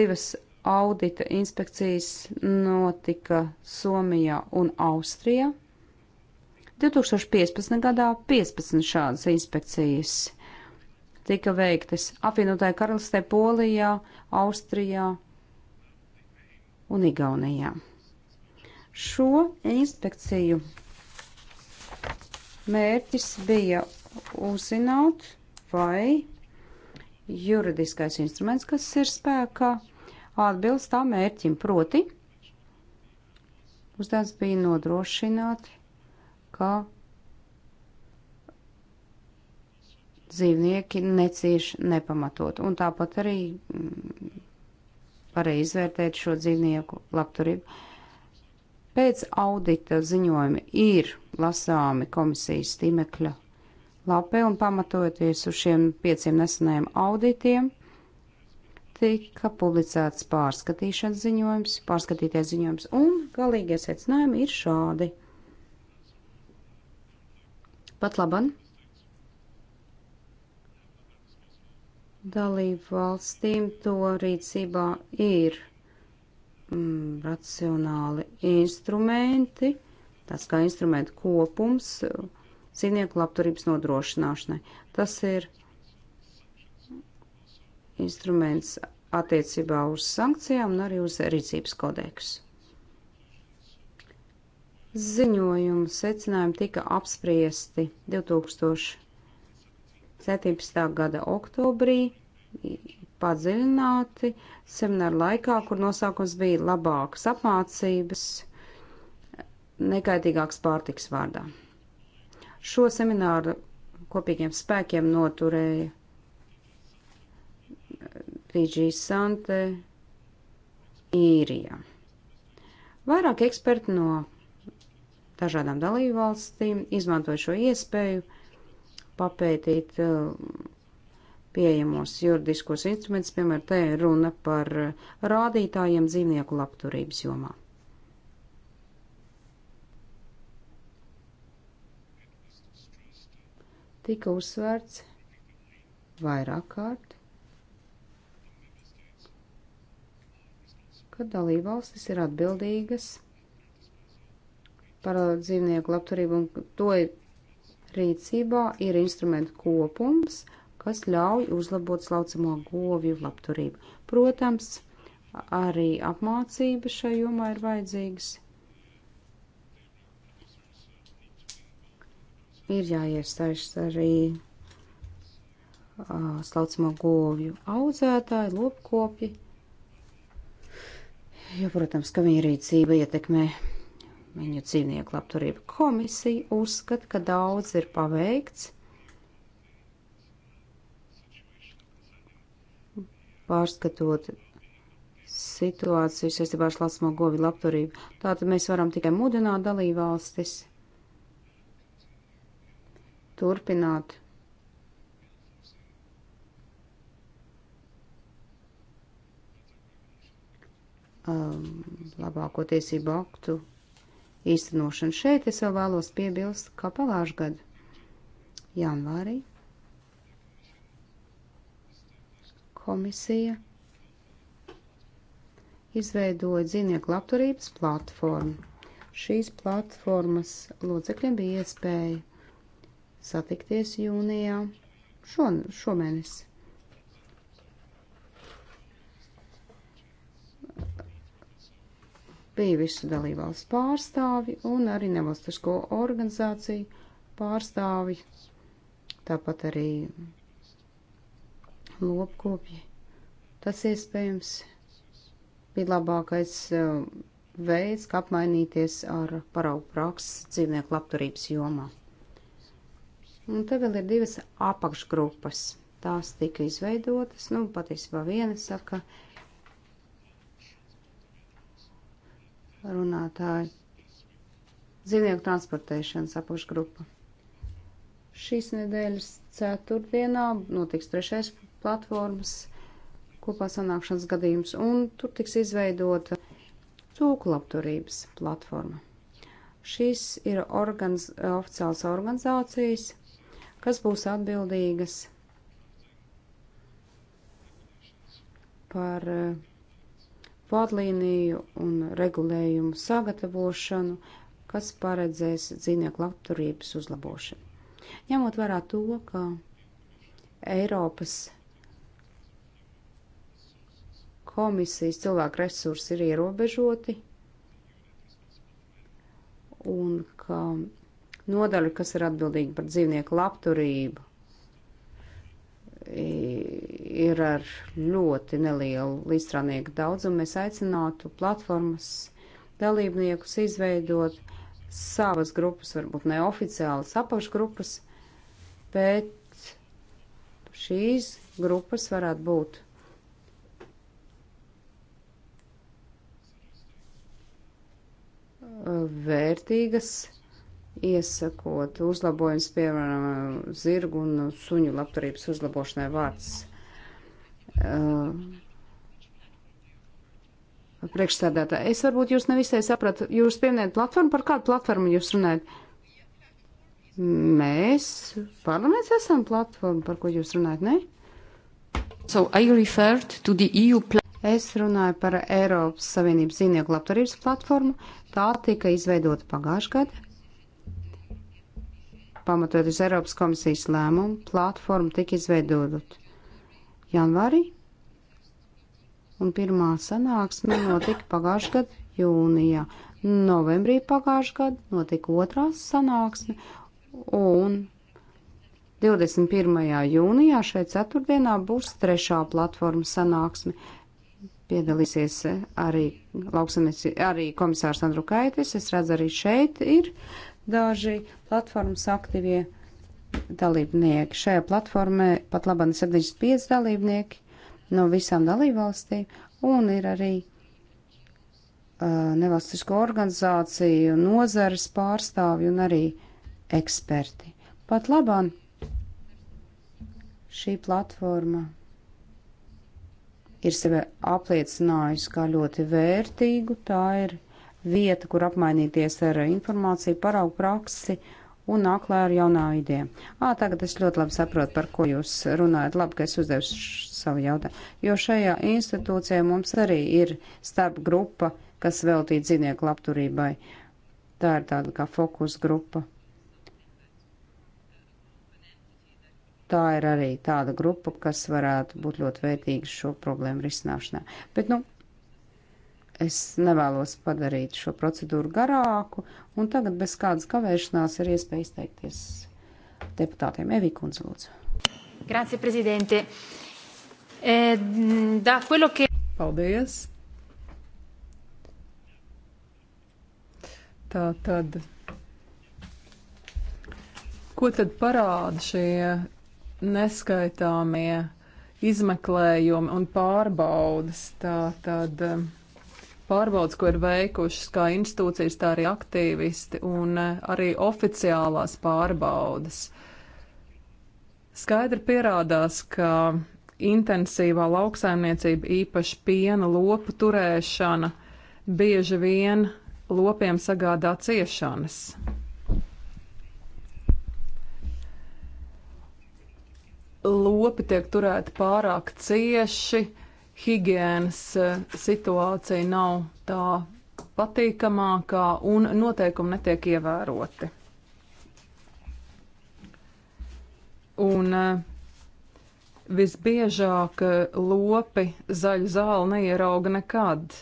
Divas audita inspekcijas notika Somijā un Austrijā. 2015. gadā 15 šādas inspekcijas tika veiktas apvienotāja karalistē Polijā, Austrijā un Igaunijā. Šo inspekciju mērķis bija uzzināt, vai juridiskais instruments, kas ir spēkā, atbilst tā mērķim. Proti, uzdevums bija nodrošināt, ka dzīvnieki necieš nepamatot. Un tāpat arī mm, varēja izvērtēt šo dzīvnieku labturību. Pēc audita ziņojumi ir lasāmi komisijas tīmekļa lapē un pamatojoties uz šiem pieciem nesenajiem auditiem, tika publicēts pārskatīšanas ziņojums, pārskatīties ziņojums, un galīgie secinājumi ir šādi. Pat laban. Dalību valstīm to rīcībā ir mm, racionāli instrumenti, tāds kā instrumentu kopums, dzīvnieku labturības nodrošināšanai. Tas ir instruments attiecībā uz sankcijām un arī uz rīcības kodeksu. Ziņojumu secinājumi tika apspriesti 2017. gada oktobrī padziļināti semināru laikā, kur nosaukums bija labākas apmācības nekaitīgāks pārtiks vārdā. Šo semināru kopīgiem spēkiem noturēja Fidži Sante, Īrija. Vairāk eksperti no dažādām dalībvalstīm izmantoja šo iespēju papētīt uh, pieejamos juridiskos instrumentus, piemēram, te runa par uh, rādītājiem dzīvnieku labturības jomā. Tika uzsvērts vairāk kārt, ka dalībvalstis ir atbildīgas par dzīvnieku labturību, un to ir rīcībā ir instrumentu kopums, kas ļauj uzlabot slaucamo govju labturību. Protams, arī apmācība šai jomā ir vajadzīgas. Ir jāiesaišas arī uh, slaucamo govju audzētāji, lopkopji jo, protams, ka viņa rīcība ietekmē viņu dzīvnieku labturību. Komisija uzskata, ka daudz ir paveikts. Pārskatot situāciju saistībā ar lasmo govi labturību. Tātad mēs varam tikai mudināt dalībvalstis turpināt um, labāko tiesību aktu īstenošanu. Šeit es vēl vēlos piebilst, ka pagājušajā gadā janvārī komisija izveidoja dzīvnieku labturības platformu. Šīs platformas locekļiem bija iespēja satikties jūnijā šo, šomēnes. bija visu dalībvalstu pārstāvi un arī nevalstisko organizāciju pārstāvi, tāpat arī lopkopji. Tas iespējams bija labākais uh, veids, kā apmainīties ar paraugu prakses dzīvnieku labturības jomā. Un te vēl ir divas apakšgrupas. Tās tika izveidotas, nu, patiesībā viena saka, ka runātāji. Zīvnieku transportēšanas apakšgrupa. Šīs nedēļas ceturtdienā notiks trešais platformas kopā sanākšanas gadījums, un tur tiks izveidota cūku labturības platforma. Šīs ir organiz, oficiāls organizācijas, kas būs atbildīgas par uh, vadlīniju un regulējumu sagatavošanu, kas paredzēs dzīvnieku labturības uzlabošanu. Ņemot vērā to, ka Eiropas komisijas cilvēku resursi ir ierobežoti un ka nodaļa, kas ir atbildīga par dzīvnieku labturību, ir ar ļoti nelielu līdzstrādnieku daudzumu. Mēs aicinātu platformas dalībniekus izveidot savas grupas, varbūt neoficiālas apakšgrupas, bet šīs grupas varētu būt vērtīgas iesakot uzlabojums, piemēram, zirgu un suņu labturības uzlabošanai vārds. Uh, Priekšstādātā, es varbūt jūs nevisai sapratu, jūs pieminējat platformu, par kādu platformu jūs runājat? Mēs, parlaments, esam platforma, par ko jūs runājat, ne? So I referred to the EU platform. Es runāju par Eiropas Savienības zīmnieku labturības platformu. Tā tika izveidota pagājušajā gadā pamatot uz Eiropas komisijas lēmumu, platforma tika izveidot janvārī, un pirmā sanāksme notika pagājušajā gadā jūnijā. Novembrī pagājušajā gadā notika otrā sanāksme, un 21. jūnijā šeit ceturtdienā būs trešā platforma sanāksme. Piedalīsies arī, lauksamies, arī komisārs Andru Kaitis, es redzu arī šeit ir daži platformas aktīvie dalībnieki. Šajā platformē pat labāk 75 dalībnieki no visām dalībvalstīm, un ir arī uh, nevalstisko organizāciju, nozares pārstāvju un arī eksperti. Pat labāk šī platforma ir sevi apliecinājusi kā ļoti vērtīgu, tā ir vieta, kur apmainīties ar informāciju, paraugu praksi un nāklē ar jaunām idejām. Ā, tagad es ļoti labi saprotu, par ko jūs runājat. Labi, ka es uzdevu savu jautājumu. Jo šajā institūcijā mums arī ir starp grupa, kas veltīta dzīvnieku labturībai. Tā ir tāda kā fokus grupa. Tā ir arī tāda grupa, kas varētu būt ļoti vērtīga šo problēmu risināšanā. Bet, nu, Es nevēlos padarīt šo procedūru garāku, un tagad bez kādas kavēšanās ir iespēja izteikties deputātiem. Evī Kundze, lūdzu. Grazie, prezidente. E, eh, da, quello che... Paldies. Tā tad. Ko tad parāda šie neskaitāmie izmeklējumi un pārbaudas? Tā tad. Um, pārbaudas, ko ir veikušas kā institūcijas, tā arī aktīvisti un eh, arī oficiālās pārbaudas. Skaidri pierādās, ka intensīvā lauksaimniecība, īpaši piena lopu turēšana, bieži vien lopiem sagādā ciešanas. Lopi tiek turēti pārāk cieši, higienas eh, situācija nav tā patīkamākā un noteikumi netiek ievēroti. Un eh, visbiežāk eh, lopi zaļu zāli neierauga nekad.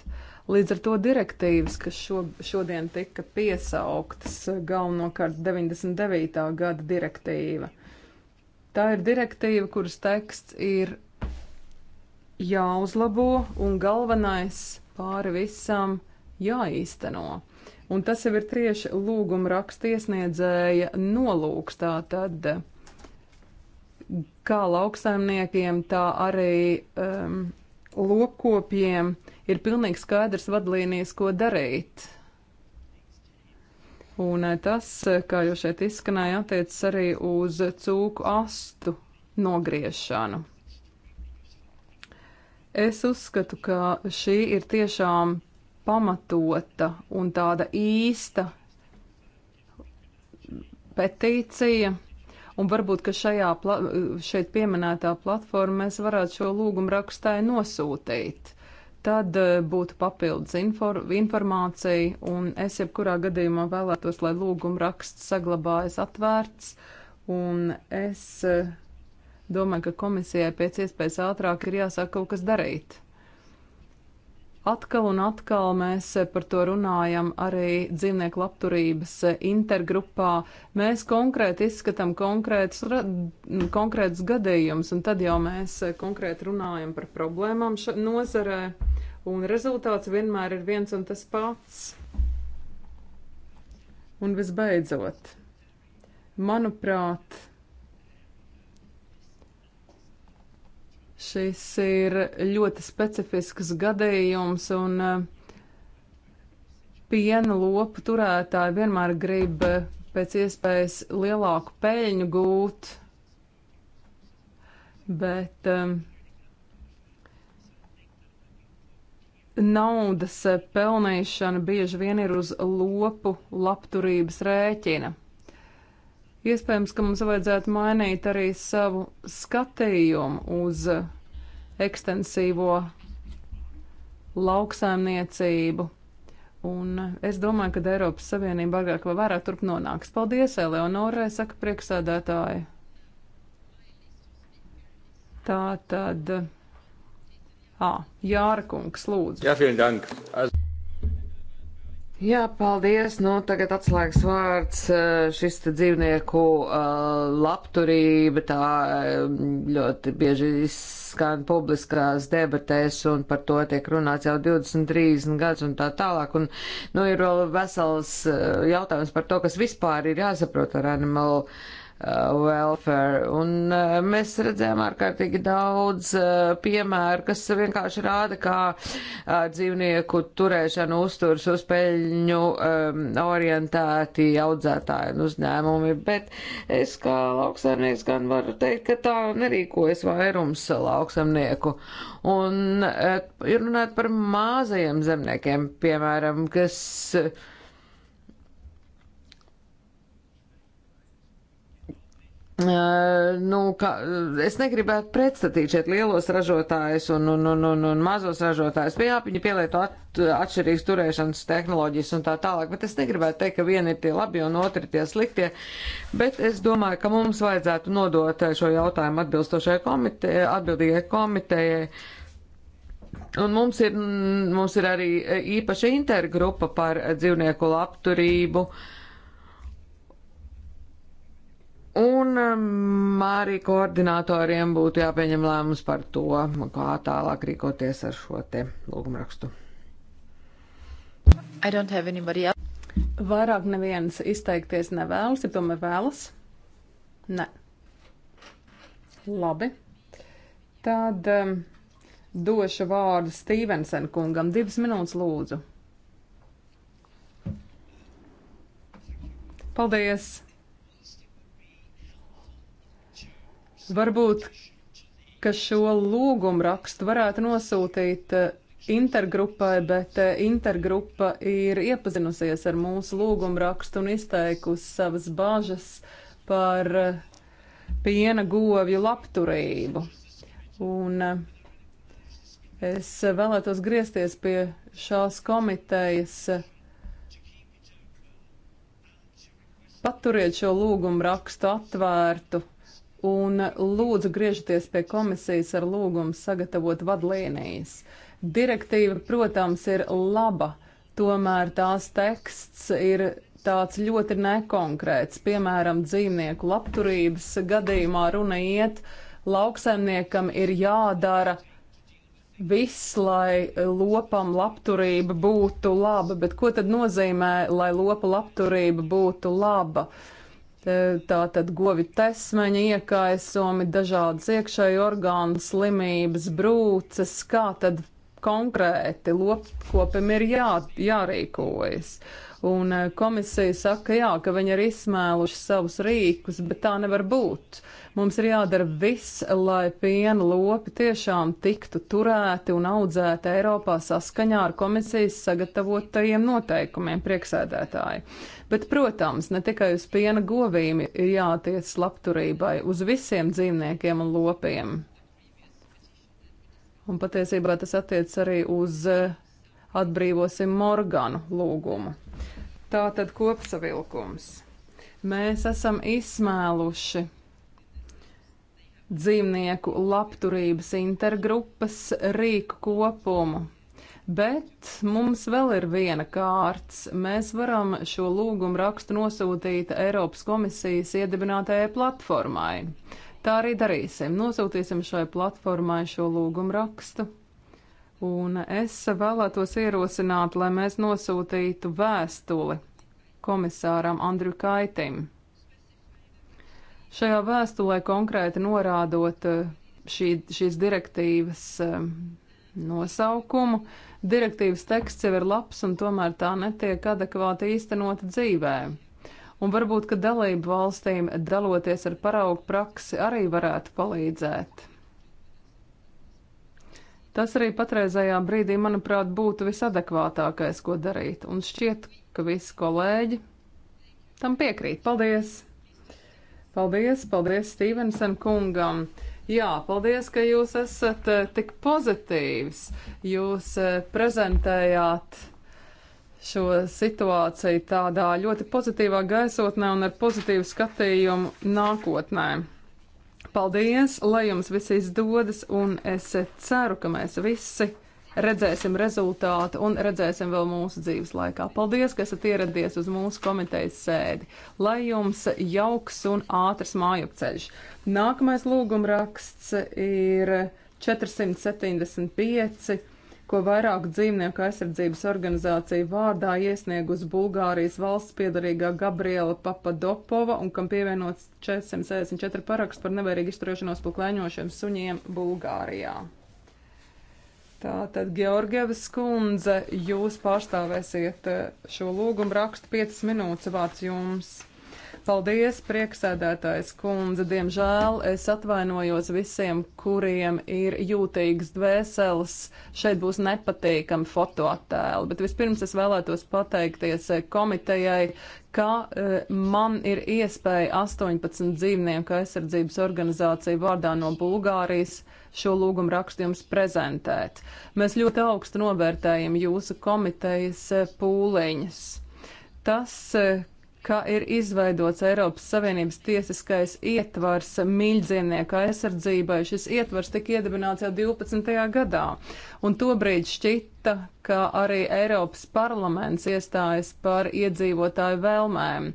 Līdz ar to direktīvas, kas šo, šodien tika piesauktas, galvenokārt 99. gada direktīva. Tā ir direktīva, kuras teksts ir jāuzlabo un galvenais pāri visam jāīsteno. Un tas jau ir tieši lūguma rakstiesniedzēja nolūks tā tad kā lauksaimniekiem, tā arī um, lopkopiem ir pilnīgi skaidrs vadlīnijas, ko darīt. Un eh, tas, kā jau šeit izskanēja, attiecas arī uz cūku astu nogriešanu. Es uzskatu, ka šī ir tiešām pamatota un tāda īsta petīcija. Un varbūt, ka šajā šeit pieminētā platforma mēs varētu šo lūgumu rakstāju nosūtīt. Tad e, būtu papildus infor informācija, un es jebkurā gadījumā vēlētos, lai lūguma raksts saglabājas atvērts, un es uh, Domāju, ka komisijai pēc iespējas ātrāk ir jāsāk kaut kas darīt. Atkal un atkal mēs par to runājam arī dzīvnieku labturības intergrupā. Mēs konkrēti izskatām konkrētus, konkrētus gadījumus, un tad jau mēs konkrēti runājam par problēmām nozarē, un rezultāts vienmēr ir viens un tas pats. Un visbeidzot, manuprāt, Šis ir ļoti specifisks gadījums, un eh, piena lopu turētāji vienmēr grib eh, pēc iespējas lielāku peļņu gūt, bet um, naudas pelnīšana bieži vien ir uz lopu labturības rēķina. Iespējams, ka mums vajadzētu mainīt arī savu skatījumu uz ekstensīvo lauksaimniecību. Un es domāju, ka Eiropas Savienība agrāk vai vairāk turp nonāks. Paldies, Eleonorai, saka priekšsēdētāji. Tā tad. Ah, Jāra kungs, lūdzu. Jā, vielen dank. Jā, paldies. Nu, tagad atslēgas vārds eh, šis dzīvnieku eh, labturība tā eh, ļoti bieži skan publiskās debatēs un par to tiek runāts jau 20, 30 gadus un tā tālāk. Un, nu, ir vēl vesels jautājums par to, kas vispār ir jāsaprot ar animal Uh, welfare. Un uh, mēs redzējām ārkārtīgi daudz uh, piemēru, kas vienkārši rāda, kā dzīvnieku turēšana uzturs uz peļņu um, orientēti audzētāji un uzņēmumi, bet es kā lauksaimnieks gan varu teikt, ka tā nerīkojas vairums lauksaimnieku. Un runāt par mazajiem zemniekiem, piemēram, kas uh, Eh, nu, kā, eh, es negribētu pretstatīt šeit lielos ražotājus un, un, un, un, un mazos ražotājus. Jā, viņi pielieto at, atšķirīgas turēšanas tehnoloģijas un tā tālāk, bet es negribētu teikt, ka vieni ir tie labi un otri tie sliktie. Bet es domāju, ka mums vajadzētu nodot eh, šo jautājumu atbilstošajai komite, atbildīgai komitejai. Un mums ir, mm, mums ir arī īpaša intergrupa par dzīvnieku labturību. Uh, Un um, arī koordinatoriem būtu jāpieņem lēmums par to, kā tālāk rīkoties ar šo te lūgumrakstu. Vairāk neviens izteikties nevēlas, ja tomēr vēlas? Nē. Labi. Tad um, došu vārdu Stevensen kungam. Divas minūtes lūdzu. Paldies! Varbūt, ka šo lūgumu rakstu varētu nosūtīt eh, intergrupai, bet eh, intergrupa ir iepazinusies ar mūsu lūgumu rakstu un izteikusi savas bāžas par eh, piena govju labturību. Un es vēlētos griezties pie šās komitejas. Paturiet šo lūgumu rakstu atvērtu un lūdzu griežties pie komisijas ar lūgumu sagatavot vadlīnijas. Direktīva, protams, ir laba, tomēr tās teksts ir tāds ļoti nekonkrēts. Piemēram, dzīvnieku labturības gadījumā runa iet, lauksaimniekam ir jādara viss, lai lopam labturība būtu laba, bet ko tad nozīmē, lai lopa labturība būtu laba? Uh, Tā tad govi tesmeņa iekaisumi, dažādas iekšēju orgānu slimības, brūces, kā tad konkrēti lopkopim ir jā, jārīkojas. Un e, komisija saka, jā, ka viņi ir izsmēluši savus rīkus, bet tā nevar būt. Mums ir jādara viss, lai piena lopi tiešām tiktu turēti un audzēti Eiropā saskaņā ar komisijas sagatavotajiem noteikumiem, prieksēdētāji. Bet, protams, ne tikai uz piena govīm ir jātiec labturībai, uz visiem dzīvniekiem un lopiem. Un patiesībā tas attiec arī uz eh, atbrīvosim Morganu lūgumu. Tā tad kopsavilkums. Mēs esam izsmēluši dzīvnieku labturības intergrupas rīku kopumu, Bet mums vēl ir viena kārts. Mēs varam šo lūgumu rakstu nosūtīt Eiropas komisijas iedibinātajai platformai. Tā arī darīsim. Nosūtīsim šai platformai šo lūgumu rakstu. Un es vēlētos ierosināt, lai mēs nosūtītu vēstuli komisāram Andriu Kaitim. Šajā vēstulē konkrēti norādot eh, šī, šīs direktīvas eh, nosaukumu, uh, direktīvas teksts jau ir labs, un tomēr tā netiek adekvāti īstenota dzīvē. Un varbūt, ka dalību valstīm daloties ar paraugu praksi arī varētu palīdzēt. Tas arī patreizajā brīdī, manuprāt, būtu visadekvātākais, ko darīt, un šķiet, ka visi kolēģi tam piekrīt. Paldies! Paldies, paldies Stevenson kungam! Jā, paldies, ka jūs esat eh, tik pozitīvs. Jūs eh, prezentējāt šo situāciju tādā ļoti pozitīvā gaisotnē un ar pozitīvu skatījumu nākotnē. Paldies, lai jums viss izdodas, un es ceru, ka mēs visi redzēsim rezultātu un redzēsim vēl mūsu dzīves laikā. Paldies, ka esat ieradies uz mūsu komitejas sēdi. Lai jums jauks un ātrs mājupceļš. Nākamais lūgumraksts ir 475 ko vairāku dzīvnieku aizsardzības organizāciju vārdā iesniegus Bulgārijas valsts piedarīgā Gabriela Papadopova un kam pievienots 464 paraksts par nevērīgu izturēšanos pret klēņošiem suņiem Bulgārijā. Tātad, Georgievas kundze, jūs pārstāvēsiet eh, šo lūgumu rakstu 5 minūtes vārds jums. Paldies, prieksēdētājs kundze. Diemžēl es atvainojos visiem, kuriem ir jūtīgs dvēseles. Šeit būs nepatīkami fotoattēli, bet vispirms es vēlētos pateikties eh, komitejai, ka eh, man ir iespēja 18 dzīvnieku aizsardzības organizāciju vārdā no Bulgārijas šo lūgumu rakstu jums prezentēt. Mēs ļoti augstu novērtējam jūsu komitejas eh, pūliņas. Tas, eh, ka ir izveidots Eiropas Savienības tiesiskais ietvars mīļdzinieku aizsardzībai, šis ietvars tika iedibināts jau 12. gadā, un tobrīd šķita, ka arī Eiropas parlaments iestājas par iedzīvotāju vēlmēm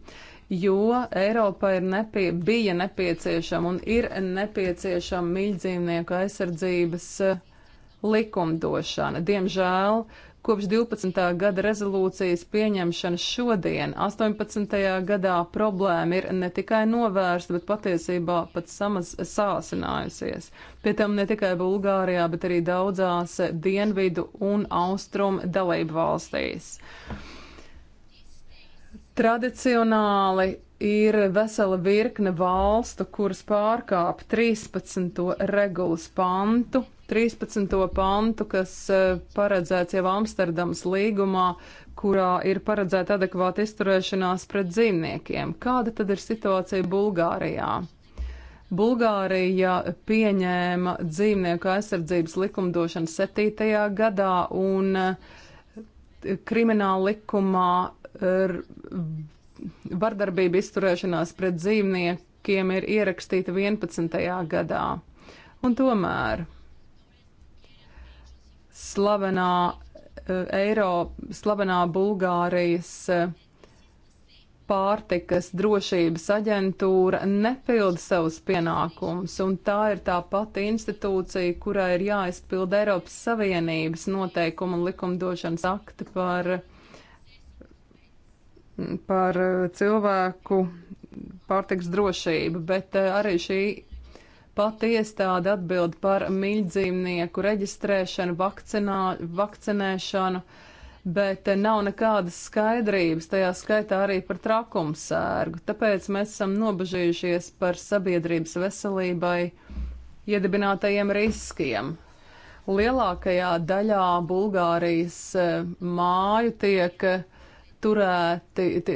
jo Eiropa ir nepie, bija nepieciešama un ir nepieciešama mīļdzīvnieku aizsardzības eh, likumdošana. Diemžēl kopš 12. gada rezolūcijas pieņemšanas šodien, 18. gadā, problēma ir ne tikai novērsta, bet patiesībā pat samaz sāsinājusies. Pie tam ne tikai Bulgārijā, bet arī daudzās dienvidu un austrumu dalību valstīs. Uh, Tradicionāli ir vesela virkne valstu, kuras pārkāp 13. regulas pantu, 13. pantu, kas eh, paredzēts jau Amsterdamas līgumā, kurā ir paredzēta adekvāta izturēšanās pret dzīvniekiem. Kāda tad ir situācija Bulgārijā? Bulgārija pieņēma dzīvnieku aizsardzības likumdošanu 7. gadā un eh, krimināla likumā Er, vardarbība izturēšanās pret dzīvniekiem ir ierakstīta 11. gadā. Un tomēr slavenā e, Eiro, slavenā Bulgārijas e, pārtikas drošības aģentūra nepilda savus pienākumus, un tā ir tā pati institūcija, kurai ir jāizpilda Eiropas Savienības noteikumu un likumdošanas akti par uh, par eh, cilvēku pārtiks drošību, bet eh, arī šī pati iestāde atbild par mīļdzīvnieku reģistrēšanu, vakcinā, vakcinēšanu, bet eh, nav nekādas skaidrības, tajā skaitā arī par trakumsērgu. Tāpēc mēs esam nobežījušies par sabiedrības veselībai iedibinātajiem riskiem. Lielākajā daļā Bulgārijas māju tiek uh, turēti, tie,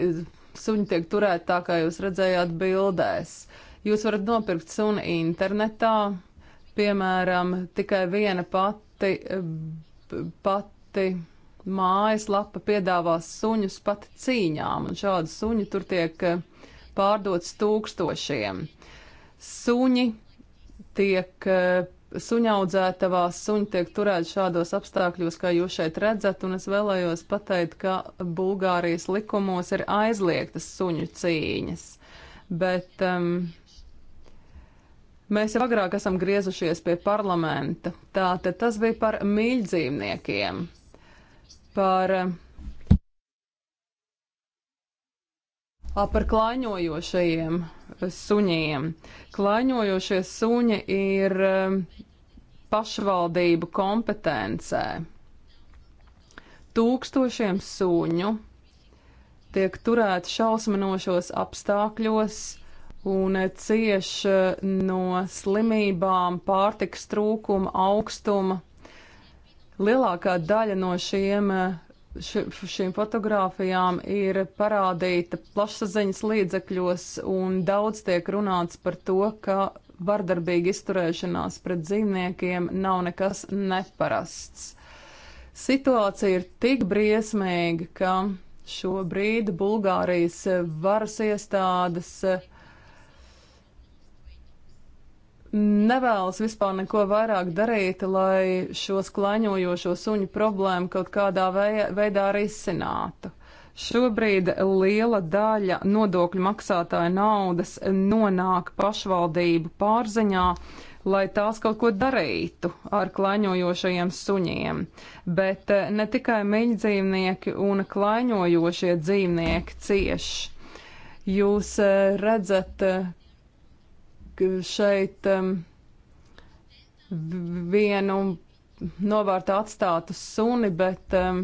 suņi tiek turēti tā, kā jūs redzējāt bildēs. Jūs varat nopirkt suni internetā, piemēram, tikai viena pati, eh, pati mājaslapa piedāvās suņus pat cīņām, un šādu suņu tur tiek eh, pārdots tūkstošiem. Suņi tiek eh, suņaudzētavās suņi tiek turēti šādos apstākļos, kā jūs šeit redzat, un es vēlējos pateikt, ka Bulgārijas likumos ir aizliegtas suņu cīņas. Bet um, mēs jau agrāk esam griezušies pie parlamenta. Tātad tas bija par mīļdzīvniekiem, par uh, par klaiņojošajiem suņiem. Klaiņojošie suņi ir um, pašvaldību kompetencē. Tūkstošiem suņu tiek turēti šausminošos apstākļos un cieš uh, no slimībām, pārtikas trūkuma, augstuma. Lielākā daļa no šiem uh, šīm fotografijām ir parādīta plašsaziņas līdzekļos, un daudz tiek runāts par to, ka vardarbīga izturēšanās pret dzīvniekiem nav nekas neparasts. Situācija ir tik briesmīga, ka šobrīd Bulgārijas varas iestādes uh, nevēlas vispār neko vairāk darīt, lai šo sklaņojošo suņu problēmu kaut kādā veidā risinātu. Šobrīd liela daļa nodokļu maksātāja naudas nonāk pašvaldību pārziņā, lai tās kaut ko darītu ar klaņojošajiem suņiem. Bet eh, ne tikai mīļdzīvnieki un klaņojošie dzīvnieki cieši. Jūs eh, redzat, eh, šeit um, vienu novārtā atstātu suni, bet um,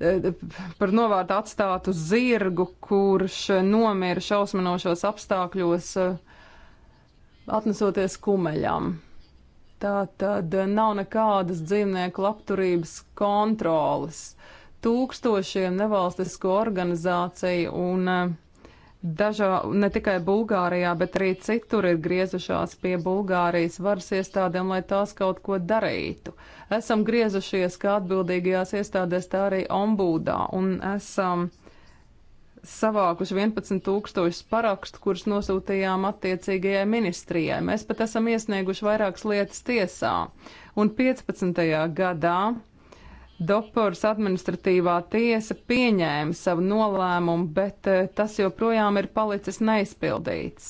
eh, par novārtā atstātu zirgu, kurš nomira šausminošos apstākļos, eh, atnesoties kumeļam. Tā tad nav nekādas dzīvnieku labturības kontrolas. Tūkstošiem nevalstisko organizāciju un uh, Dažā, ne tikai Bulgārijā, bet arī citur ir griezušās pie Bulgārijas varas iestādēm, lai tās kaut ko darītu. Esam griezušies kā atbildīgajās iestādēs, tā arī ombūdā, un esam savākuši 11 tūkstošus parakstu, kurus nosūtījām attiecīgajai ministrijai. Mēs pat esam iesnieguši vairākas lietas tiesā, un 15. gadā Doporas administratīvā tiesa pieņēma savu nolēmumu, bet eh, tas joprojām ir palicis neizpildīts.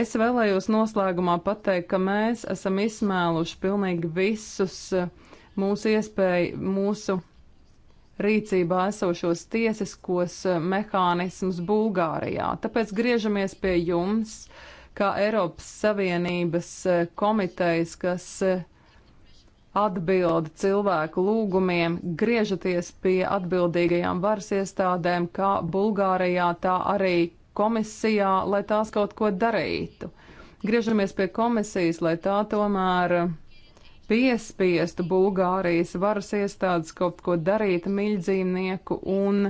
Es vēlējos noslēgumā pateikt, ka mēs esam izsmēluši pilnīgi visus eh, mūsu iespēju, mūsu rīcībā esošos tiesiskos eh, mehānismus Bulgārijā. Tāpēc griežamies pie jums, kā Eiropas Savienības komitejas, kas atbildi cilvēku lūgumiem, griežaties pie atbildīgajām varas iestādēm, kā Bulgārijā, tā arī komisijā, lai tās kaut ko darītu. Griežamies pie komisijas, lai tā tomēr piespiestu Bulgārijas varas iestādes kaut ko darīt mīļdzīvnieku un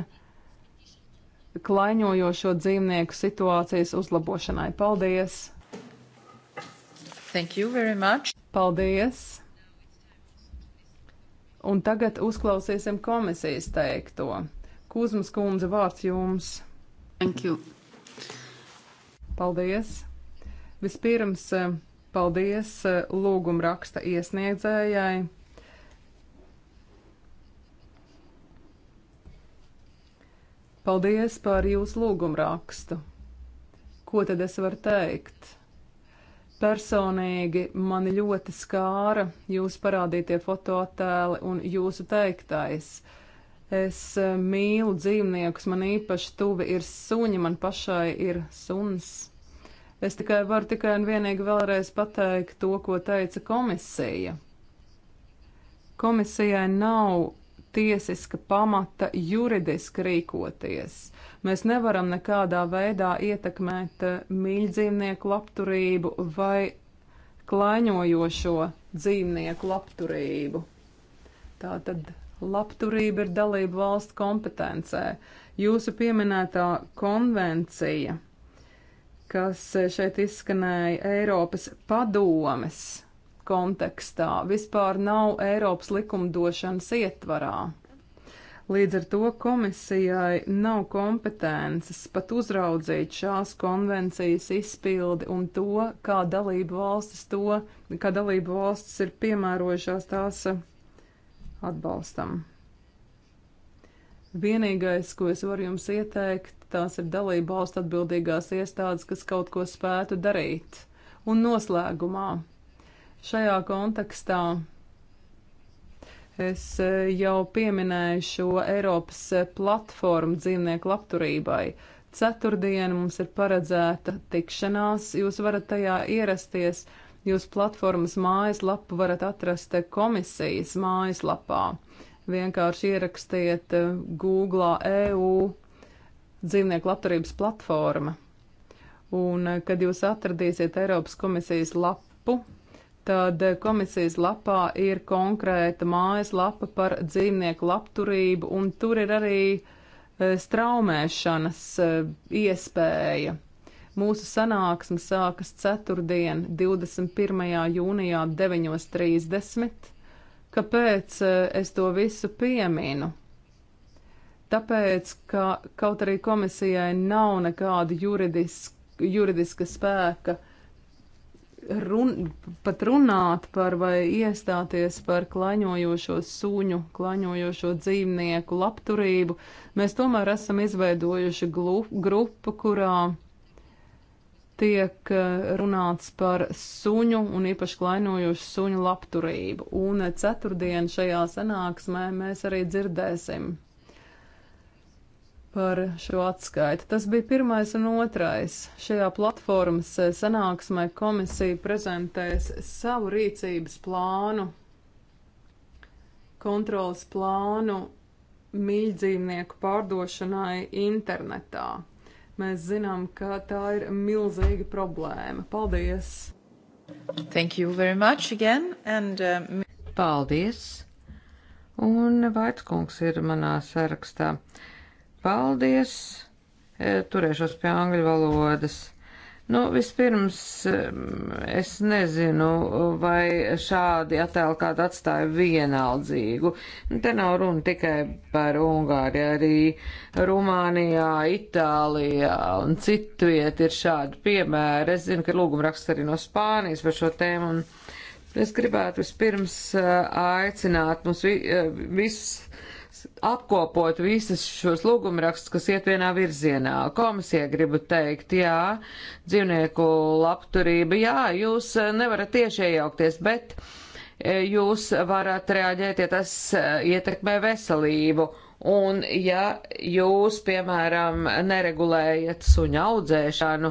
klaiņojošo dzīvnieku situācijas uzlabošanai. Paldies! Thank you very much. Paldies! Un tagad uzklausīsim komisijas teikto. Kūzmas kundze, vārds jums. Thank you. Paldies. Vispirms eh, paldies eh, lūguma raksta iesniedzējai. Paldies par jūsu lūgumu rakstu. Ko tad es varu teikt? Personīgi mani ļoti skāra jūsu parādītie fotoattēli un jūsu teiktais. Es eh, mīlu dzīvniekus, man īpaši tuvi ir suņi, man pašai ir suns. Es tikai varu tikai un vienīgi vēlreiz pateikt to, ko teica komisija. Komisijai nav tiesiska pamata juridiski rīkoties. Mēs nevaram nekādā veidā ietekmēt eh, mīļdzīvnieku labturību vai klaiņojošo dzīvnieku labturību. Tātad labturība ir dalība valsts kompetencē. Jūsu pieminētā konvencija, kas eh, šeit izskanēja Eiropas padomes kontekstā, vispār nav Eiropas likumdošanas ietvarā. Līdz ar to komisijai nav kompetences pat uzraudzīt šās konvencijas izpildi un to, kā dalību valstis to, kā dalību valstis ir piemērojušās tās atbalstam. Vienīgais, ko es varu jums ieteikt, tās ir dalību valstu atbildīgās iestādes, kas kaut ko spētu darīt. Un noslēgumā šajā kontekstā Es eh, jau pieminēju šo Eiropas eh, platformu dzīvnieku labturībai. Ceturtdien mums ir paredzēta tikšanās, jūs varat tajā ierasties. Jūs platformas mājaslapu varat atrast eh, komisijas mājaslapā. Vienkārši ierakstiet Google EU dzīvnieku labturības platforma. Un, kad jūs atradīsiet Eiropas komisijas lapu, tad komisijas lapā ir konkrēta mājaslapa par dzīvnieku labturību, un tur ir arī e, straumēšanas e, iespēja. Mūsu sanāksme sākas ceturtdien, 21. jūnijā 9.30. Kāpēc e, es to visu pieminu? Tāpēc, ka kaut arī komisijai nav nekāda juridiska, juridiska spēka uh, run, pat runāt par vai iestāties par klaņojošo suņu, klaņojošo dzīvnieku labturību, mēs tomēr esam izveidojuši glu, grupu, kurā tiek eh, runāts par suņu un īpaši klaņojošu suņu labturību. Un ceturtdien šajā sanāksmē mēs arī dzirdēsim par šo atskaiti. Tas bija pirmais un otrais. Šajā platformas eh, sanāksmē komisija prezentēs savu rīcības plānu, kontrolas plānu mīļdzīvnieku pārdošanai internetā. Mēs zinām, ka tā ir milzīga problēma. Paldies! Thank you very much again and um... Uh... Paldies! Un Vaitskungs ir manā sarakstā. Uh, Paldies! E, turēšos pie angļu valodas. Nu, vispirms es nezinu, vai šādi attēli kādu atstāja vienaldzīgu. Nu, te nav runa tikai par Ungāriju, arī Rumānijā, Itālijā un citviet ir šādi piemēri. Es zinu, ka lūguma raksts arī no Spānijas par šo tēmu. Un es gribētu vispirms e, aicināt mums vi e, visus apkopot visus šos lūgumrakstus, kas iet vienā virzienā. Komisija gribu teikt, jā, dzīvnieku labturība, jā, jūs eh, nevarat tieši iejaukties, bet eh, jūs varat reaģēt, ja tas eh, ietekmē veselību. Un ja jūs, piemēram, neregulējat suņa audzēšanu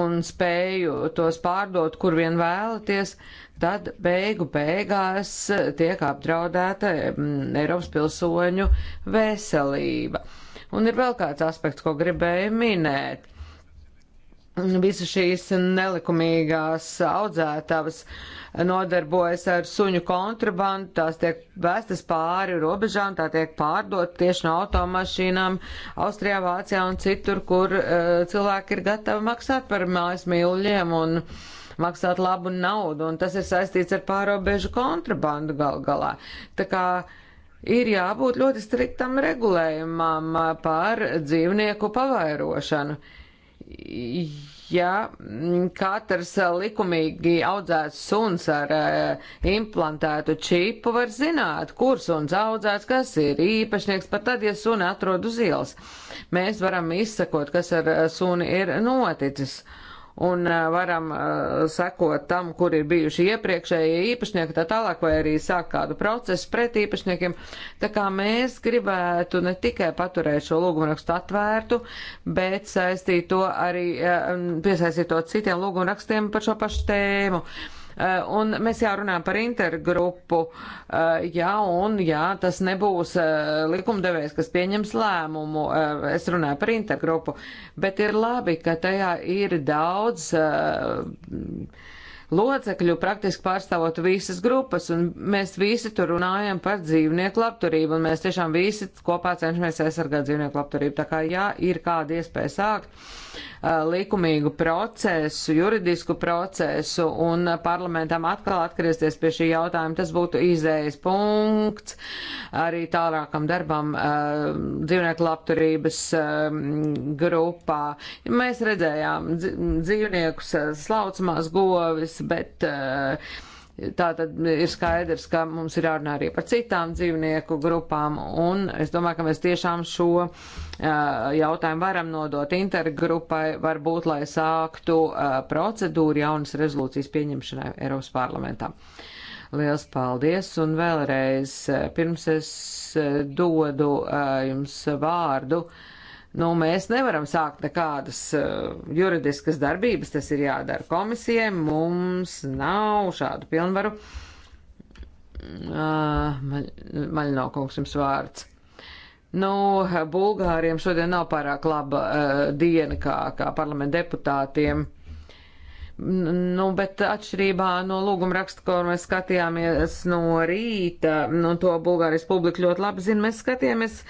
un spēju tos pārdot, kur vien vēlaties, uh, tad beigu beigās tiek apdraudēta mm, Eiropas pilsoņu veselība. Un ir vēl kāds aspekts, ko gribēju minēt. Visas šīs nelikumīgās audzētavas nodarbojas ar suņu kontrabandu, tās tiek vēstas pāri robežām, tā tiek pārdot tieši no automašīnām Austrijā, Vācijā un citur, kur uh, cilvēki ir gatavi maksāt par mājas mīļiem un uh, maksāt labu naudu, un tas ir saistīts ar pārobežu kontrabandu gal galā. Tā kā ir jābūt ļoti striktam regulējumam uh, par dzīvnieku pavairošanu. Ja mm, katrs uh, likumīgi audzēts suns ar uh, implantētu čipu var zināt, kur suns audzēts, kas ir īpašnieks, pat tad, ja suni atrod uz ielas, mēs varam izsakot, kas ar suni ir noticis. Uh, un varam sekot tam, kur ir bijuši iepriekšējie īpašnieki, tā tālāk, vai arī sāk kādu procesu pret īpašniekiem. Tā kā mēs gribētu ne tikai paturēt šo lūgumrakstu atvērtu, bet saistīt to arī, piesaistīt to citiem lūgumrakstiem par šo pašu tēmu. Uh, Eh, un mēs jau runājam par intergrupu, eh, jā, un jā, tas nebūs eh, likumdevējs, kas pieņems lēmumu. Es runāju par intergrupu, bet ir labi, ka tajā ir daudz locekļu praktiski pārstāvot visas grupas, un mēs visi tur runājam par dzīvnieku labturību, un mēs tiešām visi kopā cenšamies aizsargāt dzīvnieku labturību. Tā kā jā, ir kāda iespēja sākt Uh, likumīgu procesu, juridisku procesu un uh, parlamentam atkal atgriezties pie šī jautājuma. Tas būtu izējas punkts arī tālākam darbam uh, dzīvnieku labturības um, grupā. Mēs redzējām dzīvniekus slaucamās govis, bet uh, Tā tad ir skaidrs, ka mums ir jārunā arī par citām dzīvnieku grupām, un es domāju, ka mēs tiešām šo uh, jautājumu varam nodot intergrupai, varbūt, lai sāktu uh, procedūru jaunas rezolūcijas pieņemšanai Eiropas parlamentā. Liels paldies, un vēlreiz, pirms es dodu uh, jums vārdu, uh, Nu, mēs nevaram sākt nekādas uh, juridiskas darbības, tas ir jādara komisijai, mums nav šādu pilnvaru. Uh, maļ, Maļinokungs jums vārds. Nu, Bulgāriem šodien nav pārāk laba uh, diena kā, kā parlamenta deputātiem. Uh, Nu, bet atšķirībā no lūguma raksta, ko mēs skatījāmies no rīta, nu, to Bulgārijas publika ļoti labi zina, mēs skatījāmies e,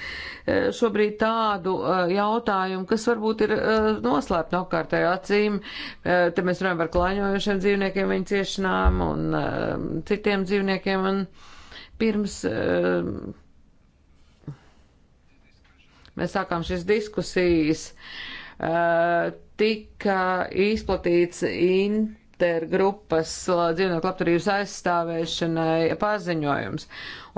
šobrīd tādu e, jautājumu, kas varbūt ir e, noslēpt no kārtējo acīm. Te mēs runājam par klāņojošiem dzīvniekiem, viņu ciešanām un citiem dzīvniekiem. Un pirms mēs sākām šīs diskusijas tika izplatīts intergrupas uh, dzīvnieku labturības aizstāvēšanai paziņojums.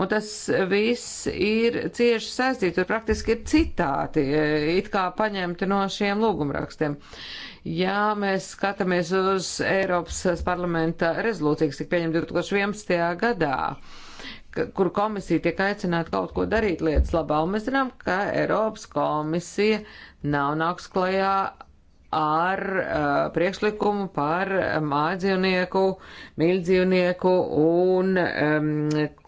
Un tas viss ir cieši saistīts, tur praktiski ir citāti, eh, it kā paņemti no šiem lūgumrakstiem. Ja mēs skatāmies uz Eiropas parlamenta rezolūciju, kas tika pieņemta 2011. gadā, kur komisija tiek aicināta kaut ko darīt lietas labā, un mēs zinām, ka Eiropas komisija nav nāks klajā ar uh, priekšlikumu par mājdzīvnieku, mīļdzīvnieku un um,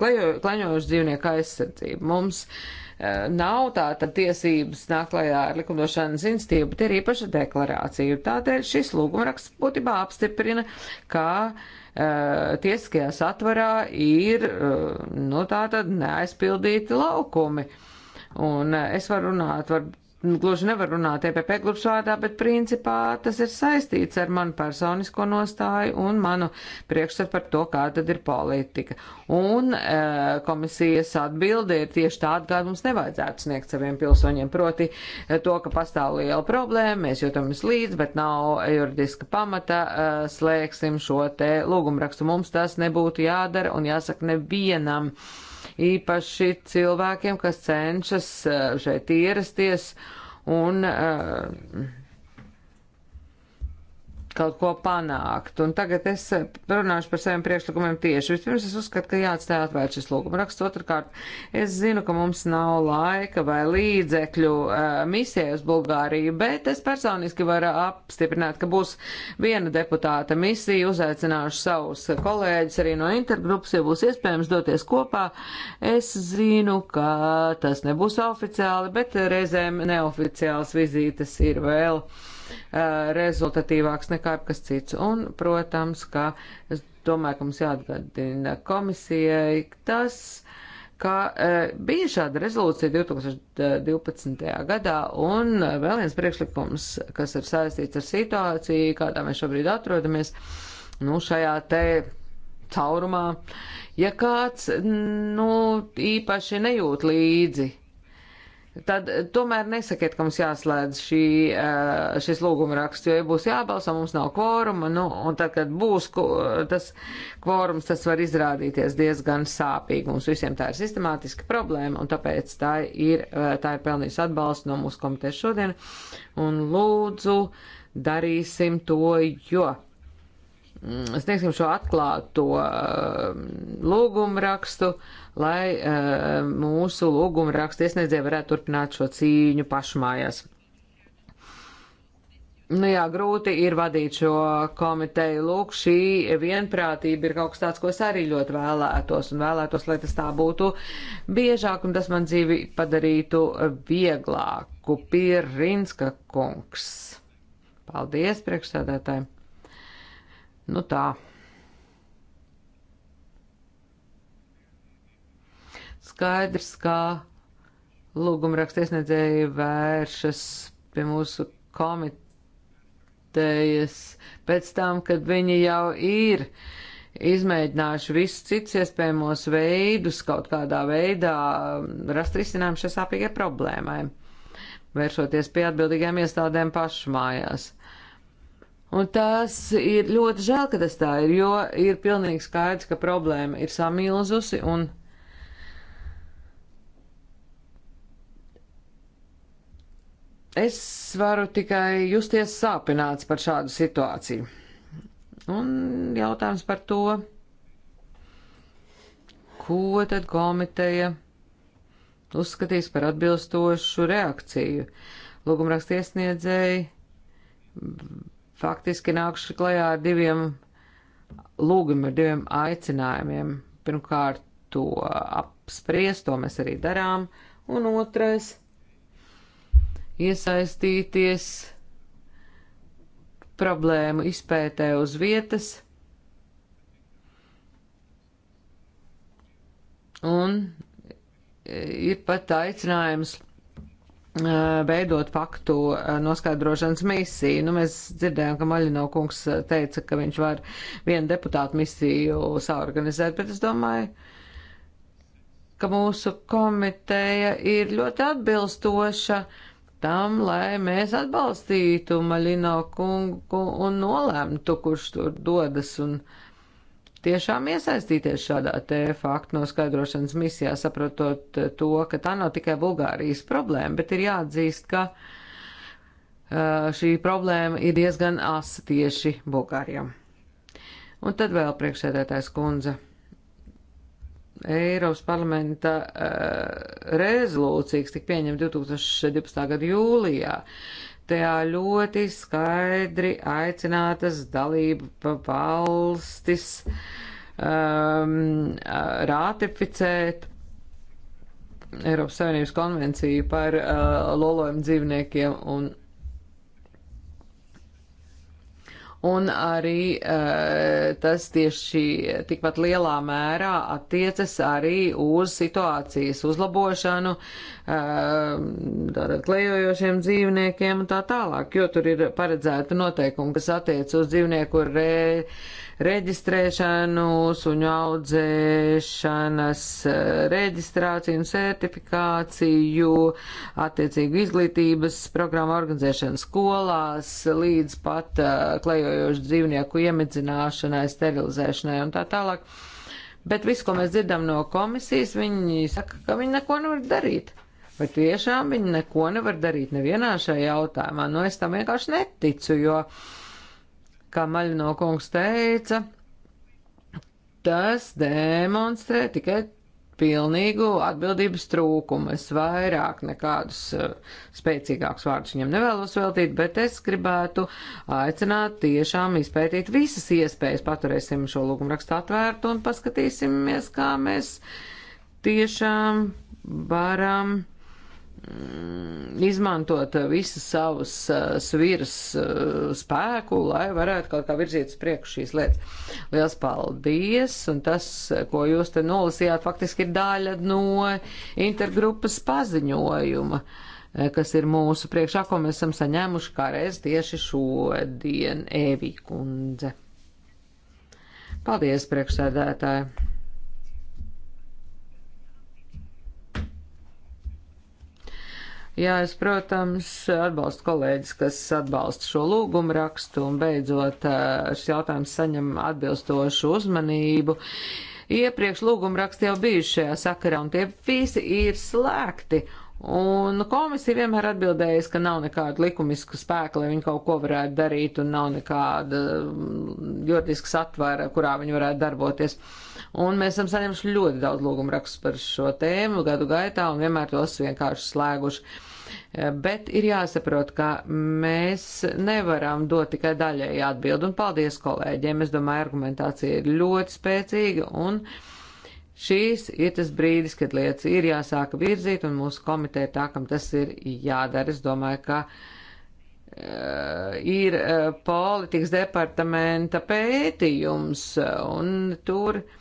klaņojošu dzīvnieku aizsardzību. Mums uh, nav tāda tiesības nāk klajā ar likumdošanas institīvu, bet ir īpaša deklarācija. Tādēļ šis lūgumraksts būtībā apstiprina, ka uh, tiesiskajā satvarā ir uh, nu, tātad neaizpildīti laukumi. Un es varu runāt, varbūt Nu, gluži nevar runāt EPP klubs vārdā, bet principā tas ir saistīts ar manu personisko nostāju un manu priekšstatu par to, kā tad ir politika. Un e, komisijas atbilde ir tieši tāda, kādu mums nevajadzētu sniegt saviem pilsoņiem. Proti e, to, ka pastāv liela problēma, mēs jūtamies līdz, bet nav juridiska pamata, e, slēgsim šo te lūgumrakstu. Mums tas nebūtu jādara un jāsaka nevienam. E, īpaši cilvēkiem, kas cenšas eh, šeit ierasties un uh, kaut ko panākt. Un tagad es eh, runāšu par saviem priekšlikumiem tieši. Vispirms es uzskatu, ka jāatstāj atvērt šis lūguma raksts. Otrakārt, es zinu, ka mums nav laika vai līdzekļu uh, misijai uz Bulgāriju, bet es personiski varu apstiprināt, ka būs viena deputāta misija. Uzaicināšu savus kolēģus arī no intergrupas, ja būs iespējams doties kopā. Es zinu, ka tas nebūs oficiāli, bet reizēm neoficiāls vizītes ir vēl. Well Uh, rezultatīvāks nekā kas cits. Un, protams, ka es domāju, ka mums jāatgādina komisijai tas, ka uh, bija šāda rezolūcija 2012. gadā un uh, vēl viens priekšlikums, kas ir saistīts ar situāciju, kādā mēs šobrīd atrodamies, nu, šajā te caurumā. Ja kāds, nu, īpaši nejūt līdzi tad eh, tomēr nesakiet, ka mums jāslēdz šī, eh, šis lūguma raksts, jo, ja būs jābalso, mums nav kvoruma, nu, un tad, kad būs eh, tas kvorums, tas var izrādīties diezgan sāpīgi. Mums visiem tā ir sistemātiska problēma, un tāpēc tā ir, tā ir pelnījusi atbalstu no mūsu komitejas šodien, un lūdzu, darīsim to, jo Mm, sniegsim šo atklāto um, lūgumu rakstu, lai um, mūsu lūgumu rakstu iesniedzēji varētu turpināt šo cīņu pašmājās. Nu jā, grūti ir vadīt šo komiteju. Lūk, šī vienprātība ir kaut kas tāds, ko es arī ļoti vēlētos, un vēlētos, lai tas tā būtu biežāk, un tas man dzīvi padarītu vieglāku. Pirinska kungs. Paldies, priekšsēdētāji! Nu tā. Skaidrs, kā lūgumraksta iesniedzēji vēršas pie mūsu komitejas pēc tam, kad viņi jau ir izmēģinājuši visus citus iespējamos veidus kaut kādā veidā rast risinājumu šai sāpīgai problēmai, vēršoties pie atbildīgām iestādēm pašmājās. mājās. Un tas ir ļoti žēl, ka tas tā ir, jo ir pilnīgi skaidrs, ka problēma ir samilzusi un. Es varu tikai justies sāpināts par šādu situāciju. Un jautājums par to, ko tad komiteja uzskatīs par atbilstošu reakciju. Lūgumrakstiesniedzēji faktiski nākšu klajā ar diviem lūgumiem, ar diviem aicinājumiem. Pirmkārt, to apspriest, to mēs arī darām, un otrais - iesaistīties problēmu izpētē uz vietas un ir pat aicinājums veidot faktu noskaidrošanas misiju. Nu, mēs dzirdējām, ka Maļino kungs teica, ka viņš var vienu deputātu misiju saorganizēt, bet es domāju, ka mūsu komiteja ir ļoti atbilstoša tam, lai mēs atbalstītu Maļino kungu un nolēmtu, kurš tur dodas un uh, tiešām iesaistīties šādā te faktu noskaidrošanas misijā, saprotot eh, to, ka tā nav tikai Bulgārijas problēma, bet ir jāatzīst, ka uh, šī problēma ir diezgan asa tieši Bulgārijam. Un tad vēl priekšsēdētājs kundze. Eiropas parlamenta uh, rezolūcijas tika pieņemta 2012. gada jūlijā. Uh, Tajā ļoti skaidri aicinātas dalība valstis um, ratificēt Eiropas Savienības konvenciju par uh, lolojumu dzīvniekiem un un arī e, tas tieši tikpat lielā mērā attiecas arī uz situācijas uzlabošanu e, klejojošiem dzīvniekiem un tā tālāk, jo tur ir paredzēta noteikuma, kas attiec uz dzīvnieku re, reģistrēšanu, suņu audzēšanas eh, reģistrāciju un certifikāciju, attiecīgu izglītības programmu organizēšanu skolās, līdz pat eh, klejojošu dzīvnieku iemidzināšanai, sterilizēšanai un tā tālāk. Bet viss, ko mēs dzirdam no komisijas, viņi saka, ka viņi neko nevar darīt. Vai tiešām viņi neko nevar darīt nevienā šajā jautājumā? Nu, es tam vienkārši neticu, jo uh, kā Maļino kungs teica, tas demonstrē tikai pilnīgu atbildības trūkumu. Es vairāk nekādus eh, spēcīgākus vārdus viņam nevēlos veltīt, bet es gribētu aicināt tiešām izpētīt visas iespējas. Paturēsim šo lūgumu rakstu atvērtu un paskatīsimies, kā mēs tiešām varam Mm, izmantot uh, visas savas uh, sviras uh, spēku, lai varētu kaut kā virzīt uz priekšu šīs lietas. Liels paldies! Un tas, ko jūs te nolasījāt, faktiski ir daļa no intergrupas paziņojuma eh, kas ir mūsu priekšā, ko mēs esam saņēmuši kā reiz tieši šodien, Evī kundze. Paldies, priekšsēdētāji! Jā, es, protams, atbalstu kolēģis, kas atbalsta šo lūgumu rakstu un beidzot šis jautājums saņem atbilstošu uzmanību. Iepriekš lūgumu raksti jau bijuši šajā sakarā un tie visi ir slēgti. Un komisija vienmēr atbildējusi, ka nav nekāda likumiska spēka, lai viņi kaut ko varētu darīt un nav nekāda mm, juridiska satvara, kurā viņi varētu darboties. Uh, Un mēs esam saņemši ļoti daudz lūgumu rakstus par šo tēmu gadu gaitā un vienmēr tos vienkārši slēguši. Eh, bet ir jāsaprot, ka mēs nevaram dot tikai daļēji atbildi, un paldies kolēģiem. Es domāju, argumentācija ir ļoti spēcīga, un šīs ir tas brīdis, kad lietas ir jāsāka virzīt, un mūsu komiteja tā, kam tas ir jādara. Es domāju, ka uh, ir uh, politikas departamenta pētījums, un tur. Uh,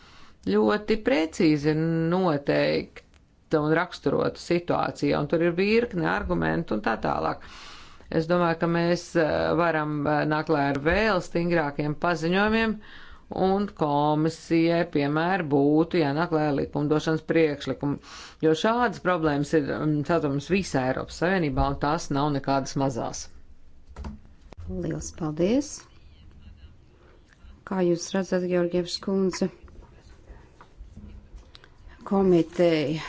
ļoti precīzi noteikta un raksturota situācija, un tur ir virkne argumentu un tā tālāk. Es domāju, ka mēs eh, varam eh, nākt klāt ar vēl stingrākiem paziņojumiem, un komisijai, piemēram, būtu jānāk klāt ar likumdošanas priekšlikumu, jo šādas problēmas ir mm, satāmas visā Eiropas Savienībā, un tās nav nekādas mazās. Liels paldies! Kā jūs redzat, Georgievs kundze? komiteja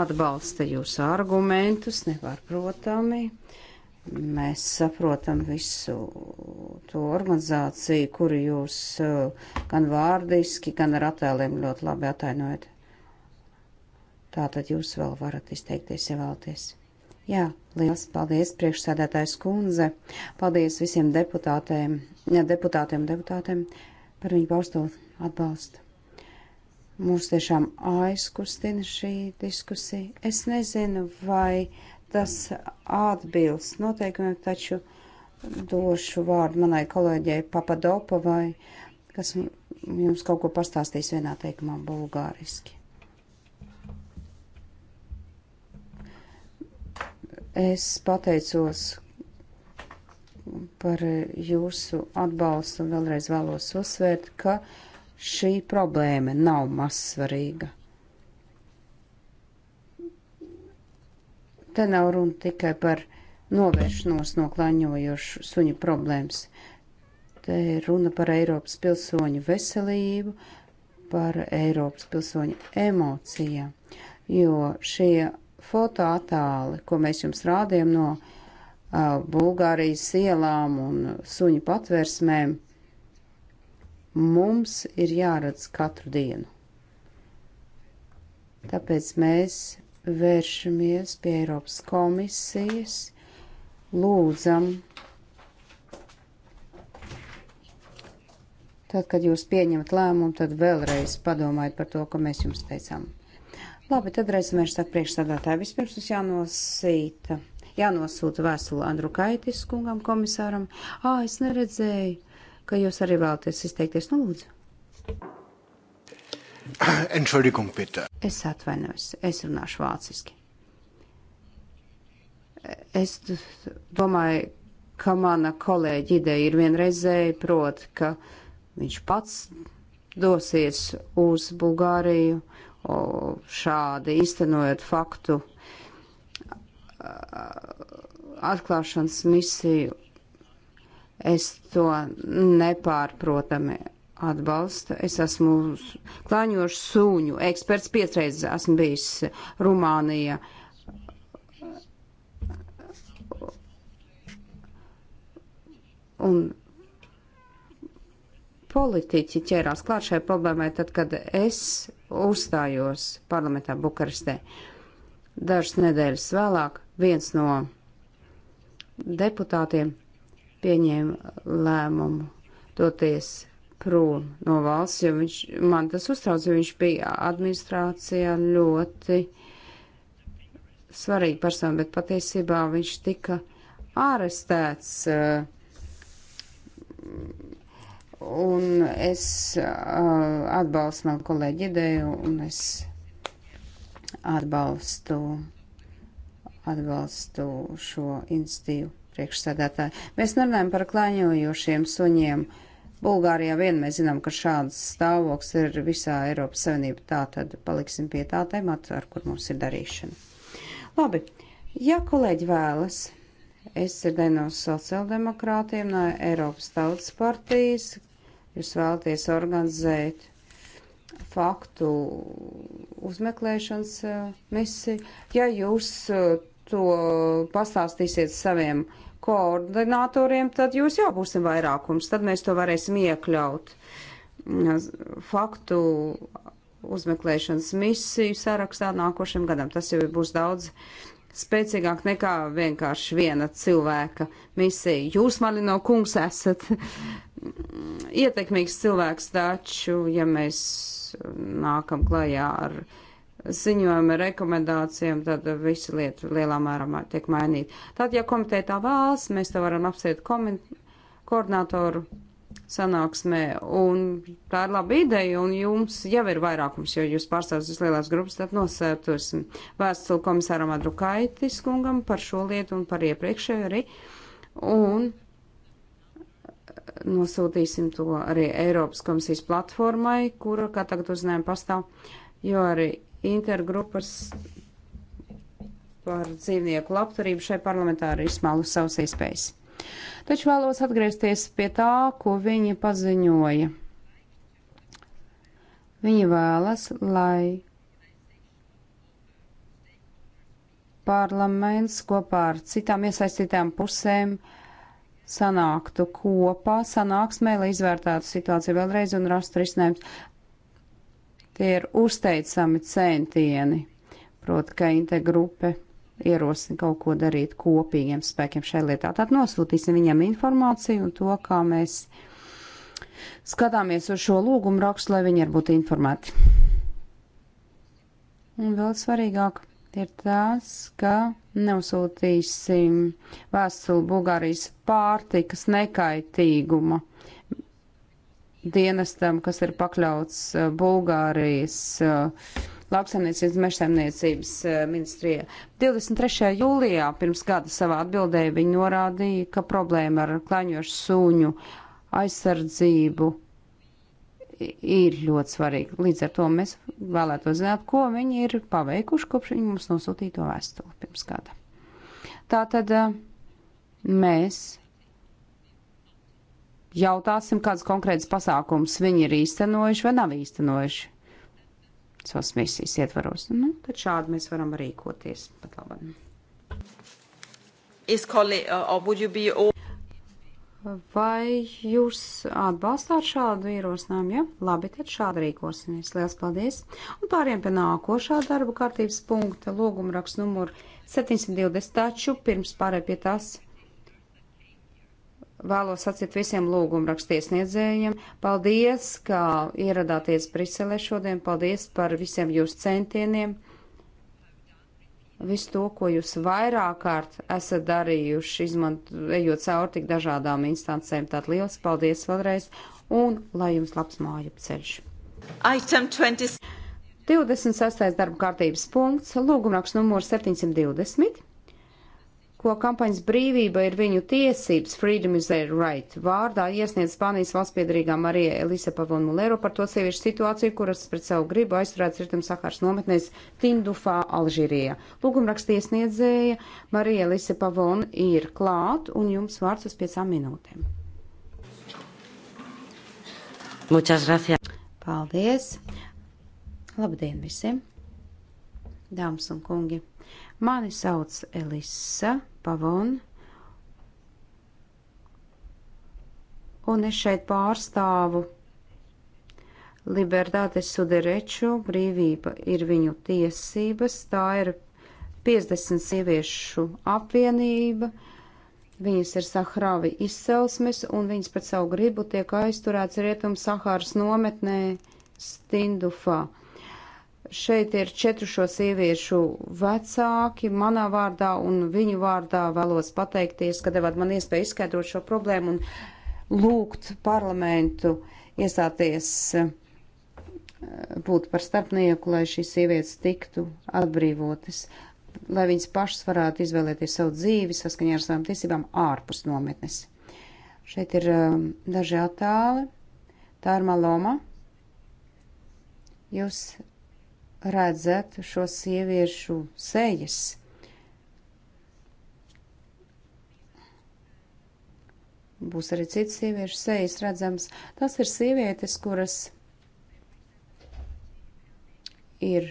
atbalsta jūsu argumentus, nevarprotami. Mēs saprotam visu to organizāciju, kuru jūs eh, gan vārdiski, gan ar attēliem ļoti labi atainojat. Tātad jūs vēl varat izteikties, ja vēlaties. Jā, liels paldies priekšsēdētājs kundze. Paldies visiem deputātēm, ja, deputātiem, deputātēm par viņu pausto atbalstu. Mūs tiešām aizkustina šī diskusija. Es nezinu, vai tas atbilst noteikumiem, taču došu vārdu manai kolēģei Papadopovai, kas jums kaut ko pastāstīs vienā teikumā bulgāriski. Es pateicos par jūsu atbalstu un vēlreiz vēlos uzsvērt, ka uh, šī problēma nav mazsvarīga. Te nav runa tikai par novēršanos no klaņojošu suņu problēmas. Te ir runa par Eiropas pilsoņu veselību, par Eiropas pilsoņu emocijām, jo šie fotoattēli, ko mēs jums rādījām no uh, Bulgārijas ielām un suņu patversmēm, mums ir jāredz katru dienu. Tāpēc mēs vēršamies pie Eiropas komisijas, lūdzam, tad, kad jūs pieņemat lēmumu, tad vēlreiz padomājiet par to, ko mēs jums teicām. Labi, tad reizmēr saka priekšstādātāji, vispirms mums jānosīta, jānosūta vēstule Andru Kaitis kungam komisāram. Ā, es neredzēju ka jūs arī vēlaties izteikties. Nu, lūdzu. <coughs> Entschuldigung, bitte. Es atvainojos, es runāšu vāciski. Es domāju, ka mana kolēģa ideja ir vienreizēja, proti, ka viņš pats dosies uz Bulgāriju šādi iztenojot faktu atklāšanas misiju Es to nepārprotami atbalsta. Es esmu klāņošu sūņu eksperts, piecreiz esmu bijis Rumānija. Un politiķi ķērās klāt šai problēmai tad, kad es uzstājos parlamentā Bukarestē. Dažas nedēļas vēlāk viens no deputātiem pieņēma lēmumu doties prom no valsts, jo viņš, man tas uztrauc, jo viņš bija administrācijā ļoti svarīga persona, bet patiesībā viņš tika ārestēts. Eh, un es eh, atbalstu manu kolēģi ideju, un es atbalstu, atbalstu šo institīvu priekšsēdētāji. Mēs nerunājam par klāņojošiem suņiem. Bulgārijā vien mēs zinām, ka šāds stāvoklis ir visā Eiropas Savienībā. Tā tad paliksim pie tā temata, ar kur mums ir darīšana. Labi, ja kolēģi vēlas, es dzirdēju no sociāldemokrātiem, no Eiropas tautas partijas, jūs vēlaties organizēt faktu uzmeklēšanas eh, misiju. Ja jūs eh, to pastāstīsiet saviem uh, koordinatoriem, tad jūs jau būsim vairākums, tad mēs to varēsim iekļaut faktu uzmeklēšanas misiju sarakstā nākošiem gadam. Tas jau būs daudz spēcīgāk nekā vienkārši viena cilvēka misija. Jūs, Malino kungs, esat ietekmīgs cilvēks, taču, ja mēs nākam klajā ar ziņojuma rekomendācijām, tad visa lieta lielā mērā tiek mainīta. Tad, ja komiteja tā vēlas, mēs to varam apspriest koordinātoru sanāksmē, un tā ir laba ideja, un jums jau ir vairākums, jo jūs pārstāvjat uz lielās grupas, tad nosētursim vēstuli komisāram Adru Kaitis kungam par šo lietu un par iepriekšēju arī, un nosūtīsim to arī Eiropas komisijas platformai, kura, kā tagad uzzinājām, pastāv, jo arī intergrupas par dzīvnieku labturību šai parlamentā ir izsmālu savas iespējas. Taču vēlos atgriezties pie tā, ko viņi paziņoja. Viņi vēlas, lai parlaments kopā ar citām iesaistītām pusēm sanāktu kopā sanāksmē, lai izvērtētu situāciju vēlreiz un rastu risinājumus. Tie ir uzteicami centieni, proti, ka intergrupe ierosina kaut ko darīt kopīgiem spēkiem šai lietā. Tad nosūtīsim viņam informāciju un to, kā mēs skatāmies uz šo lūgumu rakstu, lai viņi arī būtu informēti. Un vēl svarīgāk ir tas, ka neuzsūtīsim vēstuli Bulgārijas pārtikas nekaitīguma dienestam, kas ir pakļauts eh, Bulgārijas eh, lauksaimniecības mežsaimniecības eh, ministrijā. 23. jūlijā pirms gada savā atbildē viņi norādīja, ka problēma ar klaņošu sūņu aizsardzību ir ļoti svarīga. Līdz ar to mēs vēlētos zināt, ko viņi ir paveikuši kopš viņi mums nosūtīja to vēstuli pirms gada. Tātad mēs jautāsim, kāds konkrēts pasākums viņi ir īstenojuši vai nav īstenojuši savas misijas ietvaros. Nu, tad šādi mēs varam rīkoties pat labam. Uh, vai jūs atbalstāt šādu ierosinājumu? Ja? Labi, tad šādi rīkosimies. Lielas paldies! Un pāriem pie nākošā darba kārtības punkta, lūguma raksts numuru 720. Taču pirms pārējai pie tās vēlos sacīt visiem lūgumrakstiesniedzējiem. Paldies, ka ieradāties Briselē šodien. Paldies par visiem jūsu centieniem. Visu to, ko jūs vairāk kārt esat darījuši, izmantojot cauri tik dažādām instancēm. Tātad liels paldies vēlreiz un lai jums labs māju ceļš. 20... 26. darba kārtības punkts, lūgumraksts numurs 720 ko kampaņas brīvība ir viņu tiesības, freedom is their right. Vārdā iesniedz Spānijas valstspiedrīgā Marija Elisa Pavlon Mulero par to sieviešu situāciju, kuras pret savu gribu aizturēts ritam Sahāras nometnēs Tindufā, Alžīrijā. Lūgumrakstiesniedzēja Marija Elisa Pavlon ir klāt un jums vārds uz piecām minūtēm. Muchas gracias. Paldies. Labdien visiem. Dāmas un kungi. Mani sauc Elisa Pavon. Un es šeit pārstāvu Libertātes sudereču, brīvība ir viņu tiesības, tā ir 50 sieviešu apvienība, viņas ir Sahravi izcelsmes un viņas pēc savu gribu tiek aizturēts rietums Sahāras nometnē Stindufā. Šeit ir četru šo sieviešu vecāki manā vārdā un viņu vārdā vēlos pateikties, ka devāt man iespēju izskaidrot šo problēmu un lūgt parlamentu iestāties eh, būt par starpnieku, lai šīs sievietes tiktu atbrīvotas, lai viņas pašas varētu izvēlēties savu dzīvi saskaņā ar savām tiesībām ārpus nometnes. Šeit ir um, daži attēli. Tā ir maloma. Jūs redzat šo sieviešu sejas. Būs arī citas sieviešu sejas redzams. Tas ir sievietes, kuras ir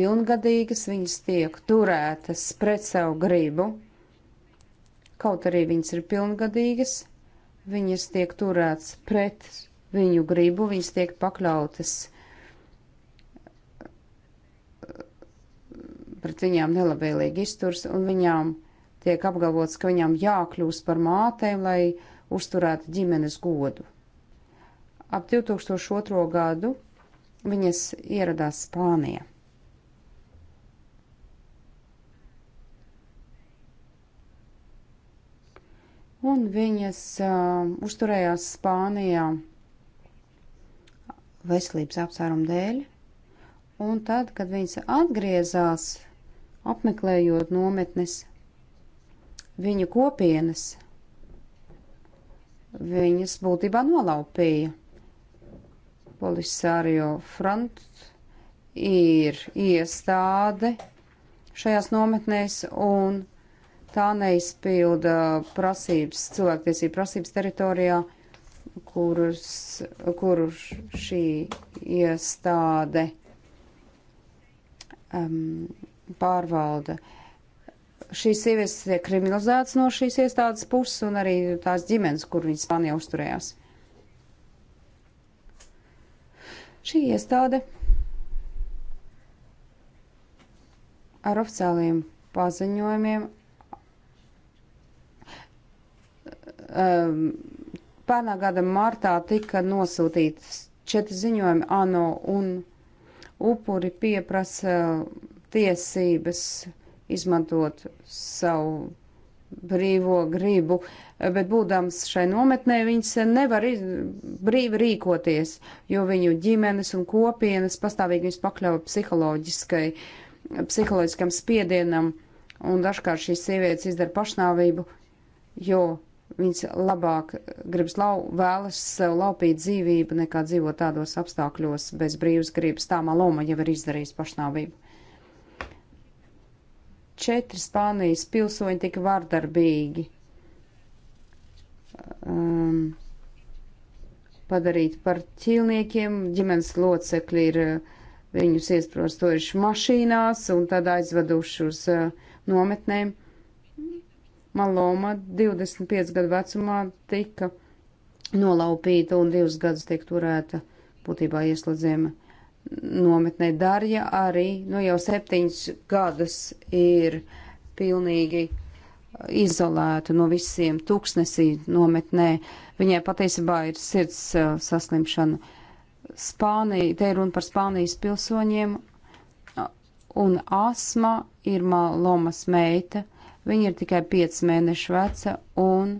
pilngadīgas, viņas tiek turētas pret savu gribu. Kaut arī viņas ir pilngadīgas, viņas tiek turētas pret viņu gribu, viņas tiek pakļautas pret viņām nelabvēlīgi izturs, un viņām tiek apgalvots, ka viņām jākļūst par mātēm, lai uzturētu ģimenes godu. Ap 2002. gadu viņas ieradās Spānijā. Un viņas uh, uzturējās Spānijā veselības apsvērumu dēļ. Un tad, kad viņas atgriezās, apmeklējot nometnes, viņa kopienas, viņas būtībā nolaupīja. Polisario front ir iestāde šajās nometnēs un tā neizpilda prasības, cilvēktiesību prasības teritorijā. Uh, kurus, kuru šī iestāde um, pārvalda. Šīs sievietes tiek kriminalizētas no šīs iestādes puses un arī tās ģimenes, kur viņas Spānijā uzturējās. Šī iestāde ar oficiāliem paziņojumiem um, Pērnā gada martā tika nosūtīts četri ziņojumi ANO un upuri pieprasa tiesības izmantot savu brīvo gribu, bet būdams šai nometnē viņas nevar brīvi rīkoties, jo viņu ģimenes un kopienas pastāvīgi viņas pakļauj psiholoģiskai, psiholoģiskam spiedienam, un dažkārt šīs sievietes izdara pašnāvību, jo Viņas labāk gribas lau, vēlas sev laupīt dzīvību, nekā dzīvot tādos apstākļos bez brīvas gribas. Tā maloma jau ir izdarījusi pašnāvību. Četri Spānijas pilsoņi tika vardarbīgi um, padarīti par ķīlniekiem. Ģimenes locekļi ir uh, viņus iesprostojuši mašīnās un tad aizveduši uz uh, nometnēm. Maloma 25 gadu vecumā tika nolaupīta un divus gadus tiek turēta būtībā ieslodzījuma nometnē. Darja arī nu, jau septiņus gadus ir pilnīgi uh, izolēta no visiem tūkstnesī nometnē. Viņai patiesībā ir sirds uh, saslimšana. Spānija, te ir runa par Spānijas pilsoņiem, uh, un asma ir Lomas meita, uh, Viņa ir tikai 5 mēnešu veca un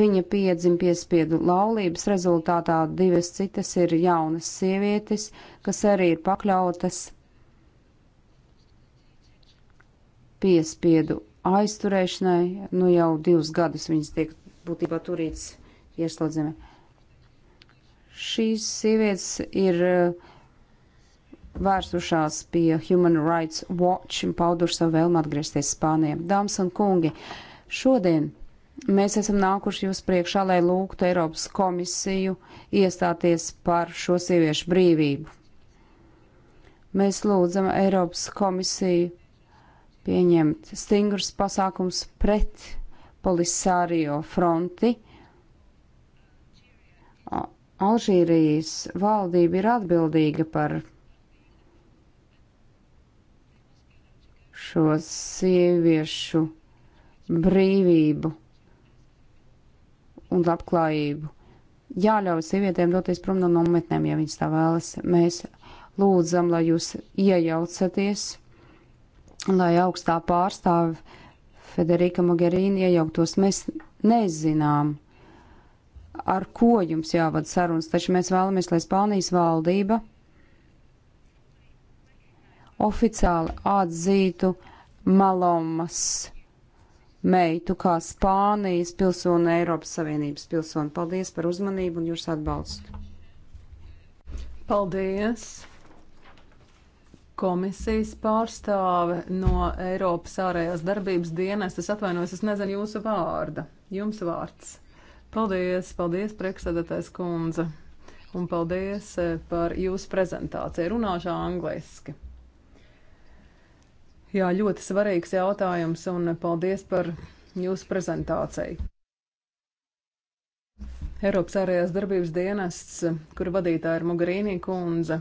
viņa piedzima piespiedu laulības rezultātā divas citas ir jaunas sievietes, kas arī ir pakļautas piespiedu aizturēšanai. Nu jau divus gadus viņas tiek būtībā turīts ieslodzījumā. Šīs sievietes ir uh, vērsušās pie Human Rights Watch un pauduši savu vēlmu atgriezties Spānijā. Dāmas un kungi, šodien mēs esam nākuši jūs priekšā, lai lūgtu Eiropas komisiju iestāties par šo sieviešu brīvību. Mēs lūdzam Eiropas komisiju pieņemt stingrus pasākums pret Polisārio fronti. Alžīrijas valdība ir atbildīga par šo sieviešu brīvību un labklājību. Jāļauj sievietēm doties prom no nometnēm, ja viņas tā vēlas. Mēs lūdzam, lai jūs iejaucaties, lai augstā pārstāve Federika Mogherīna iejauktos. Mēs nezinām, ar ko jums jāvada sarunas, taču mēs vēlamies, lai Spānijas valdība oficiāli atzītu Malomas meitu kā Spānijas pilsonu Eiropas Savienības pilsonu. Paldies par uzmanību un jūsu atbalstu. Paldies! Komisijas pārstāve no Eiropas ārējās darbības dienas. Es atvainojos, es nezinu jūsu vārda. Jums vārds. Paldies, paldies, priekšsēdētājs kundze. Un paldies eh, par jūsu prezentāciju. Runāšu angliski. Jā, ļoti svarīgs jautājums un paldies par jūsu prezentāciju. Eiropas ārējās darbības dienests, kura vadītāja ir Mugarīnī kundze.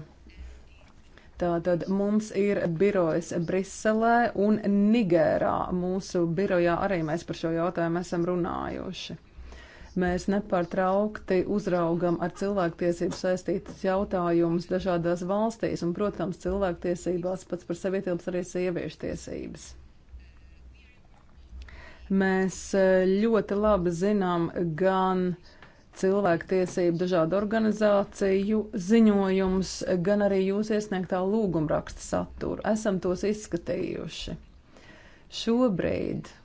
Tātad mums ir birojas Briselē un Nigērā. Mūsu birojā arī mēs par šo jautājumu esam runājuši. Mēs nepārtraukti uzraugam ar cilvēktiesību saistītas jautājumus dažādās valstīs, un, protams, cilvēktiesībās pats par sevi ietilps arī sieviešu tiesības. Mēs e, ļoti labi zinām gan cilvēktiesību dažādu organizāciju ziņojums, gan arī jūs iesniegtā lūgumraksta saturu. Esam tos izskatījuši. Šobrīd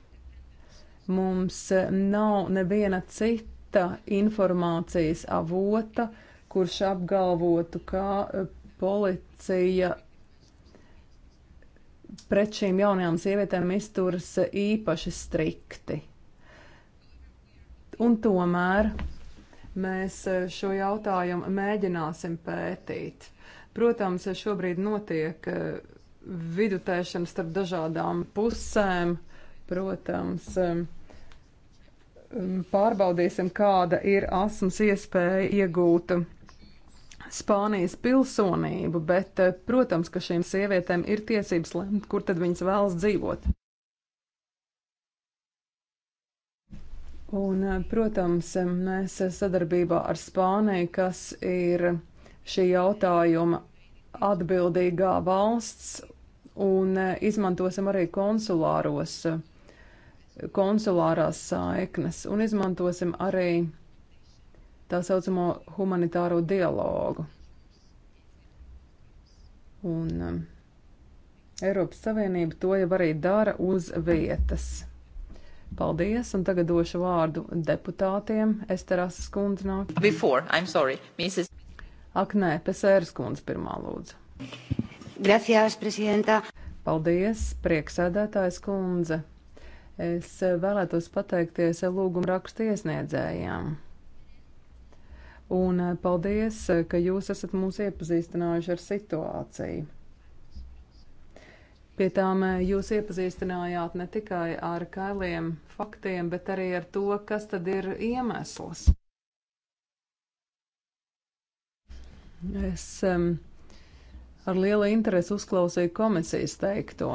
Mums nav neviena cita informācijas avota, kurš apgalvotu, ka eh, policija pret šīm jaunajām sievietēm izturas eh, īpaši strikti. Un tomēr mēs eh, šo jautājumu mēģināsim pētīt. Protams, šobrīd notiek vidutēšana starp dažādām pusēm. Protams, um, um, pārbaudīsim, kāda ir asmas iespēja iegūt Spānijas pilsonību, bet, eh, protams, ka šīm sievietēm ir tiesības lemt, kur tad viņas vēlas dzīvot. Un, eh, protams, um, mēs sadarbībā ar Spāniju, kas ir šī jautājuma atbildīgā valsts, un eh, izmantosim arī konsulāros uh, konsulārās saiknes un izmantosim arī tā saucamo humanitāro dialogu. Un um, Eiropas Savienība to jau arī dara uz vietas. Paldies, un tagad došu vārdu deputātiem. Esterāsas kundze nāk. Before, I'm sorry, Mrs. Ak, nē, Pesēras kundze pirmā lūdzu. Gracias, prezidenta. Paldies, prieksēdētājs kundze. Es vēlētos pateikties lūguma rakstu iesniedzējām. Un eh, paldies, ka jūs esat mūs iepazīstinājuši ar situāciju. Pie tām eh, jūs iepazīstinājāt ne tikai ar kailiem faktiem, bet arī ar to, kas tad ir iemesls. Es um, ar lielu interesi uzklausīju komisijas teikto.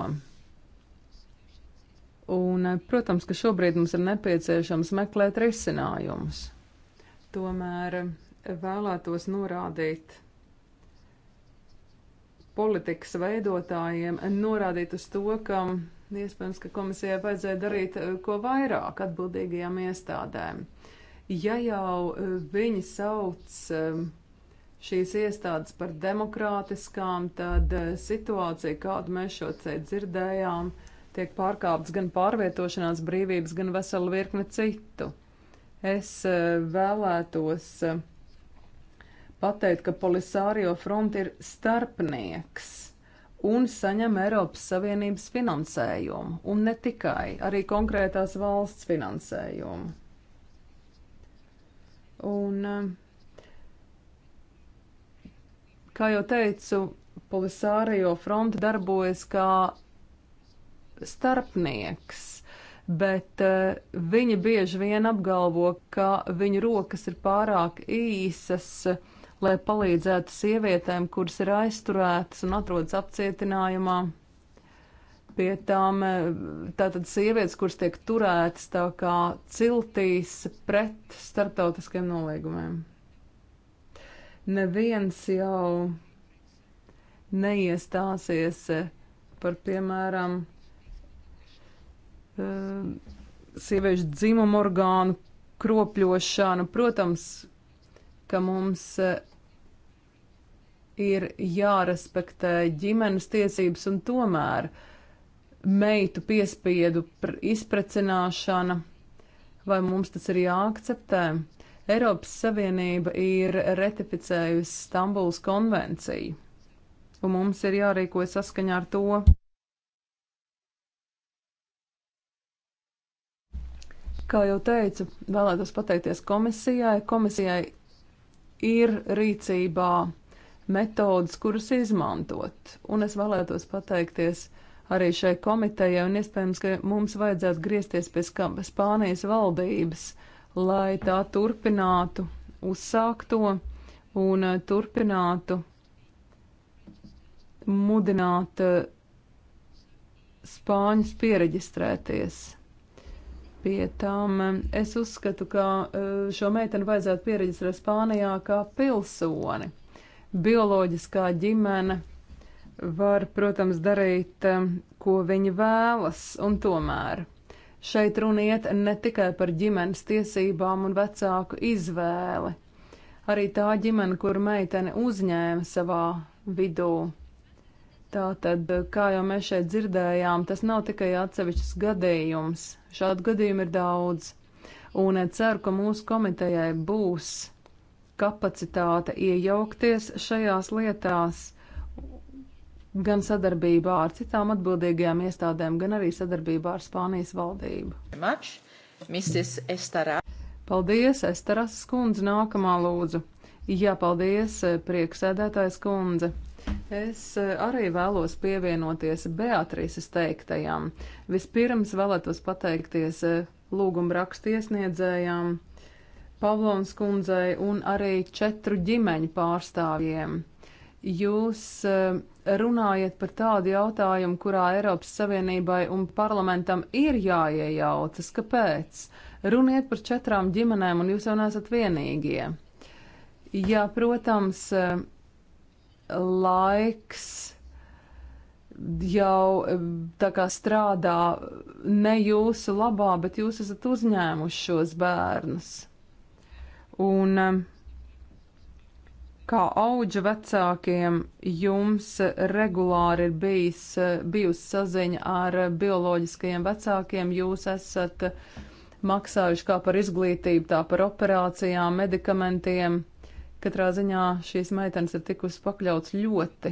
Un, eh, protams, ka šobrīd mums ir nepieciešams meklēt risinājumus. Tomēr eh, vēlētos norādīt politikas veidotājiem, norādīt uz to, ka iespējams, ka komisijai vajadzēja darīt eh, ko vairāk atbildīgajām iestādēm. Ja jau viņi sauc šīs iestādes par demokrātiskām, tad situācija, kādu mēs šodien dzirdējām, ir tiek pārkāptas gan pārvietošanās brīvības, gan vesela virkne citu. Es e, vēlētos e, pateikt, ka Polisārio front ir starpnieks un saņem Eiropas Savienības finansējumu, un ne tikai, arī konkrētās valsts finansējumu. Un, e, kā jau teicu, Polisārio fronte darbojas kā starpnieks, bet eh, viņi bieži vien apgalvo, ka viņu rokas ir pārāk īsas, lai palīdzētu sievietēm, kuras ir aizturētas un atrodas apcietinājumā. Pie tām eh, tātad sievietes, kuras tiek turētas tā kā ciltīs pret starptautiskiem nolīgumiem. Neviens jau neiestāsies par, piemēram, Eh, sieviešu dzimumu orgānu kropļošanu. Protams, ka mums eh, ir jārespektē ģimenes tiesības un tomēr meitu piespiedu izprecināšana, vai mums tas ir jāakceptē? Eiropas Savienība ir ratificējusi Stambulas konvenciju, un mums ir jārīkojas saskaņā ar to. Kā jau teicu, vēlētos pateikties komisijai. Komisijai ir rīcībā metodas, kuras izmantot, un es vēlētos pateikties arī šai komitejai, un iespējams, ka mums vajadzētu griezties pie Spānijas valdības, lai tā turpinātu uzsākto un eh, turpinātu mudināt eh, spāņus pieregistrēties. Pie tam es uzskatu, ka eh, šo meiteni vajadzētu pieregistrēt Spānijā kā pilsoni. Bioloģiskā ģimene var, protams, darīt, eh, ko viņa vēlas, un tomēr šeit runa iet ne tikai par ģimenes tiesībām un vecāku izvēli, arī tā ģimene, kur meitene uzņēma savā vidū. Tātad, eh, kā jau mēs šeit dzirdējām, tas nav tikai atsevišķs gadījums, Šādu gadījumu ir daudz. Un eh, ceru, ka mūsu komitejai būs kapacitāte iejaukties šajās lietās gan sadarbībā ar citām atbildīgajām iestādēm, gan arī sadarbībā ar Spānijas valdību. Much, Estarā. Paldies, Estaras skundze, nākamā lūdzu. Jā, paldies, eh, prieksēdētājs skundze. Es e, arī vēlos pievienoties Beatrises teiktajam. Vispirms vēlētos pateikties e, lūguma rakstu iesniedzējām, Pavlons kundzei un arī četru ģimeņu pārstāvjiem. Jūs e, runājat par tādu jautājumu, kurā Eiropas Savienībai un parlamentam ir jāiejaucas. Kāpēc? Runiet par četrām ģimenēm, un jūs jau nesat vienīgie. Jā, protams, laiks jau tā kā strādā ne jūsu labā, bet jūs esat uzņēmuši šos bērnus. Un um, kā auģa vecākiem jums regulāri ir bijis, uh, bijusi saziņa ar bioloģiskajiem vecākiem, jūs esat maksājuši kā par izglītību, tā par operācijām, medikamentiem. Katrā ziņā šīs meitenes ir tikusi pakļauts ļoti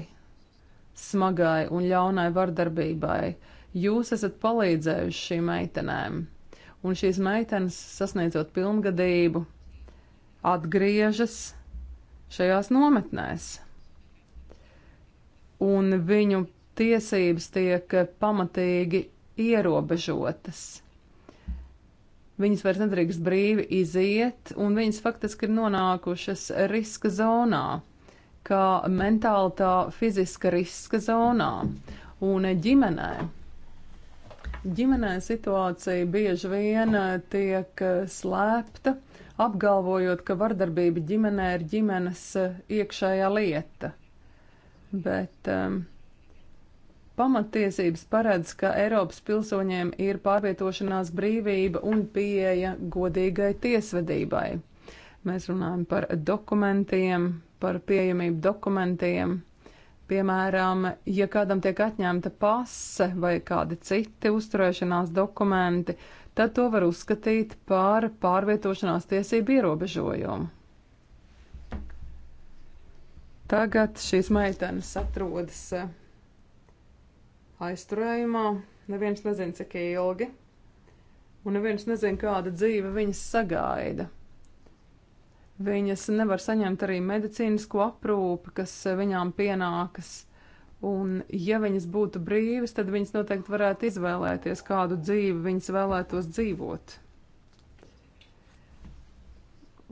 smagai un ļaunai vardarbībai. Jūs esat palīdzējuši šīm meitenēm, un šīs meitenes, sasniedzot pilngadību, atgriežas šajās nometnēs. Un viņu tiesības tiek pamatīgi ierobežotas. Viņas vairs nedrīkst brīvi iziet, un viņas faktiski ir nonākušas riska zonā, kā mentāli tā fiziska riska zonā. Un ģimenē, ģimenē situācija bieži vien eh, tiek eh, slēpta, apgalvojot, ka vardarbība ģimenē ir ģimenes eh, iekšējā lieta. Bet um, Pamattiesības paredz, ka Eiropas pilsoņiem ir pārvietošanās brīvība un pieeja godīgai tiesvedībai. Mēs runājam par dokumentiem, par pieejamību dokumentiem. Piemēram, ja kādam tiek atņemta pase vai kādi citi uzturēšanās dokumenti, tad to var uzskatīt par pārvietošanās tiesību ierobežojumu. Tagad šīs meitenes atrodas eh, aizturējumā. Neviens nezina, cik ilgi, un neviens nezina, kāda dzīve viņas sagaida. Viņas nevar saņemt arī medicīnisko aprūpi, kas viņām pienākas. Un, ja viņas būtu brīvas, tad viņas noteikti varētu izvēlēties, kādu dzīvi viņas vēlētos dzīvot.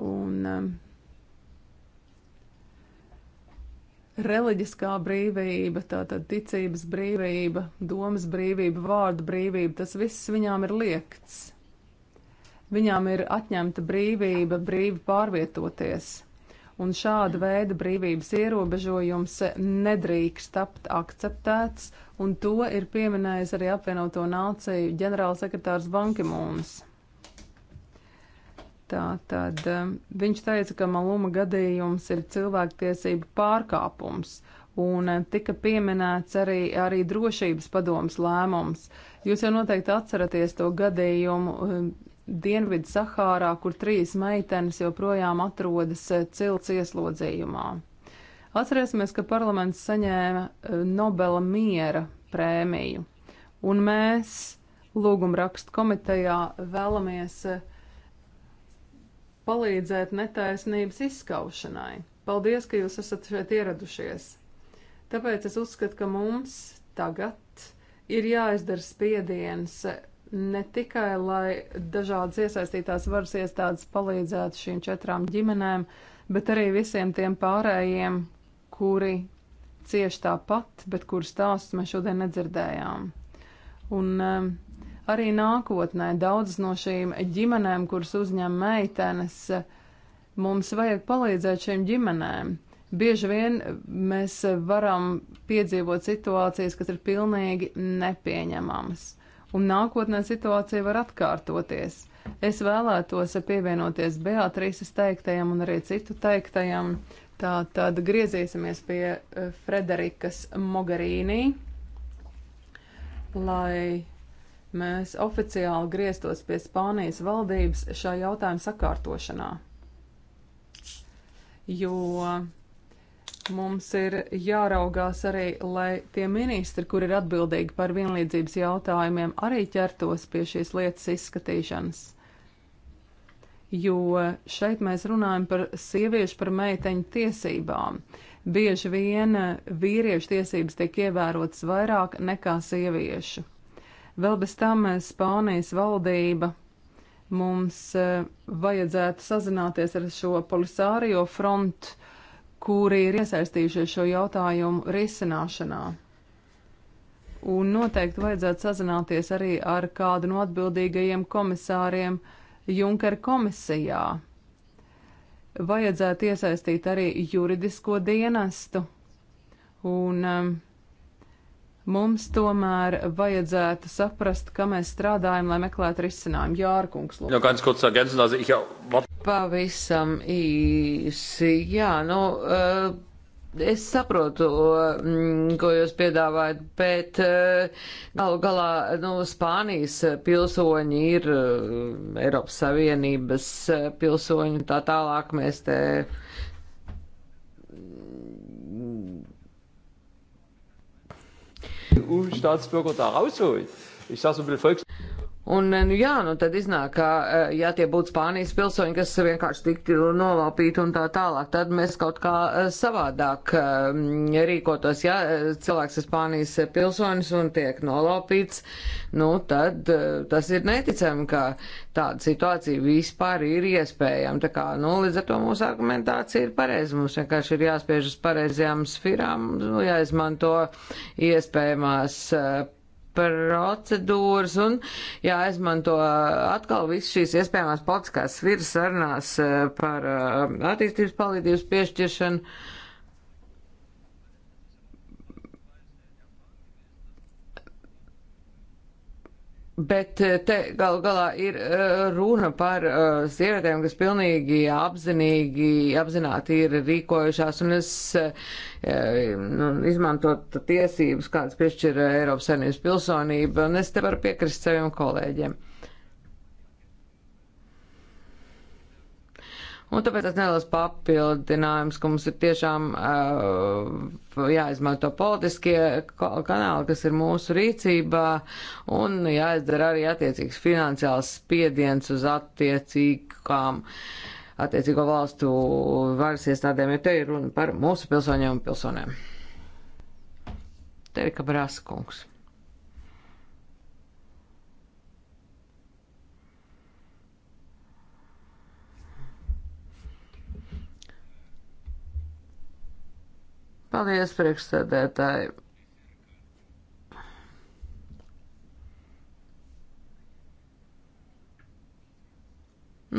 Un, um, reliģiskā brīvība, tātad ticības brīvība, domas brīvība, vārdu brīvība, tas viss viņām ir liekts. Viņām ir atņemta brīvība brīvi pārvietoties, un šāda veida brīvības ierobežojums nedrīkst tapt akceptēts, un to ir pieminējis arī apvienoto nāciju ģenerālsekretārs Bankimūns. Tā tad eh, viņš teica, ka Maluma gadījums ir cilvēktiesību pārkāpums, un eh, tika pieminēts arī, arī drošības padomas lēmums. Jūs jau noteikti atceraties to gadījumu eh, Dienvidu Sahārā, kur trīs meitenes joprojām atrodas cilts ieslodzījumā. Atcerēsimies, ka parlaments saņēma Nobela miera prēmiju, un mēs lūgumrakstu komitejā vēlamies uh, palīdzēt netaisnības izskaušanai. Paldies, ka jūs esat šeit ieradušies. Tāpēc es uzskatu, ka mums tagad ir jāizdara spiediens ne tikai, lai dažādas iesaistītās varas iestādes palīdzētu šīm četrām ģimenēm, bet arī visiem tiem pārējiem, kuri cieši tāpat, bet kuru stāstu mēs šodien nedzirdējām. Un um, Arī nākotnē daudzas no šīm ģimenēm, kuras uzņem meitenes, mums vajag palīdzēt šīm ģimenēm. Bieži vien mēs varam piedzīvot situācijas, kas ir pilnīgi nepieņemamas, un nākotnē situācija var atkārtoties. Es vēlētos pievienoties Beatrices teiktajam un arī citu teiktajam. Tā tad griezīsimies pie eh, Frederikas Mogarīnī, lai mēs oficiāli grieztos pie Spānijas valdības šā jautājuma sakārtošanā. Jo mums ir jāraugās arī, lai tie ministri, kur ir atbildīgi par vienlīdzības jautājumiem, arī ķertos pie šīs lietas izskatīšanas. Jo šeit mēs runājam par sieviešu, par meiteņu tiesībām. Bieži vien vīriešu tiesības tiek ievērotas vairāk nekā sieviešu. Vēl bez tam eh, Spānijas valdība mums eh, vajadzētu sazināties ar šo polisārio frontu, kuri ir iesaistījušies šo jautājumu risināšanā. Un noteikti vajadzētu sazināties arī ar kādu no atbildīgajiem komisāriem Junker komisijā. Vajadzētu iesaistīt arī juridisko dienestu. Un um, Mums tomēr vajadzētu saprast, ka mēs strādājam, lai meklētu risinājumu. Jārkungs, lūdzu. Pavisam īsi, jā, nu, eh, es saprotu, mm, ko jūs piedāvājat, bet eh, galu galā, nu, Spānijas pilsoņi ir eh, Eiropas Savienības pilsoņi, tā tālāk mēs te EU-Staatsbürger da rausholt. Ich sage so ein bisschen Volks... Un, eh, nu, jā, nu tad iznāk, ka, eh, ja tie būtu Spānijas pilsoņi, kas vienkārši tiktu novalpīti un tā tālāk, tad mēs kaut kā eh, savādāk rīkotos. Ja cilvēks ir Spānijas pilsonis un tiek novalpīts, nu tad tas ir neticami, ka tāda situācija vispār ir iespējama. Tā kā, nu, līdz ar to mūsu argumentācija ir pareiza. Mums vienkārši ir jāspiež uz pareizajām sfirām, nu, jāizmanto iespējamās procedūras un jāizmanto atkal visas šīs iespējamās politiskās sviras sarunās eh, par eh, attīstības palīdzības piešķiršanu. Bet eh, te gal galā ir eh, runa par eh, sievietēm, kas pilnīgi apzinīgi, apzināti ir rīkojušās, un es nu, izmantot tiesības, kādas piešķir Eiropas Savienības pilsonība, un es te varu piekrist saviem kolēģiem. Un tāpēc tas neliels papildinājums, ka mums ir tiešām uh, jāizmanto politiskie kanāli, kas ir mūsu rīcībā, un jāizdara arī attiecīgs finansiāls spiediens uz attiecīgām attiecīgo valstu varas iestādēm, jo te ir runa par mūsu pilsoņiem un pilsonēm. Terika Braskungs. Paldies, priekšsēdētāji!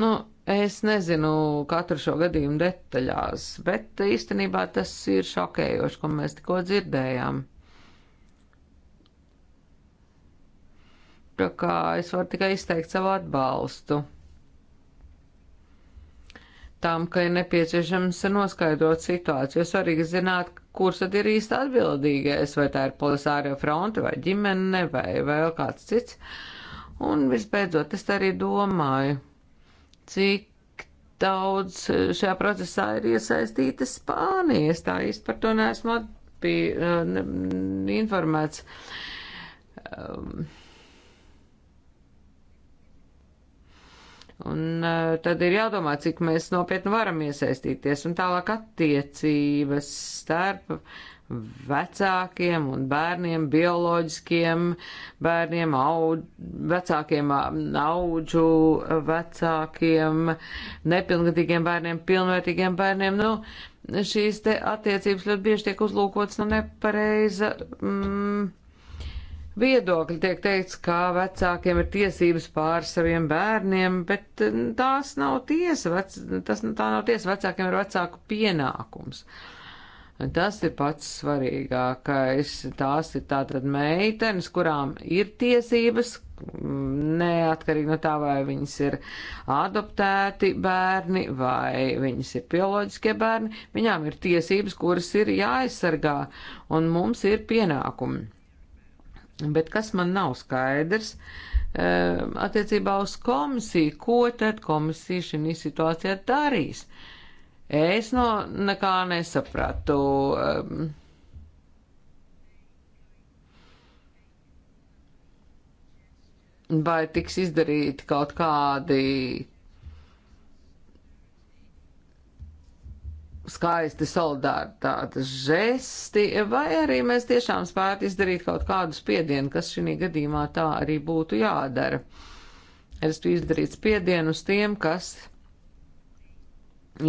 Nu, es nezinu katru šo gadījumu detaļās, bet īstenībā tas ir šokējoši, ko mēs tikko dzirdējām. Tā kā es varu tikai izteikt savu atbalstu tam, ka ir nepieciešams noskaidrot situāciju. Svarīgi zināt, kurš tad ir īsti atbildīgais, vai tā ir polisārio fronte, vai ģimene, vai, vai vēl kāds cits. Un visbeidzot, es arī domāju, cik daudz šajā procesā ir iesaistīta Spānija. Es tā īsti par to neesmu atbī, ne, informēts. Um, Un uh, tad ir jādomā, cik mēs nopietni varam iesaistīties un tālāk attiecības starp vecākiem un bērniem, bioloģiskiem bērniem, aud, vecākiem audžu vecākiem, nepilngadīgiem bērniem, pilnvērtīgiem bērniem. Nu, šīs te attiecības ļoti bieži tiek uzlūkots no nu, nepareiza. Mm, viedokļi. Tiek teikts, ka vecākiem ir tiesības pār saviem bērniem, bet eh, tās nav tiesa. Vec, tas, tā nav tiesa. Vecākiem ir vecāku pienākums. Tas ir pats svarīgākais. Tās ir tātad meitenes, kurām ir tiesības, mm, neatkarīgi no tā, vai viņas ir adoptēti bērni vai viņas ir bioloģiskie bērni. Viņām ir tiesības, kuras ir jāaizsargā, un mums ir pienākumi. Bet kas man nav skaidrs, eh, attiecībā uz komisiju, ko tad komisija šī situācijā darīs? Es no nekā nesapratu. Eh, vai tiks izdarīti kaut kādi skaisti solidaritātes žesti, vai arī mēs tiešām spētu izdarīt kaut kādu spiedienu, kas šī gadījumā tā arī būtu jādara. Es tu izdarīt spiedienu uz tiem, kas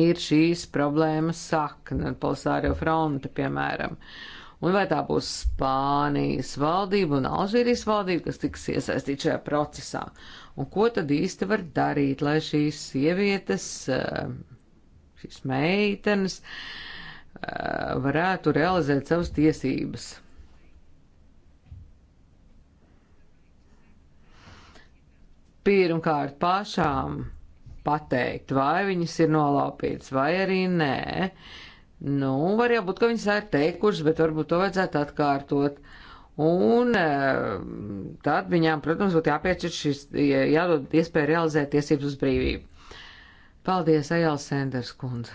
ir šīs problēmas sakna, Polsārio fronte, piemēram. Un vai tā būs Spānijas valdība un Alžīrijas valdība, kas tiks iesaistīt šajā procesā? Un ko tad īsti var darīt, lai šīs sievietes uh, šīs meitenes varētu realizēt savas tiesības. Pirmkārt, pašām pateikt, vai viņas ir nolaupītas, vai arī nē. Nu, var jau būt, ka viņas ir teikušas, bet varbūt to vajadzētu atkārtot. Un tad viņām, protams, būtu jāpiešķir šis, jādod iespēja realizēt tiesības uz brīvību. Paldies, Ajāl Sanders kundze.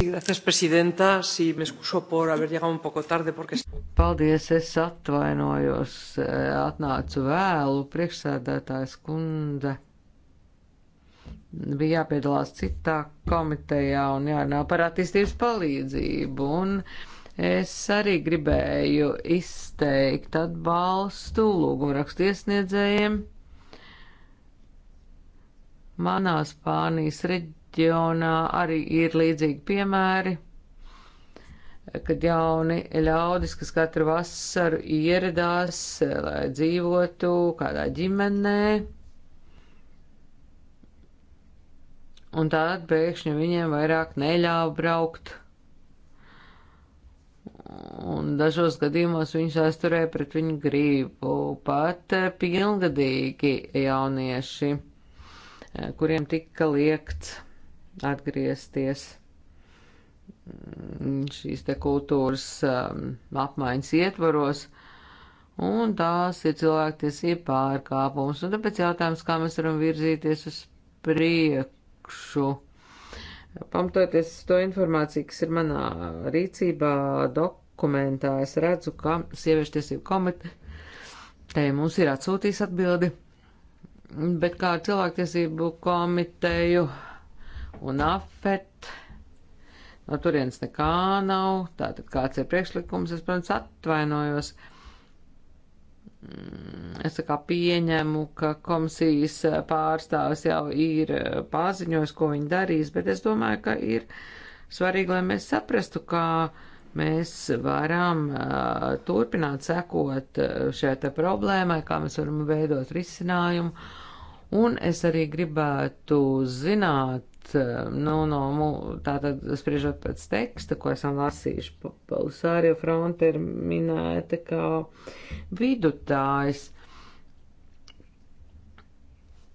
Gracias, presidenta. Sí, me excuso por haber llegado un poco tarde porque... Paldies, es atvainojos, eh, atnācu vēlu, priekšsēdētājs kundze. Bija jāpiedalās citā komitejā un jārunā par attīstības palīdzību. Un es arī gribēju izteikt atbalstu lūgumu rakstu iesniedzējiem manā Spānijas reģionā reģionā arī ir līdzīgi piemēri, kad jauni ļaudis, kas katru vasaru ieradās, lai dzīvotu kādā ģimenē, un tad pēkšņi viņiem vairāk neļāva braukt. Un dažos gadījumos viņš aizturēja pret viņu grību, pat pilngadīgi jaunieši, kuriem tika liekts atgriezties mm, šīs te kultūras um, apmaiņas ietvaros, un tās ir cilvēktiesība pārkāpums. Un tāpēc jautājums, kā mēs varam virzīties uz priekšu. Pamatoties to informāciju, kas ir manā rīcībā dokumentā, es redzu, ka sieviešu tiesību komiteja mums ir atsūtījis atbildi, bet kā cilvēktiesību komiteju un afet. No turienes nekā nav. Tātad kāds ir priekšlikums, es, protams, atvainojos. Mm, es tā kā pieņemu, ka komisijas pārstāvis jau ir paziņojis, ko viņi darīs, bet es domāju, ka ir svarīgi, lai mēs saprastu, kā mēs varam uh, turpināt sekot šai te problēmai, kā mēs varam veidot risinājumu. Un es arī gribētu zināt, Eh, nu, no, mu, tātad, spriežot pēc teksta, ko esam lasījuši, Pausārija fronte ir minēta kā vidutājs.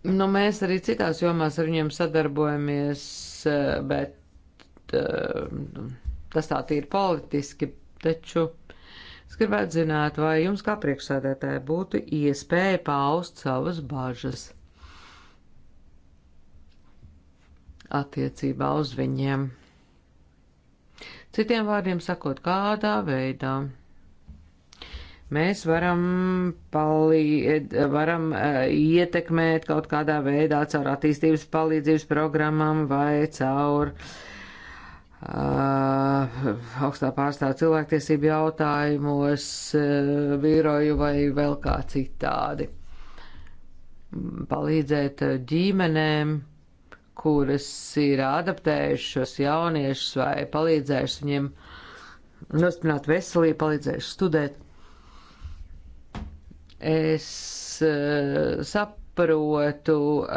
Nu, mēs arī citās jomās ar viņiem sadarbojamies, eh, bet eh, nu, tas tā ir politiski, taču es gribētu zināt, vai jums kā priekšsēdētāji būtu iespēja paust savas bažas. attiecībā uz viņiem. Citiem vārdiem sakot, kādā veidā mēs varam, palied, varam e, ietekmēt kaut kādā veidā caur attīstības palīdzības programmām vai caur uh, augstā pārstāvja cilvēktiesību jautājumos, uh, vīroju vai vēl kā citādi. Palīdzēt ģimenēm, uh, kuras ir adaptējušas jauniešus vai palīdzējušas viņiem nostiprināt veselību, palīdzējušas studēt. Es uh, saprotu, uh,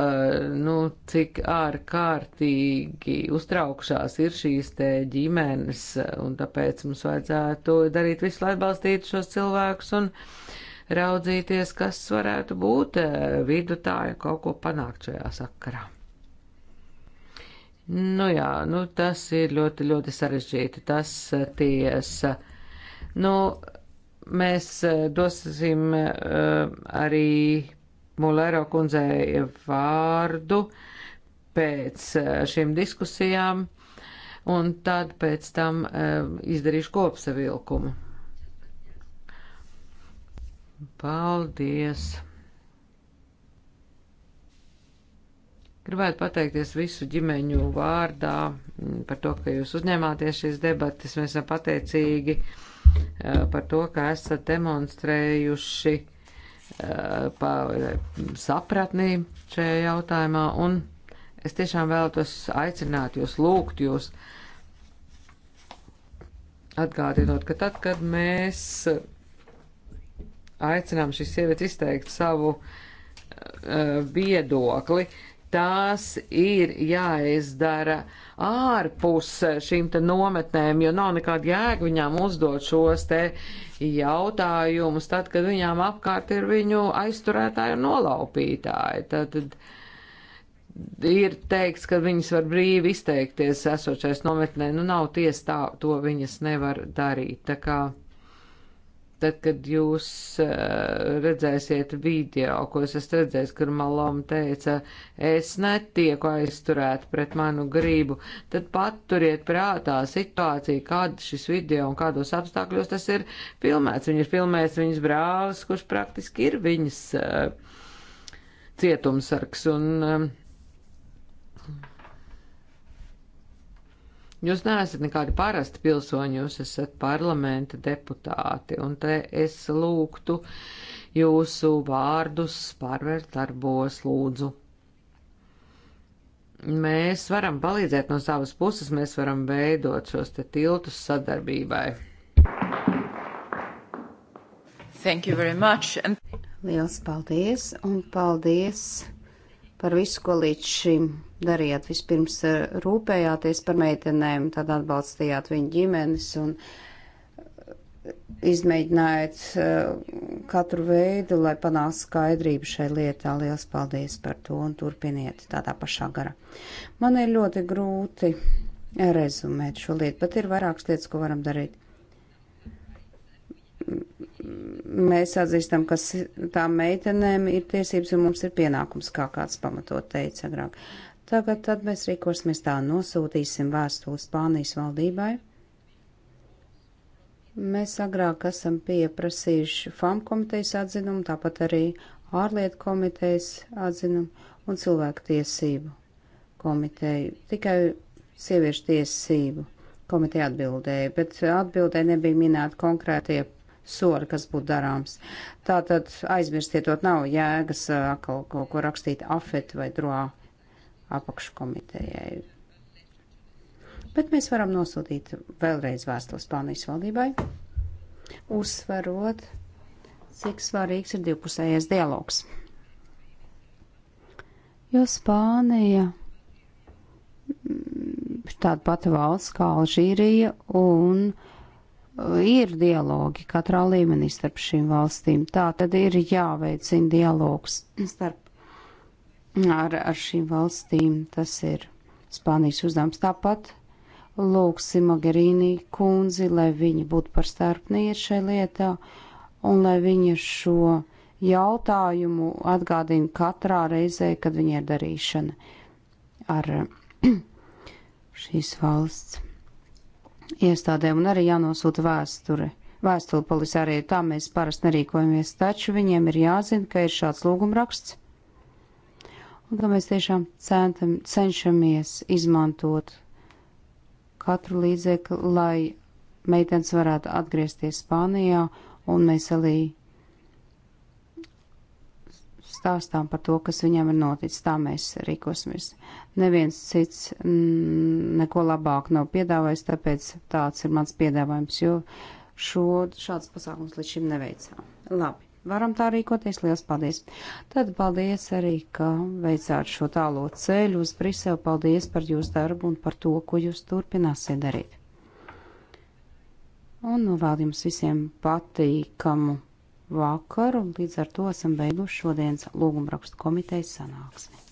nu, cik ārkārtīgi uztraukšās ir šīs te ģimenes, eh, un tāpēc mums vajadzētu darīt visu, lai atbalstītu šos cilvēkus un raudzīties, kas varētu būt uh, vidutāja kaut ko panākt šajā sakarā. Nu jā, nu tas ir ļoti, ļoti sarežģīti, tas eh, tiesa. Nu, mēs eh, dosim eh, arī Mulero kundzei vārdu pēc šīm diskusijām, un tad pēc tam izdarīšu kopsavilkumu. Paldies! Gribētu pateikties visu ģimeņu vārdā mm, par to, ka jūs uzņēmāties šīs debatas. Mēs esam pateicīgi eh, par to, ka esat demonstrējuši eh, pa, sapratnī šajā jautājumā. Un es tiešām vēlētos aicināt jūs, lūgt jūs, atgādinot, ka tad, kad mēs aicinām šīs sievietes izteikt savu eh, viedokli, uh, tās ir jāizdara ārpus šīm te nometnēm, jo nav nekāda jēga viņām uzdot šos te jautājumus, tad, kad viņām apkārt ir viņu aizturētāji un nolaupītāji. Tad, tad ir teiks, ka viņas var brīvi izteikties esošais nometnē, nu nav tiesa tā, to viņas nevar darīt. Tā kā Tad, kad jūs eh, redzēsiet video, ko es esmu redzējis, kur Malom teica, es netieku aizturēt pret manu gribu, tad paturiet prātā situāciju, kāda šis video un kādos apstākļos tas ir filmēts. Viņš ir filmēts viņas brālis, kurš praktiski ir viņas eh, cietumsargs. Un, eh, Jūs neesat nekādi parasti pilsoņi, jūs esat parlamenta deputāti, un te es lūgtu jūsu vārdus pārvērt darbos, lūdzu. Mēs varam palīdzēt no savas puses, mēs varam veidot šos te tiltus sadarbībai. Thank you very much. And... Liels paldies un paldies par visu, ko līdz šim darījāt? Vispirms eh, rūpējāties par meitenēm, tad atbalstījāt viņu ģimenes un eh, izmēģinājāt eh, katru veidu, lai panāks skaidrību šai lietā. Lielas paldies par to un turpiniet tādā pašā gara. Man ir ļoti grūti rezumēt šo lietu, bet ir vairākas lietas, ko varam darīt mēs atzīstam, ka tām meitenēm ir tiesības un mums ir pienākums, kā kāds pamatot teica agrāk. Uh, Tagad tad mēs rīkosimies tā, nosūtīsim vēstuli Spānijas valdībai. Mēs agrāk esam pieprasījuši FAM komitejas atzinumu, tāpat arī ārlietu komitejas atzinumu un cilvēku tiesību komiteju. Tikai sieviešu tiesību komiteja atbildēja, bet atbildē nebija minēti konkrētie soli, kas būtu darāms. Tātad aizmirstiet, to nav jēgas atkal kaut ko rakstīt afet vai droā apakškomitejai. Bet mēs varam nosūtīt vēlreiz vēstules Spānijas valdībai, uzsverot, cik svarīgs ir divpusējais dialogs. Jo Spānija ir mm, tāda pati valsts kā Alžīrija un uh, ir dialogi katrā līmenī starp šīm valstīm. Tā tad ir jāveicina dialogs starp ar, ar šīm valstīm. Tas ir Spānijas uzdevums tāpat. Lūksim Mogherini kundzi, lai viņa būtu par starpnieci šai lietā un lai viņa šo jautājumu atgādina katrā reizē, kad viņa ir darīšana ar <clears throat> šīs valsts iestādēm un arī jānosūta vēsture. Vēstule polisārijai tā mēs parasti nerīkojamies, taču viņiem ir jāzina, ka ir šāds lūgumraksts un ka mēs tiešām centam, cenšamies izmantot katru līdzekli, lai meitenes varētu atgriezties Spānijā, un mēs arī stāstām par to, kas viņam ir noticis. Tā mēs rīkosimies. Neviens cits m, mm, neko labāk nav piedāvājis, tāpēc tāds ir mans piedāvājums, jo šo, šāds pasākums līdz šim neveicām. Labi varam tā rīkoties. Lielas paldies! Tad paldies arī, ka veicāt šo tālo ceļu uz Briselu. Paldies par jūsu darbu un par to, ko jūs turpināsiet darīt. Un novēl jums visiem patīkamu vakaru. Līdz ar to esam beiguši šodienas lūgumrakstu komitejas sanāksmi.